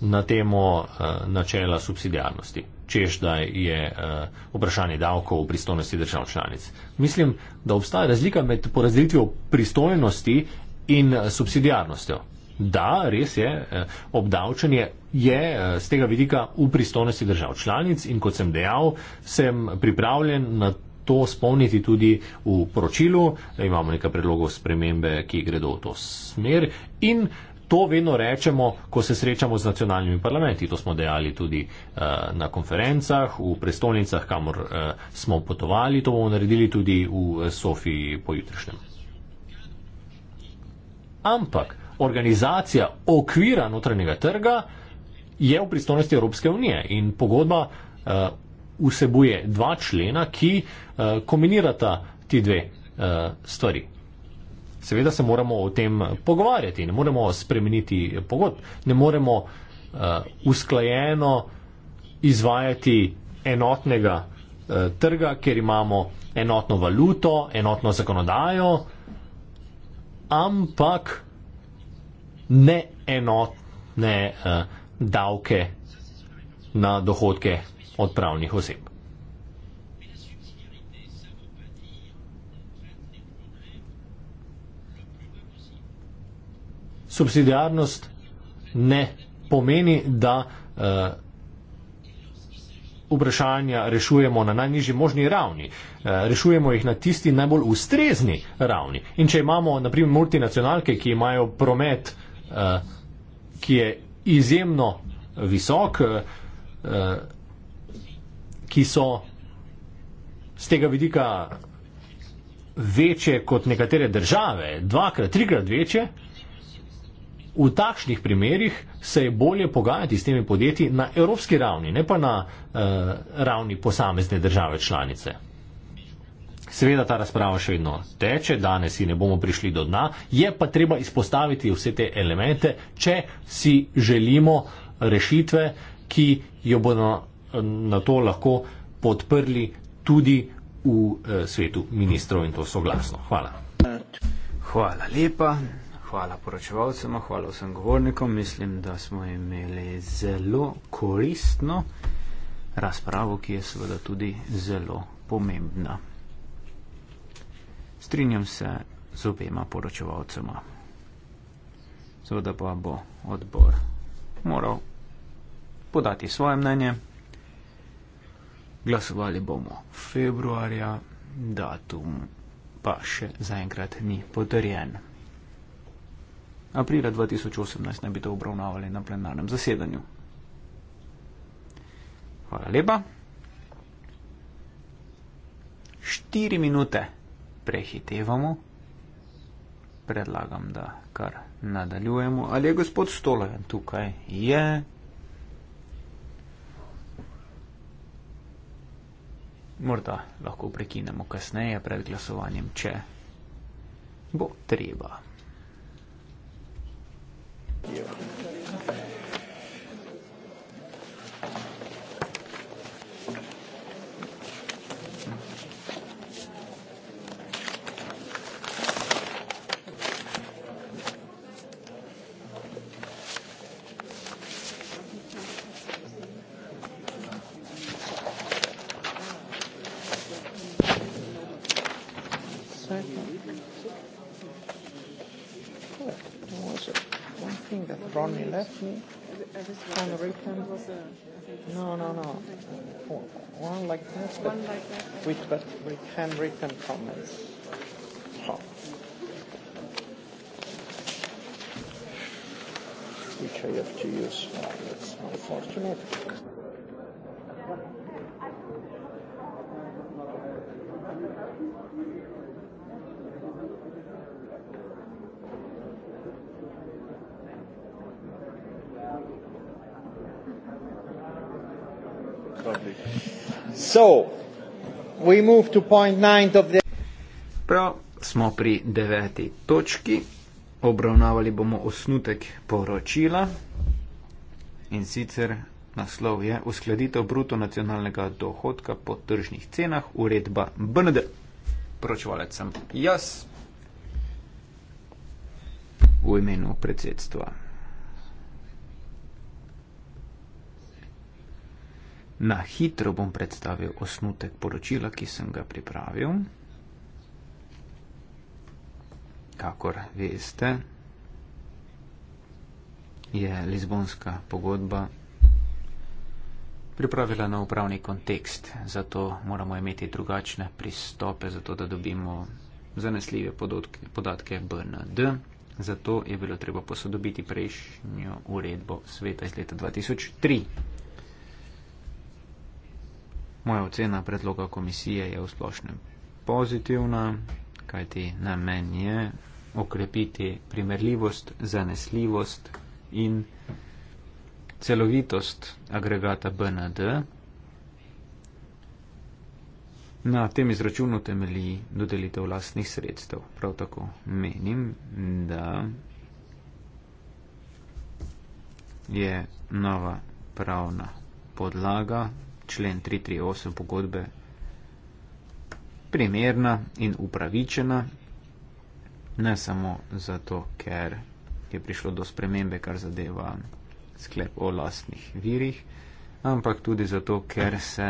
na temo eh, načela subsidijarnosti, čež da je eh, vprašanje davkov v pristojnosti držav članic. Mislim, da obstaja razlika med porazdelitvijo pristojnosti in eh, subsidijarnostjo. Da, res je, obdavčanje je z tega vidika v pristojnosti držav članic in kot sem dejal, sem pripravljen na to spomniti tudi v poročilu, da imamo nekaj predlogov spremembe, ki gredo v to smer in To vedno rečemo, ko se srečamo z nacionalnimi parlamenti. To smo dejali tudi uh, na konferencah, v prestolnicah, kamor uh, smo potovali. To bomo naredili tudi v eh, Sofiji pojutrišnjem. Ampak organizacija okvira notranjega trga je v pristojnosti Evropske unije in pogodba uh, vsebuje dva člena, ki uh, kombinirata ti dve uh, stvari seveda se moramo o tem pogovarjati, ne moremo spremeniti pogodb, ne moremo uh, usklajeno izvajati enotnega uh, trga, ker imamo enotno valuto, enotno zakonodajo, ampak ne enotne uh, davke na dohodke od pravnih oseb. subsidiarnost ne pomeni, da uh, vprašanja rešujemo na najnižji možni ravni. Uh, rešujemo jih na tisti najbolj ustrezni ravni. In če imamo, naprimer, multinacionalke, ki imajo promet, uh, ki je izjemno visok, uh, ki so z tega vidika večje kot nekatere države, dvakrat, trikrat večje, uh, v takšnih primerjih se je bolje pogajati s temi podjetji na evropski ravni, ne pa na eh, ravni posamezne države članice. Seveda ta razprava še vedno teče, danes si ne bomo prišli do dna, je pa treba izpostaviti vse te elemente, če si želimo rešitve, ki jo bodo na, eh, na to lahko podprli tudi v eh, svetu ministrov in to soglasno. Hvala. Hvala lepa hvala poročevalcem, hvala vsem govornikom. Mislim, da smo imeli zelo koristno razpravo, ki je seveda tudi zelo pomembna. Strinjam se z obema poročevalcema. Seveda pa bo odbor moral podati svoje mnenje. Glasovali bomo februarja, datum pa še zaenkrat ni potrjen aprila 2018 naj bi to obravnavali na plenarnem zasedanju. Hvala lepa. Štiri minute prehitevamo. Predlagam, da kar nadaljujemo. Ali je gospod Stolen tukaj? Je. Morda lahko prekinemo kasneje pred glasovanjem, če bo treba. Kijeva. this kind of ribbon? No, no, no. One like that, but, one like that, okay. with, but with handwritten comments. Oh. Which I have to use. Oh, that's unfortunate. So, we move to point nine of the. Prav smo pri deveti točki, obravnavali bomo osnutek poročila in sicer naslov je uskladitev bruto nacionalnega dohodka po tržnih cenah, uredba BND. Poročevalec sem jaz v imenu predsedstva. Na hitro bom predstavil osnutek poročila, ki sem ga pripravil. Kakor veste, je Lizbonska pogodba pripravila na upravni kontekst, zato moramo imeti drugačne pristope, zato da dobimo zanesljive podatke, podatke BND. Zato je bilo treba posodobiti prejšnjo uredbo sveta iz leta 2003. Moja ocena predloga komisije je v splošnem pozitivna, kajti namen je okrepiti primerljivost, zanesljivost in celovitost agregata BND. Na tem izračunu temelji dodelitev vlastnih sredstev. Prav tako menim, da je nova pravna podlaga člen 338 pogodbe primerna in upravičena, ne samo zato, ker je prišlo do spremembe, kar zadeva sklep o lastnih virih, ampak tudi zato, ker se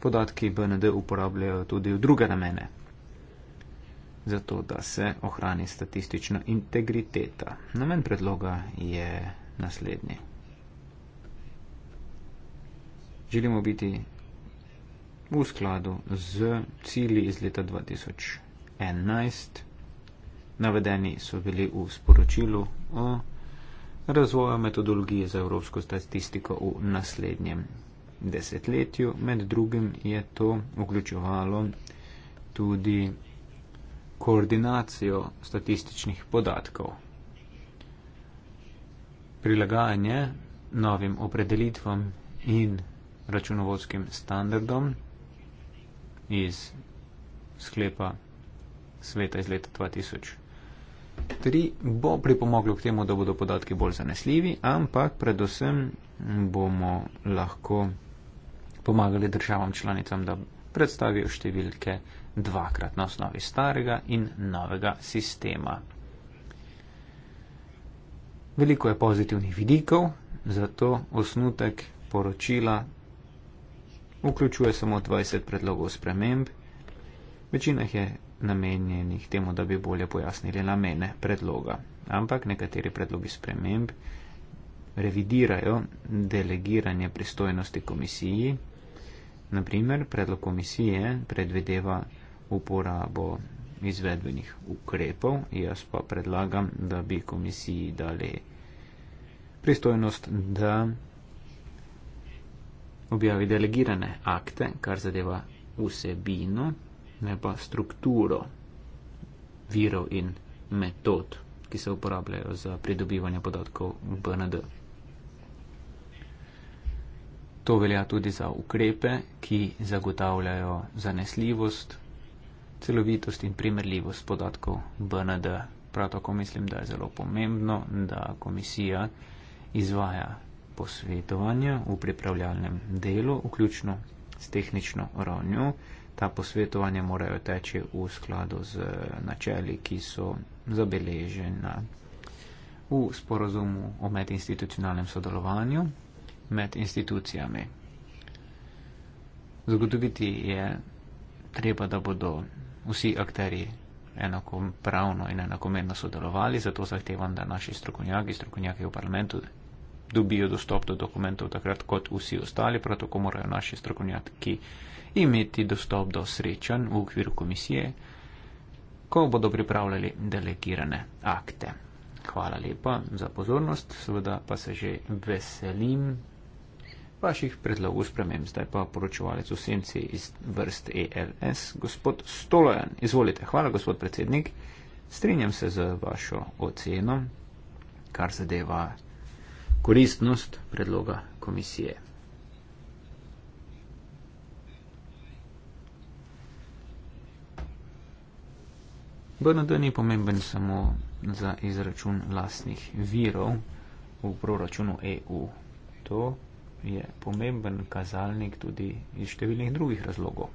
podatki BND uporabljajo tudi v druge namene, zato da se ohrani statistična integriteta. Namen predloga je naslednji želimo biti v skladu z cilji iz leta 2011. Navedeni so bili v sporočilu o razvoju metodologije za evropsko statistiko v naslednjem desetletju. Med drugim je to vključevalo tudi koordinacijo statističnih podatkov, prilagajanje novim opredelitvam in računovodskim standardom iz sklepa sveta iz leta 2003 bo pripomoglo k temu, da bodo podatki bolj zanesljivi, ampak predvsem bomo lahko pomagali državam članicam, da predstavijo številke dvakrat na osnovi starega in novega sistema. Veliko je pozitivnih vidikov, zato osnutek poročila vključuje samo 20 predlogov sprememb, večina jih je namenjenih temu, da bi bolje pojasnili namene predloga. Ampak nekateri predlogi sprememb revidirajo delegiranje pristojnosti komisiji. Naprimer, predlog komisije predvideva uporabo izvedbenih ukrepov, jaz pa predlagam, da bi komisiji dali pristojnost, da objavi delegirane akte, kar zadeva vsebino, ne pa strukturo virov in metod, ki se uporabljajo za pridobivanje podatkov v BND. To velja tudi za ukrepe, ki zagotavljajo zanesljivost, celovitost in primerljivost podatkov BND. Prav tako mislim, da je zelo pomembno, da komisija izvaja posvetovanja v pripravljalnem delu, vključno s tehnično ravnjo. Ta posvetovanja morajo teči v skladu z načeli, ki so zabeležena v sporozumu o medinstitucionalnem sodelovanju med institucijami. Zagotoviti je treba, da bodo vsi akteri enakopravno in enakomerno sodelovali, zato zahtevam, da naši strokovnjaki, strokovnjaki v parlamentu dobijo dostop do dokumentov takrat kot vsi ostali, prav tako morajo naši strokovnjaki imeti dostop do srečanj v okviru komisije, ko bodo pripravljali delegirane akte. Hvala lepa za pozornost, seveda pa se že veselim vaših predlogov sprememb. Zdaj pa poročevalec v senci iz vrst ELS, gospod Stolojan. Izvolite, hvala gospod predsednik. Strinjam se z vašo oceno, kar zadeva koristnost predloga komisije. BND ni pomemben samo za izračun lastnih virov v proračunu EU. To je pomemben kazalnik tudi iz številnih drugih razlogov.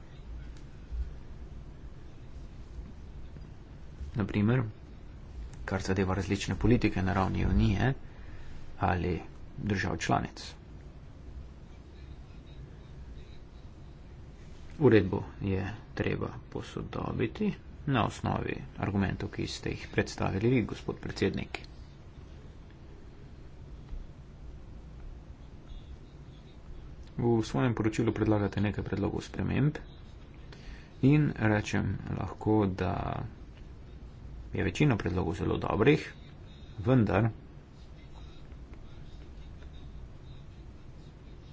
Naprimer, kar zadeva različne politike na ravni Unije, ali držav članic. Uredbo je treba posodobiti na osnovi argumentov, ki ste jih predstavili vi, gospod predsednik. V svojem poročilu predlagate nekaj predlogov sprememb in rečem lahko, da je večina predlogov zelo dobrih, vendar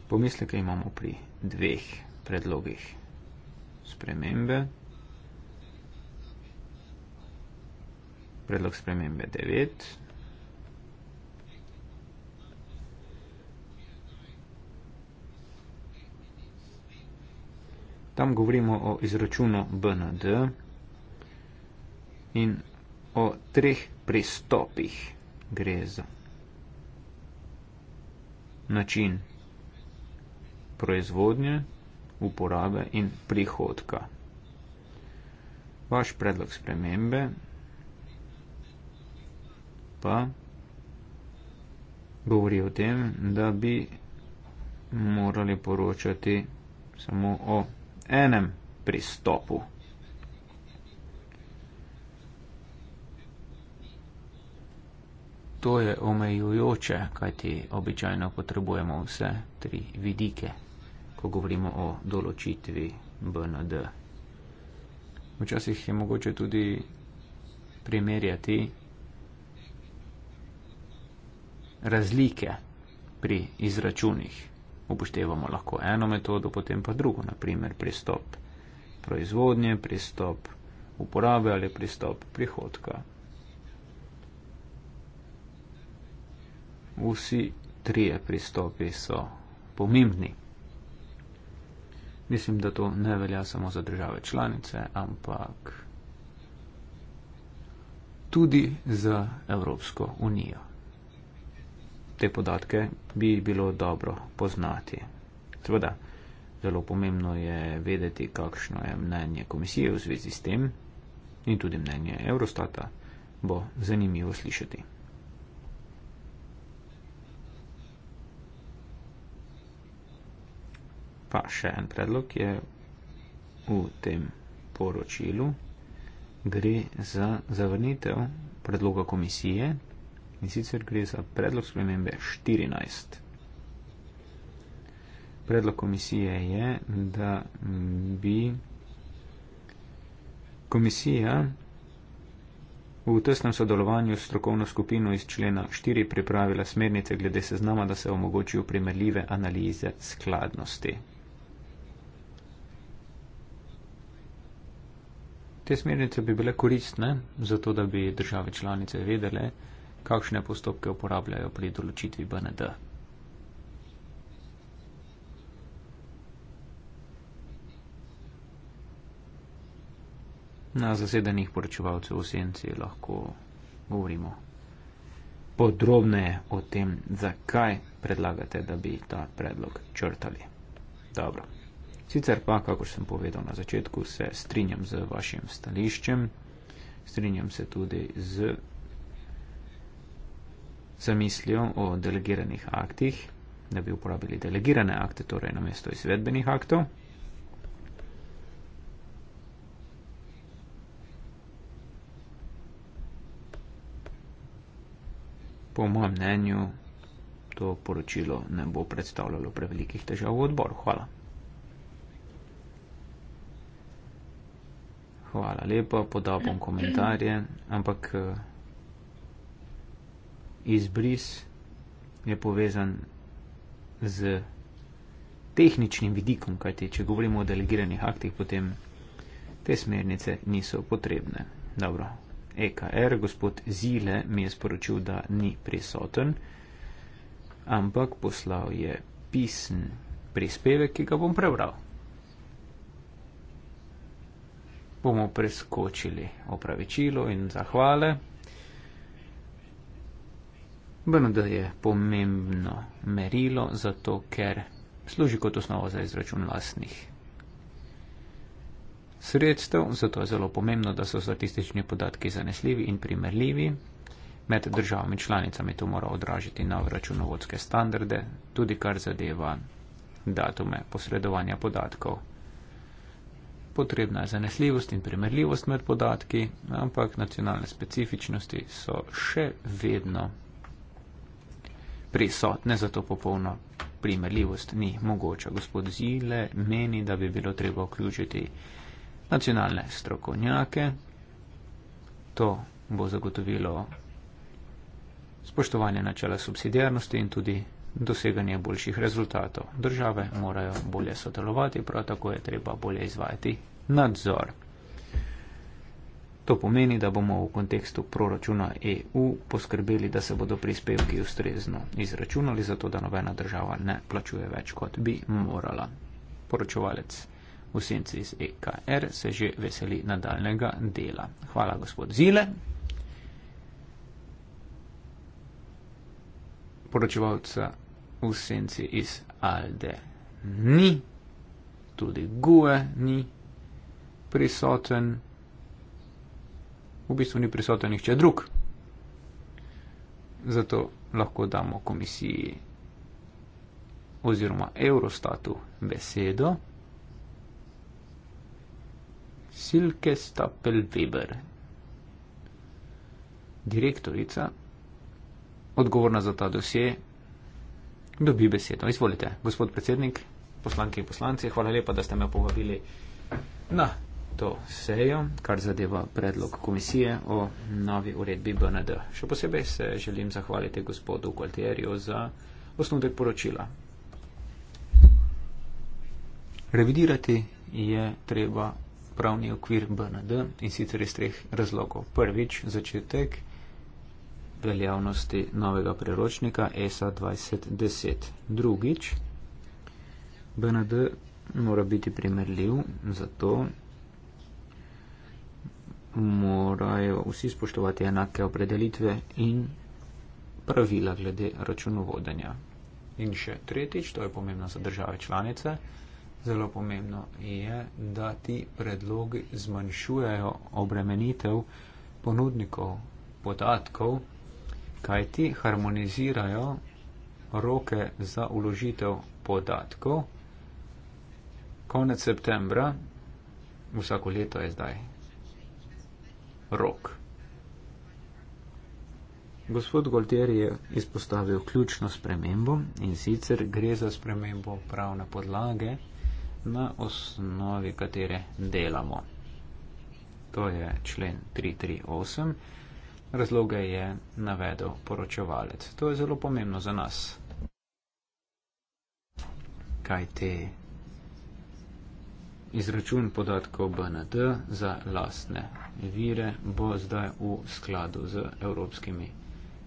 pomisleke imamo pri dveh predlogih. Spremembe. Predlog spremembe 9. Tam govorimo o izračunu BND in o treh pristopih gre za način proizvodnje, uporabe in prihodka. Vaš predlog spremembe pa govori o tem, da bi morali poročati samo o enem pristopu. To je omejujoče, kajti običajno potrebujemo vse tri vidike ko govorimo o določitvi BND. Včasih je mogoče tudi primerjati razlike pri izračunih. Upoštevamo lahko eno metodo, potem pa drugo, naprimer pristop proizvodnje, pristop uporabe ali pristop prihodka. Vsi trije pristopi so pomembni. Mislim, da to ne velja samo za države članice, ampak tudi za Evropsko unijo. Te podatke bi bilo dobro poznati. Seveda, zelo pomembno je vedeti, kakšno je mnenje komisije v zvezi s tem in tudi mnenje Eurostata bo zanimivo slišati. pa še en predlog je v tem poročilu. Gre za zavrnitev predloga komisije in sicer gre za predlog spremembe 14. Predlog komisije je, da bi komisija v tesnem sodelovanju s strokovno skupino iz člena 4 pripravila smernice glede seznama, da se omogočijo primerljive analize skladnosti. te smernice bi bile koristne, zato da bi države članice vedele, kakšne postopke uporabljajo pri določitvi BND. Na zasedenih poročevalcev v senci lahko govorimo podrobneje o tem, zakaj predlagate, da bi ta predlog črtali. Dobro. Sicer pa, kako sem povedal na začetku, se strinjam z vašim stališčem, strinjam se tudi z zamislijo o delegiranih aktih, da bi uporabili delegirane akte, torej namesto izvedbenih aktov. Po mojem mnenju to poročilo ne bo predstavljalo prevelikih težav v odboru. Hvala. Hvala lepa, podal bom komentarje, ampak eh, izbris je povezan z tehničnim vidikom, kajti če govorimo o delegiranih aktih, potem te smernice niso potrebne. Dobro, EKR, er, gospod Zile mi je sporočil, da ni prisoten, ampak poslal je pisen prispevek, ki ga bom prebral. bomo preskočili opravičilo in zahvale. BND je pomembno merilo, zato ker služi kot osnova za izračun lastnih sredstev, zato je zelo pomembno, da so statistični podatki zanesljivi in primerljivi. Med državami članicami to mora odražiti nove računovodske standarde, tudi kar zadeva datume posredovanja podatkov. Potrebna je zanesljivost in primerljivost med podatki, ampak nacionalne specifičnosti so še vedno prisotne, zato popolno primerljivost ni mogoča. Gospod Zile meni, da bi bilo treba vključiti nacionalne strokovnjake. To bo zagotovilo spoštovanje načela subsidiarnosti in tudi doseganje boljših rezultatov. Države morajo bolje sodelovati, prav tako je treba bolje izvajati nadzor. To pomeni, da bomo v kontekstu proračuna EU poskrbeli, da se bodo prispevki ustrezno izračunali, zato da nobena država ne plačuje več, kot bi morala. Poročevalec v senci iz EKR se že veseli nadaljnega dela. Hvala, gospod Zile. Poročevalca v senci iz alde ni, tudi gue ni prisoten, v bistvu ni prisoten nihče drug. Zato lahko damo komisiji oziroma Eurostatu besedo. Silke Stapel Weber, direktorica, odgovorna za ta dosje, dobi besedo. Izvolite, gospod predsednik, poslanke in poslanci, hvala lepa, da ste me povabili na to sejo, kar zadeva predlog komisije o novi uredbi BND. Še posebej se želim zahvaliti gospodu Gualtieriju za osnutek poročila. Revidirati je treba pravni okvir BND in sicer iz treh razlogov. Prvič, začetek veljavnosti novega priročnika e ESA 2010. Drugič, BND mora biti primerljiv, zato morajo vsi spoštovati enake opredelitve in pravila glede računovodenja. In še tretjič, to je pomembno za države članice, zelo pomembno je, da ti predlogi zmanjšujejo obremenitev ponudnikov podatkov kaj ti harmonizirajo roke za uložitev podatkov. Konec septembra, vsako leto je zdaj rok. Gospod Golter je izpostavil ključno spremembo in sicer gre za spremembo pravne podlage, na osnovi katere delamo. To je člen 338 razloge je navedel poročevalec. To je zelo pomembno za nas. Kaj te izračun podatkov BND za lastne vire bo zdaj v skladu z evropskimi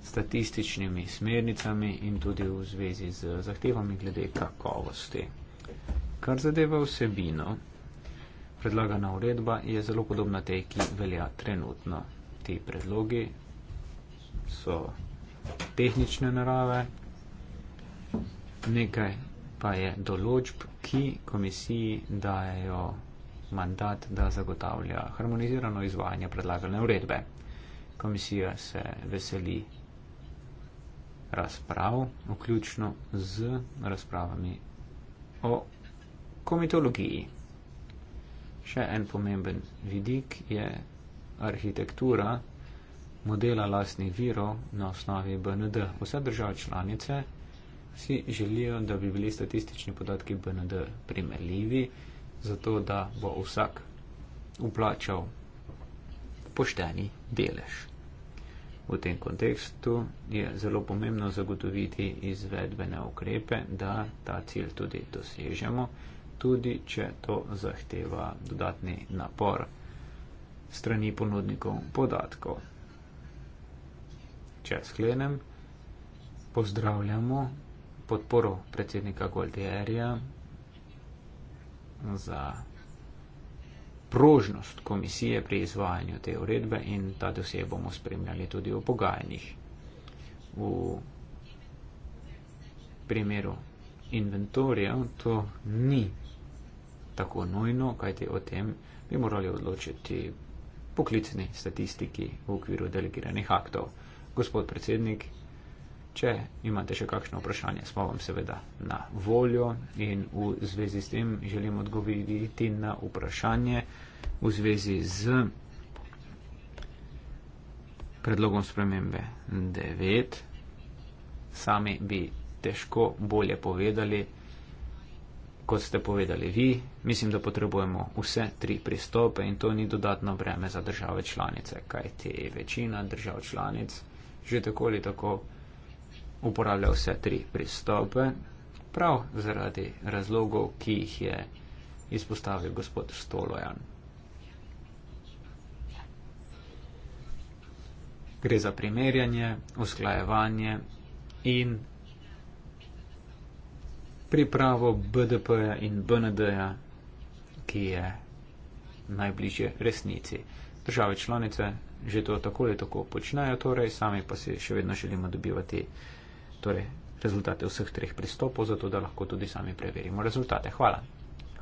statističnimi smernicami in tudi v zvezi z zahtevami glede kakovosti. Kar zadeva vsebino, predlagana uredba je zelo podobna tej, ki velja trenutno ti predlogi so tehnične narave, nekaj pa je določb, ki komisiji dajo mandat, da zagotavlja harmonizirano izvajanje predlagane uredbe. Komisija se veseli razprav, vključno z razpravami o komitologiji. Še en pomemben vidik je arhitektura modela lastnih virov na osnovi BND. Vse države članice si želijo, da bi bili statistični podatki BND primerljivi, zato da bo vsak uplačal pošteni delež. V tem kontekstu je zelo pomembno zagotoviti izvedbene ukrepe, da ta cilj tudi dosežemo, tudi če to zahteva dodatni napor strani ponudnikov podatkov. Če sklenem, pozdravljamo podporo predsednika Goldierja za prožnost komisije pri izvajanju te uredbe in ta dosje bomo spremljali tudi v pogajanjih. V primeru inventorija to ni tako nujno, kajti o tem bi morali odločiti poklicni statistiki v okviru delegiranih aktov. Gospod predsednik, če imate še kakšno vprašanje, smo vam seveda na voljo in v zvezi s tem želim odgovoriti na vprašanje v zvezi z predlogom spremembe 9. Sami bi težko bolje povedali, kot ste povedali vi, mislim, da potrebujemo vse tri pristope in to ni dodatno breme za države članice, kaj te večina držav članic že tako ali tako uporablja vse tri pristope, prav zaradi razlogov, ki jih je izpostavil gospod Stolojan. Gre za primerjanje, usklajevanje in pripravo BDP-ja in BND-ja, ki je najbližje resnici. Države članice že to tako ali tako počnejo, torej sami pa si še vedno želimo dobivati torej, rezultate vseh treh pristopov, zato da lahko tudi sami preverimo rezultate. Hvala.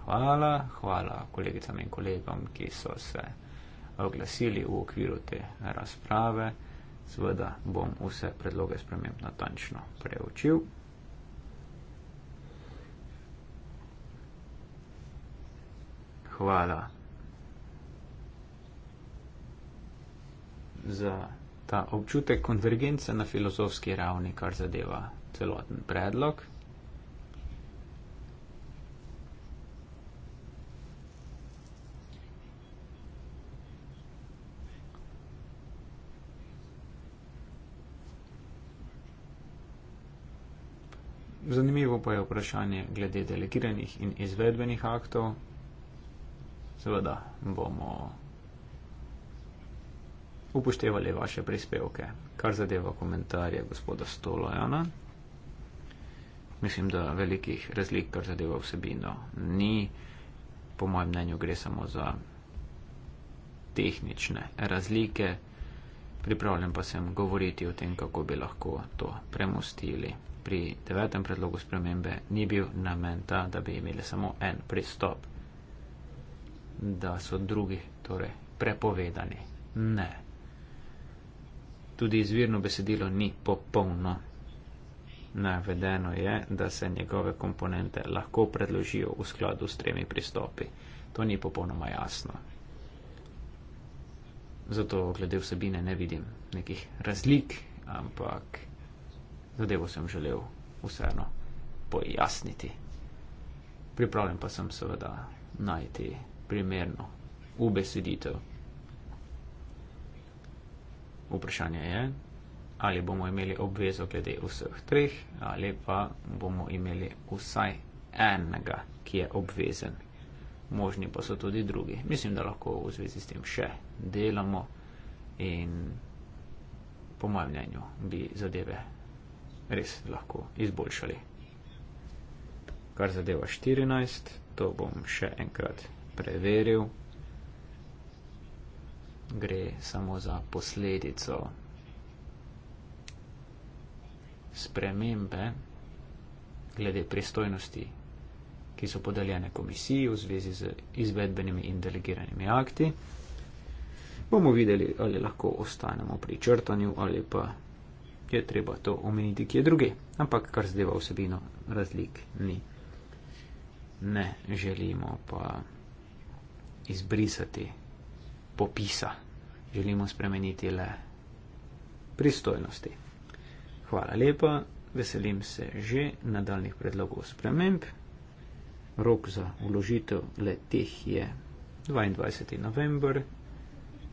Hvala, hvala kolegicam in kolegom, ki so se oglasili v okviru te razprave. Seveda bom vse predloge sprememb natančno preučil. hvala za ta občutek konvergence na filozofski ravni, kar zadeva celoten predlog. Zanimivo pa je vprašanje glede delegiranih in izvedbenih aktov seveda bomo upoštevali vaše prispevke, kar zadeva komentarje gospoda Stolojana. Mislim, da velikih razlik, kar zadeva vsebino, ni. Po mojem mnenju gre samo za tehnične razlike. Pripravljen pa sem govoriti o tem, kako bi lahko to premustili. Pri devetem predlogu spremembe ni bil namen ta, da bi imeli samo en pristop da so drugi torej, prepovedani. Ne. Tudi izvirno besedilo ni popolno. Navedeno je, da se njegove komponente lahko predložijo v skladu s tremi pristopi. To ni popolnoma jasno. Zato glede vsebine ne vidim nekih razlik, ampak zadevo sem želel vseeno pojasniti. Pripravljen pa sem seveda najti primerno ubeseditev. Vprašanje je, ali bomo imeli obvezo glede vseh treh, ali pa bomo imeli vsaj enega, ki je obvezen. Možni pa so tudi drugi. Mislim, da lahko v zvezi s tem še delamo in po mojem mnenju bi zadeve res lahko izboljšali. Kar zadeva 14, to bom še enkrat preveril, gre samo za posledico spremembe glede pristojnosti, ki so podeljene komisiji v zvezi z izvedbenimi in delegiranimi akti. Bomo videli, ali lahko ostanemo pri črtanju ali pa je treba to omeniti kje druge, ampak kar zdeva vsebino razlik ni. Ne želimo pa izbrisati, popisa. Želimo spremeniti le pristojnosti. Hvala lepa, veselim se že nadaljnih predlogov sprememb. Rok za uložitev le teh je 22. november,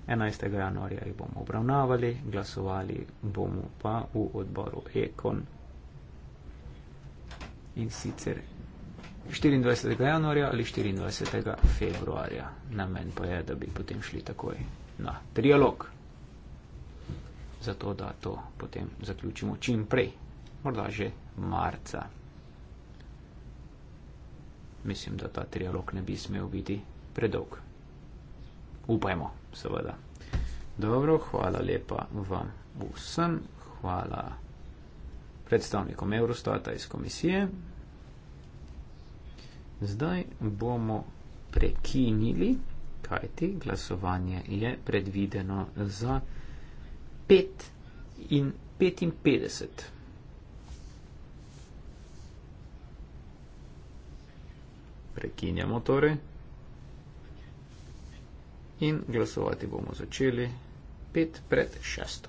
11. januarja jih bomo obravnavali, glasovali bomo pa v odboru Ekon. In sicer 24. januarja ali 24. februarja. Namen pa je, da bi potem šli takoj na trialog, zato da to potem zaključimo čim prej, morda že marca. Mislim, da ta trialog ne bi smel biti predolg. Upajmo, seveda. Dobro, hvala lepa vam vsem, hvala predstavnikom Eurostata iz komisije. Zdaj bomo prekinili, kajti glasovanje je predvideno za 5 in 55. Prekinjamo torej in glasovati bomo začeli 5 pred 6.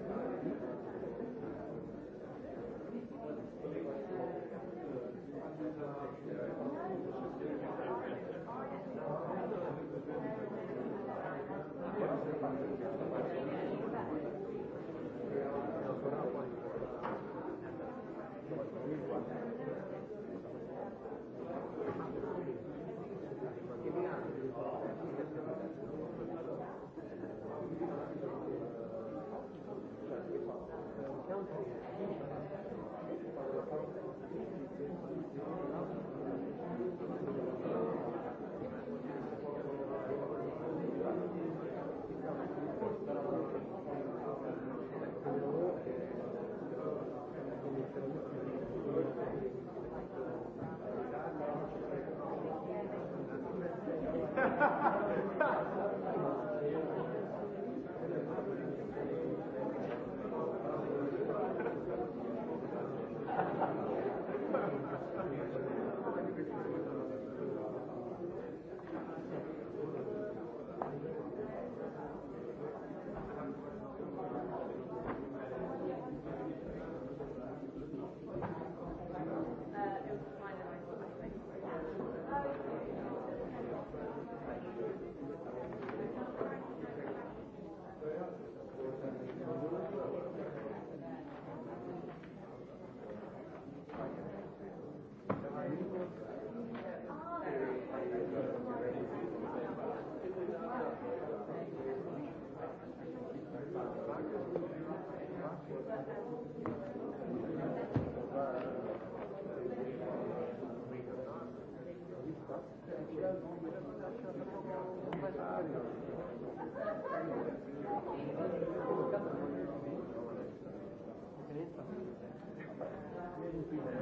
skupine.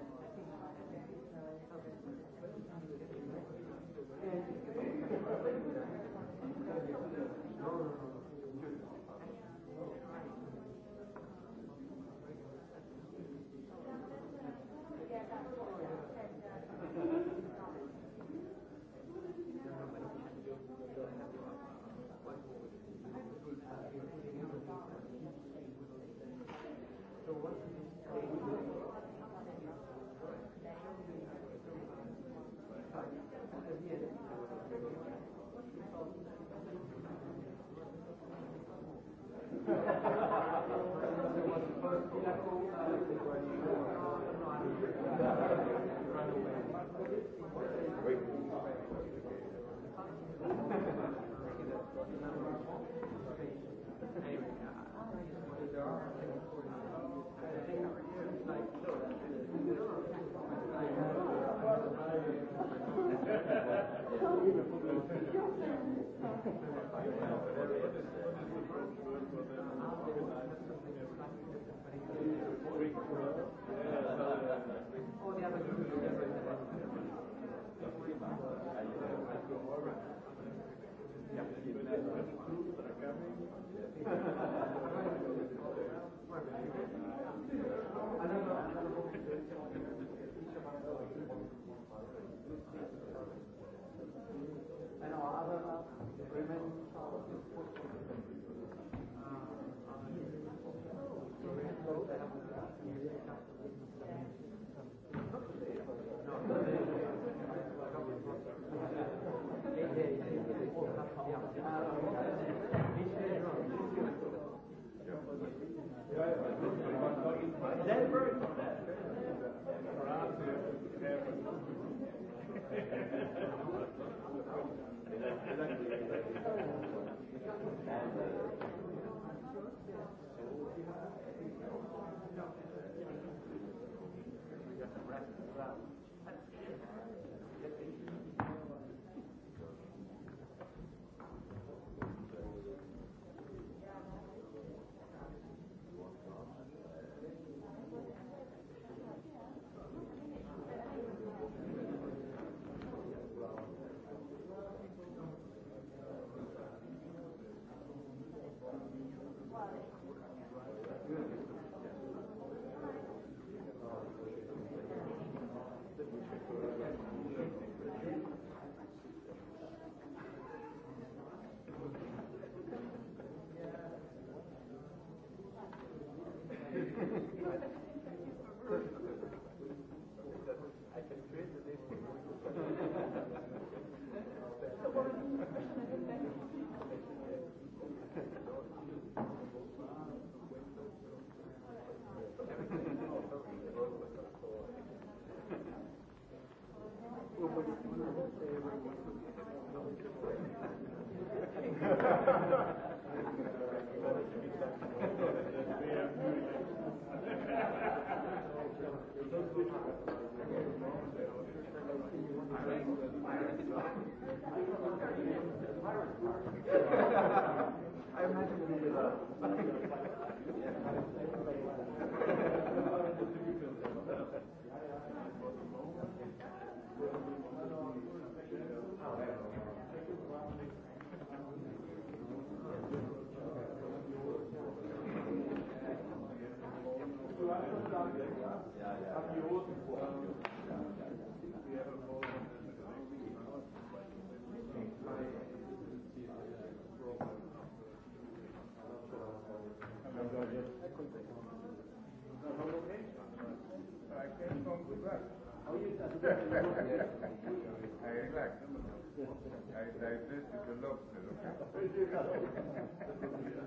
krijgt hem. Hij, hij heeft net de belofte. Ja.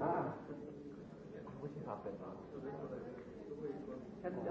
Ah. Thank you.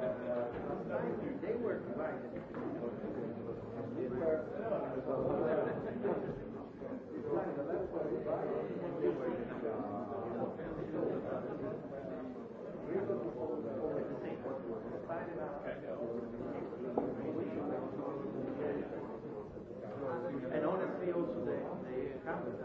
They And honestly, also the the campus.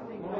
Nothing. No.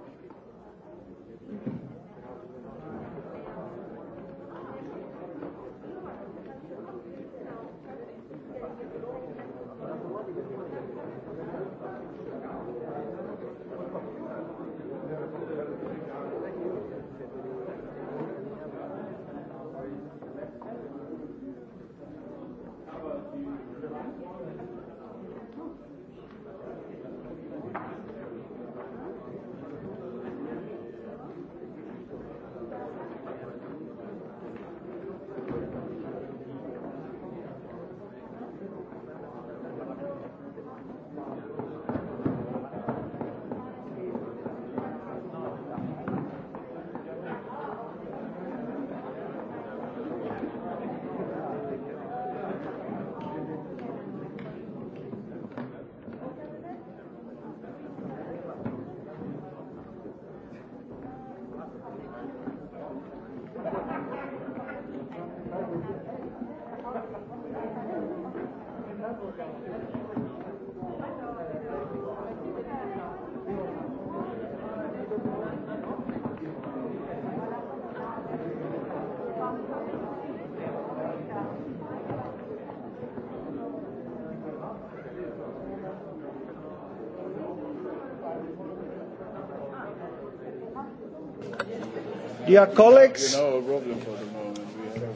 Dear colleagues,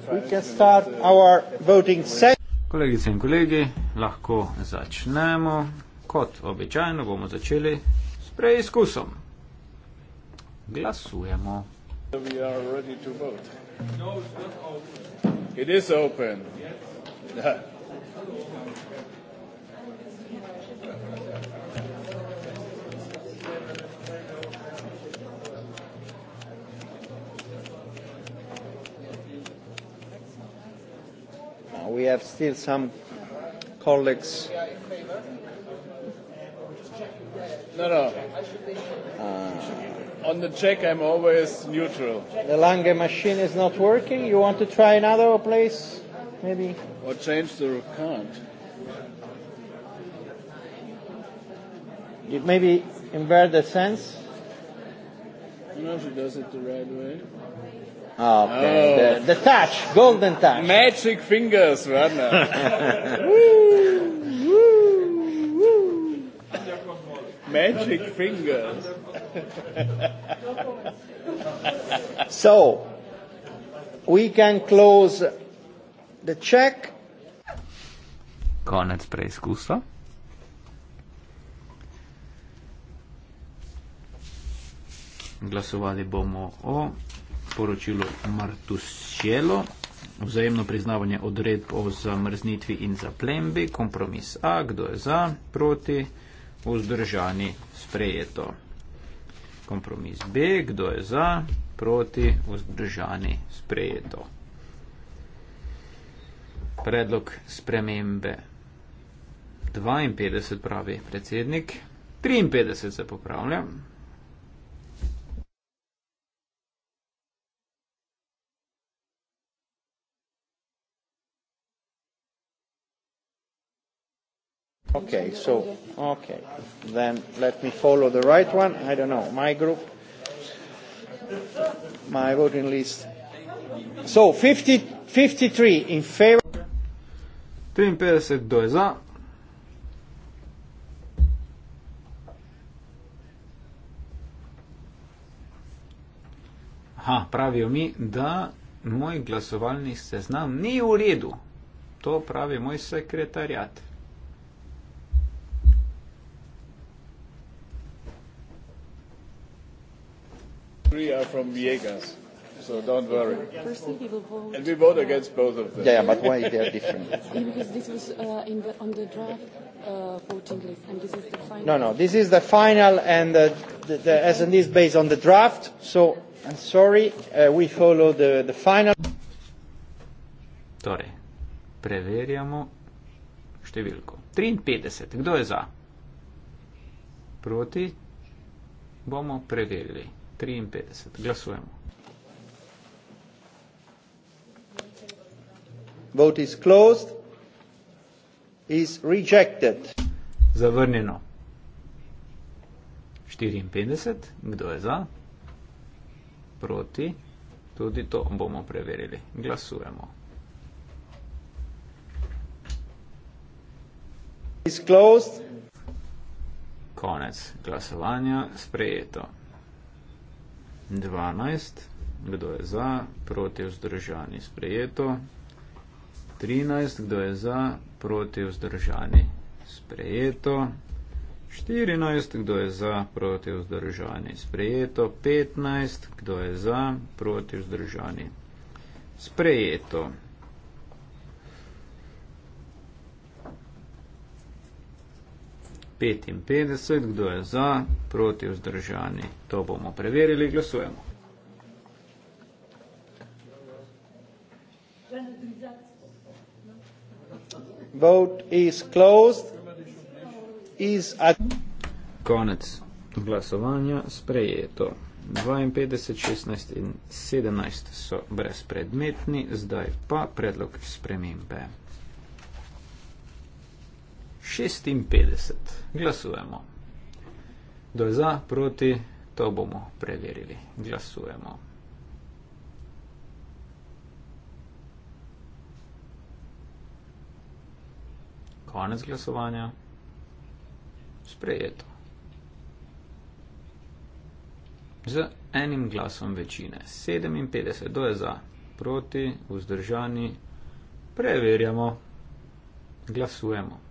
we can start our voting session. Kolegice in kolegi, lahko začnemo. Kot običajno bomo začeli s preizkusom. Glasujemo. We are ready to vote. No, it's not open. It is open. Yes. <laughs> have still some colleagues. No, no. Uh, On the check, I'm always neutral. The Lange machine is not working. You want to try another place? Maybe. Or change the current. It maybe invert the sense. I don't know if it does it the right way. Oh, okay. oh. The, the touch, golden touch. Magic fingers, right <laughs> now. Magic fingers. so, we can close the check. Konec preizkusa. Glasovali bomo o poročilu Martuscello, vzajemno priznavanje odredb o zamrznitvi in zaplembi, kompromis A, kdo je za, proti, vzdržani, sprejeto. Kompromis B, kdo je za, proti, vzdržani, sprejeto. Predlog spremembe 52 pravi predsednik, 53 se popravljam. Okay, so, okay, then let me follow the right one. I don't know, my group, my voting list. So, 50, 53 in favor. 53 za. Aha, pravijo mi, da moj glasovalni seznam ni v redu. To pravi moj sekretarjat. three are from Viegas, so don't worry. First thing, people vote. And we vote against both of them. Yeah, but why they are different? <laughs> because this was uh, in the, on the draft uh, voting list, and this is the final. No, no, this is the final, and the, the, the SND is based on the draft, so I'm sorry, uh, we follow the, the final. Torej, preverjamo številko. 53, kdo je za? Proti bomo preverili. 53. Glasujemo. Vote is closed. Is rejected. Zavrnjeno. 54. Kdo je za? Proti. Tudi to bomo preverili. Glasujemo. Konec glasovanja. Sprejeto. 12, kdo je za, proti vzdržani, sprejeto. 13, kdo je za, proti vzdržani, sprejeto. 14, kdo je za, proti vzdržani, sprejeto. 15, kdo je za, proti vzdržani, sprejeto. 55, kdo je za, proti vzdržani. To bomo preverili, glasujemo. Konec glasovanja sprejeto. 52, 16 in 17 so brezpredmetni, zdaj pa predlog spremembe. 56. Glasujemo. Kdo je za, proti, to bomo preverili. Glasujemo. Konec glasovanja. Sprejeto. Z enim glasom večine. 57. Kdo je za, proti, vzdržani. Preverjamo. Glasujemo.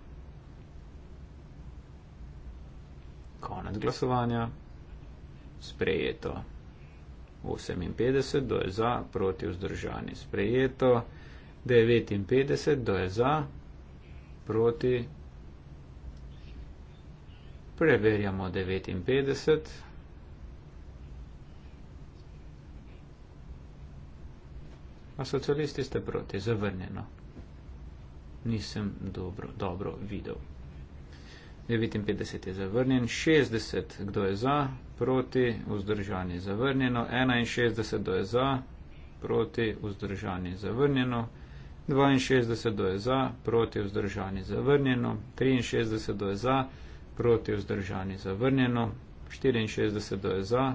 Konec glasovanja. Sprejeto. 58, do je za, proti vzdržani. Sprejeto. 59, do je za, proti. Preverjamo 59. A socialisti ste proti, zavrnjeno. Nisem dobro, dobro videl. 59 je zavrnjen, 60 kdo je za, proti, vzdržan je zavrnjeno, 61 kdo je za, proti, vzdržan je zavrnjeno, 62 kdo je za, proti, vzdržan je zavrnjeno, 63 kdo je za, proti, vzdržan je zavrnjeno, 64 kdo je za,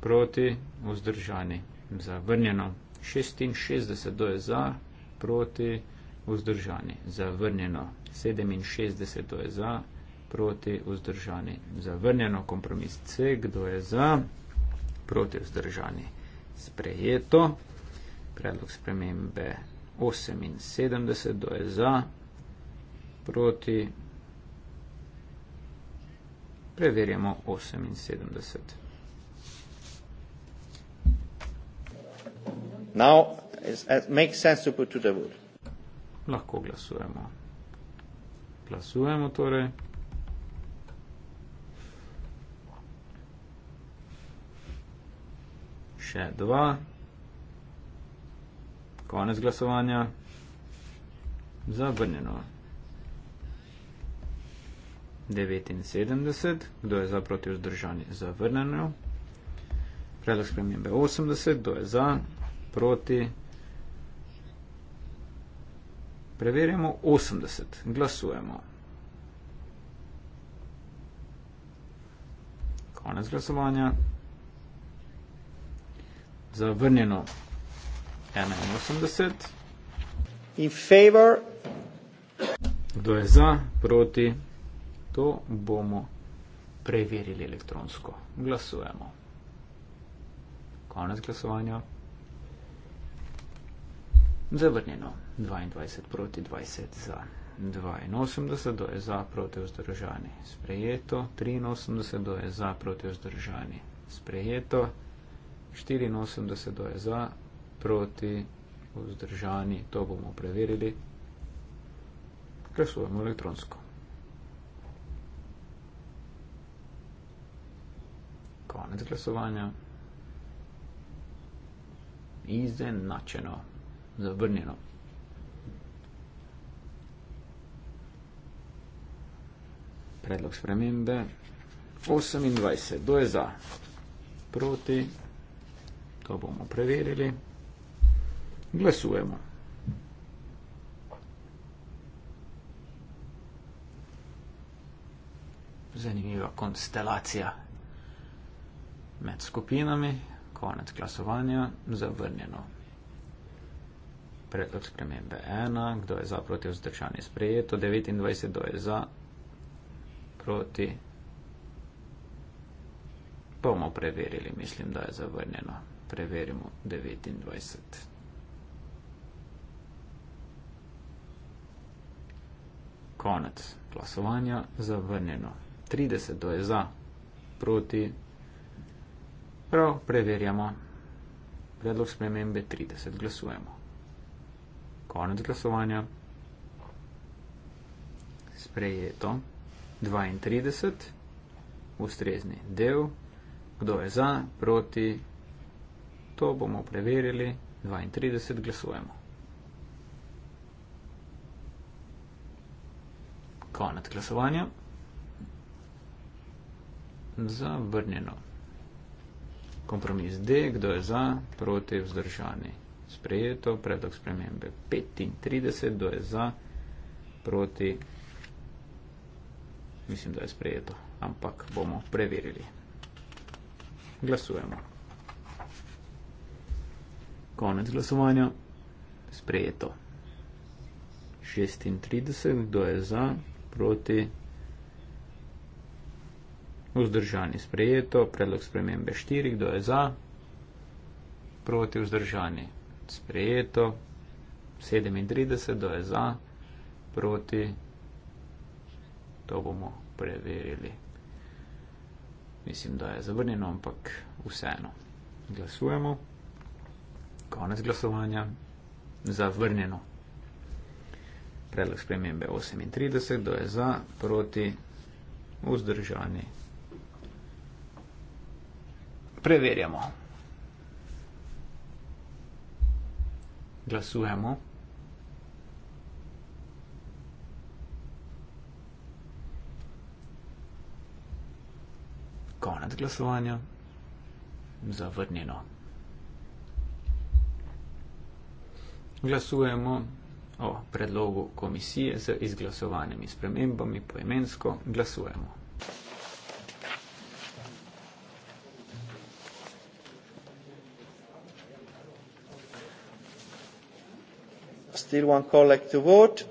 proti, vzdržan je zavrnjeno, 66 kdo je za, proti, vzdržan je zavrnjeno vzdržani, zavrnjeno 67, to je za, proti vzdržani, zavrnjeno kompromis C, kdo je za, proti vzdržani, sprejeto, predlog spremembe 78, kdo je za, proti, preverjamo 78. Now, it makes sense to put to the vote lahko glasujemo. Glasujemo torej. Še dva. Konec glasovanja. Zabrnjeno. 79. Kdo je za proti vzdržanje? Zavrnjeno. Predlog spremembe 80. Kdo je za proti vzdržanje? Preverjamo 80. Glasujemo. Konec glasovanja. Zavrnjeno 81. In favor. Kdo je za, proti, to bomo preverili elektronsko. Glasujemo. Konec glasovanja. Zavrnjeno 81. 22 proti 20 za 82, do je za proti vzdržani sprejeto, 83, do je za proti vzdržani sprejeto, 84, do je za proti vzdržani, to bomo preverili, glasujemo elektronsko. Konec glasovanja. Izenačeno. Zavrnjeno. predlog spremembe. 28, kdo je za? Proti, to bomo preverili. Glasujemo. Zanimiva konstelacija med skupinami, konec glasovanja, zavrnjeno. Predlog spremembe 1, kdo je za proti vzdržanje sprejeto, 29, kdo je za, proti. Bomo preverili, mislim, da je zavrnjeno. Preverimo 29. Konec glasovanja, zavrnjeno. 30 do je za, proti. Prav, preverjamo. Predlog spremembe 30 glasujemo. Konec glasovanja. Sprejeto. 32, ustrezni del, kdo je za, proti, to bomo preverili, 32 glasujemo. Konec glasovanja. Zavrnjeno. Kompromis D, kdo je za, proti, vzdržani. Sprejeto, predlog spremembe 35, kdo je za, proti, vzdržani mislim, da je sprejeto, ampak bomo preverili. Glasujemo. Konec glasovanja. Sprejeto. 36, kdo je za, proti, vzdržani, sprejeto, predlog spremembe 4, kdo je za, proti, vzdržani, sprejeto, 37, kdo je za, proti, vzdržani to bomo preverili. Mislim, da je zavrnjeno, ampak vseeno. Glasujemo. Konec glasovanja. Zavrnjeno. Predlog spremembe 38, kdo je za, proti, vzdržani. Preverjamo. Glasujemo. Konec glasovanja. Zavrnjeno. Glasujemo o predlogu komisije z izglasovanimi spremembami poimensko. Glasujemo. Still one collect to vote.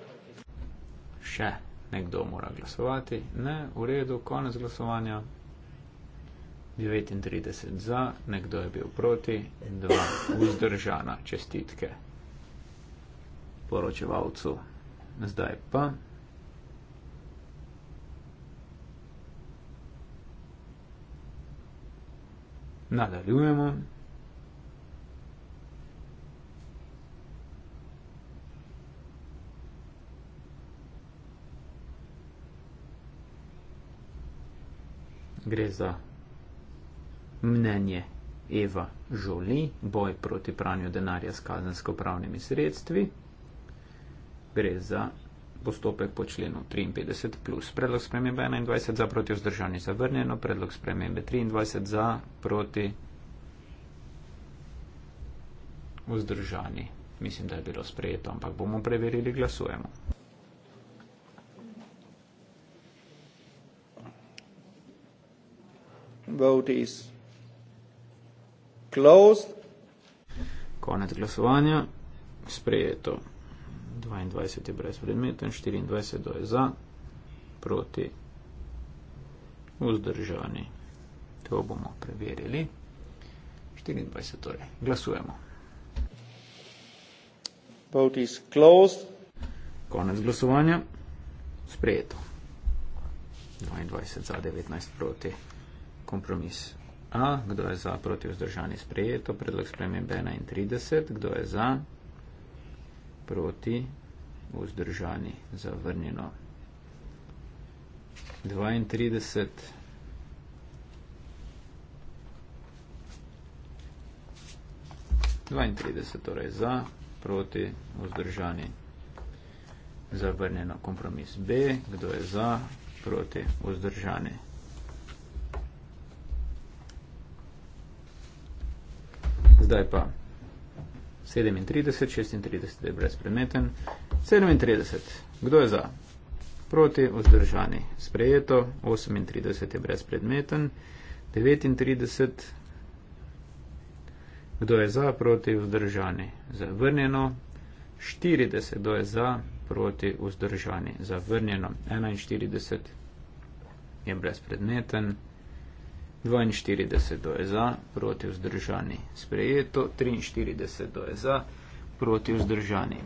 Še nekdo mora glasovati. Ne, v redu, konec glasovanja. 39 za, nekdo je bil proti in dva vzdržana čestitke poročevalcu. Zdaj pa. Nadaljujemo. Gre za mnenje Eva Žoli, boj proti pranju denarja s kazensko-pravnimi sredstvi. Gre za postopek po členu 53 plus. Predlog spremembe 21 za proti vzdržanje zavrnjeno, predlog spremembe 23 za proti vzdržanje. Mislim, da je bilo sprejeto, ampak bomo preverili, glasujemo. Vote is 3-0. Closed. Konec glasovanja. Sprejeto. 22 je brez predmeta in 24 do je za. Proti. Vzdržani. To bomo preverili. 24 torej. Glasujemo. Vote is closed. Konec glasovanja. Sprejeto. 22 za 19 proti. Kompromis A, kdo je za proti vzdržani sprejeto, predlog sprememb 31, kdo je za proti vzdržani zavrnjeno 32. Torej za, proti, vzdržani, zavrnjeno kompromis B. Kdo je za, proti, vzdržani? zdaj pa 37, 36 je brezpredmeten. 37, kdo je za? Proti, vzdržani, sprejeto. 38 je brezpredmeten. 39, kdo je za? Proti, vzdržani, zavrnjeno. 40, kdo je za? Proti, vzdržani, zavrnjeno. 41 je brezpredmeten. 42 do je za, proti vzdržani sprejeto, 43 do je za, proti vzdržani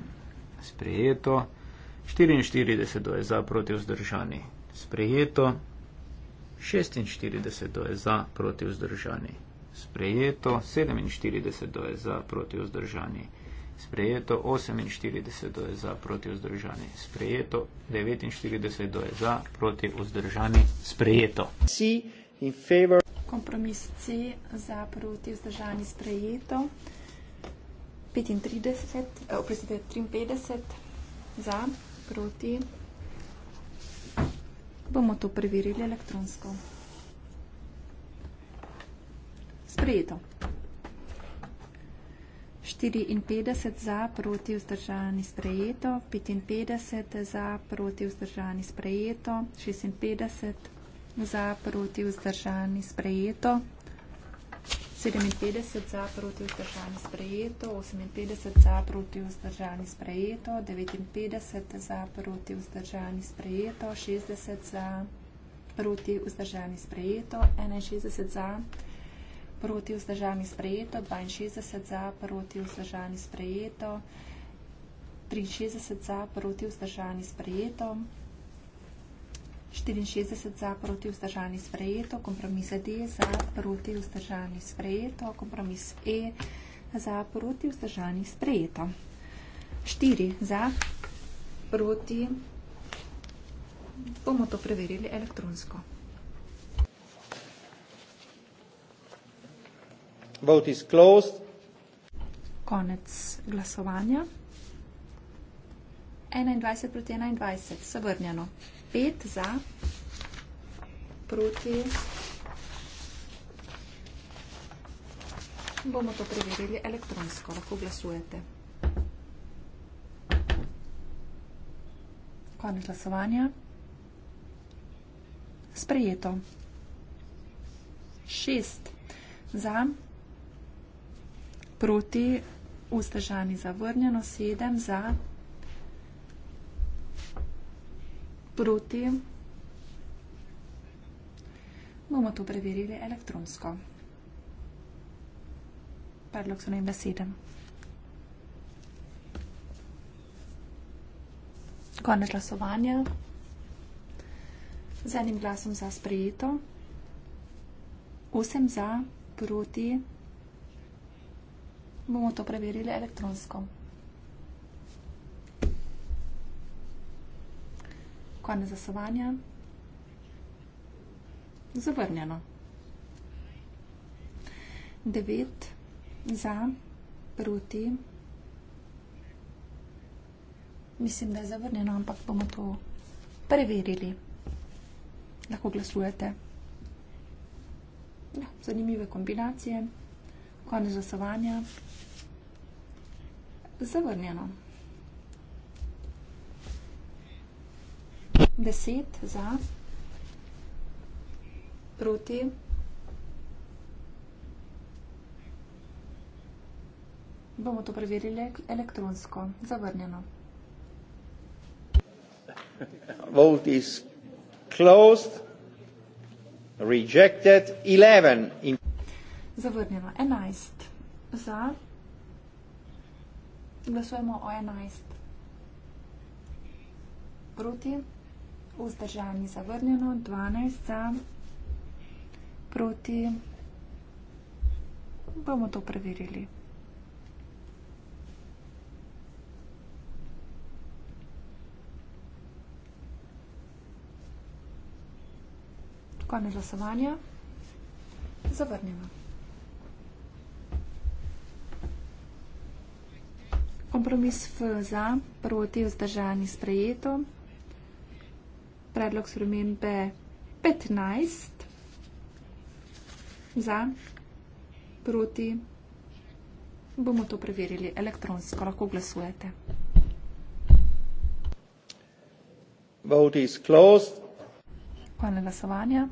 sprejeto, 44 do je za, proti vzdržani sprejeto, 46 do je za, proti vzdržani sprejeto, 47 do je za, proti vzdržani sprejeto, 48 do je za, proti vzdržani sprejeto, 49 do je za, proti vzdržani sprejeto kompromis C za proti vzdržani sprejeto. 35, eh, oprostite, 53 za proti. Bomo to preverili elektronsko. Sprejeto. 54 za proti vzdržani sprejeto, 55 za proti vzdržani sprejeto, 56 za, proti vzdržani sprejeto. 57 za, proti vzdržani sprejeto. 58 za, proti vzdržani sprejeto. 59 za, proti vzdržani sprejeto. 60 za, proti vzdržani sprejeto. 61 za, proti vzdržani sprejeto. 62 za, proti vzdržani sprejeto. 63 za, proti vzdržani sprejeto. 64 za proti vzdržani sprejeto, kompromis D za proti vzdržani sprejeto, kompromis E za proti vzdržani sprejeto. 4 za proti, bomo to preverili elektronsko. Vote is closed. Konec glasovanja. 21 proti 21, zavrnjeno. 5 za, proti. Bomo to preverili elektronsko, lahko glasujete. Konec glasovanja. Sprejeto. 6 za, proti, vzdržani zavrnjeno, 7 za. Vrnjeno, sedem za proti. Bomo to preverili elektronsko. Predlog so nebe 7. Konec glasovanja. Z enim glasom za sprejeto. 8 za, proti. Bomo to preverili elektronsko. Konec glasovanja. Zavrnjeno. 9 za, proti. Mislim, da je zavrnjeno, ampak bomo to preverili. Lahko glasujete. Ja, zanimive kombinacije. Konec glasovanja. Zavrnjeno. 10 za, proti. Bomo to preverili elektronsko, zavrnjeno. Vote is closed. Rejected. 11. Zavrnjeno. 11. Za. Glasujemo o 11. Proti. 11 vzdržani zavrnjeno, 12 za proti. Bomo to preverili. Konec glasovanja. Zavrnjeno. Kompromis F za proti vzdržani sprejeto predlog spremembe 15 za, proti, bomo to preverili elektronsko, lahko glasujete. Vote is closed. Konec glasovanja.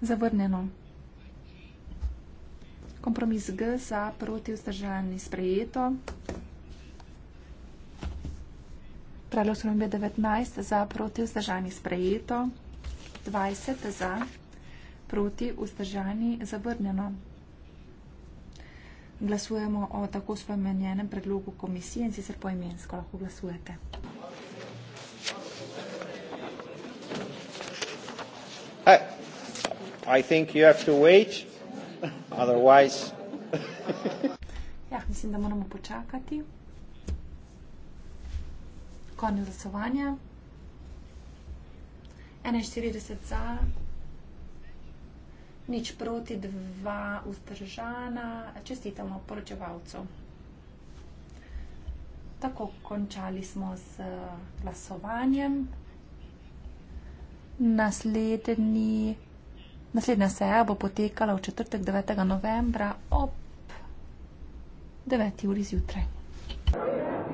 Zavrnjeno. Kompromis G za proti vzdržanje sprejeto pravilo spremembe 19 za proti vzdržani sprejeto, 20 za proti vzdržani zavrnjeno. Glasujemo o tako spremenjenem predlogu komisije in sicer poimensko lahko glasujete. I, eh, I think you have to wait, otherwise. ja, mislim, da moramo počakati konec glasovanja. 41 za, nič proti, dva vzdržana, čestitamo poročevalcu. Tako končali smo z glasovanjem. Naslednji, naslednja seja bo potekala v četrtek 9. novembra ob 9. uri zjutraj. Yeah.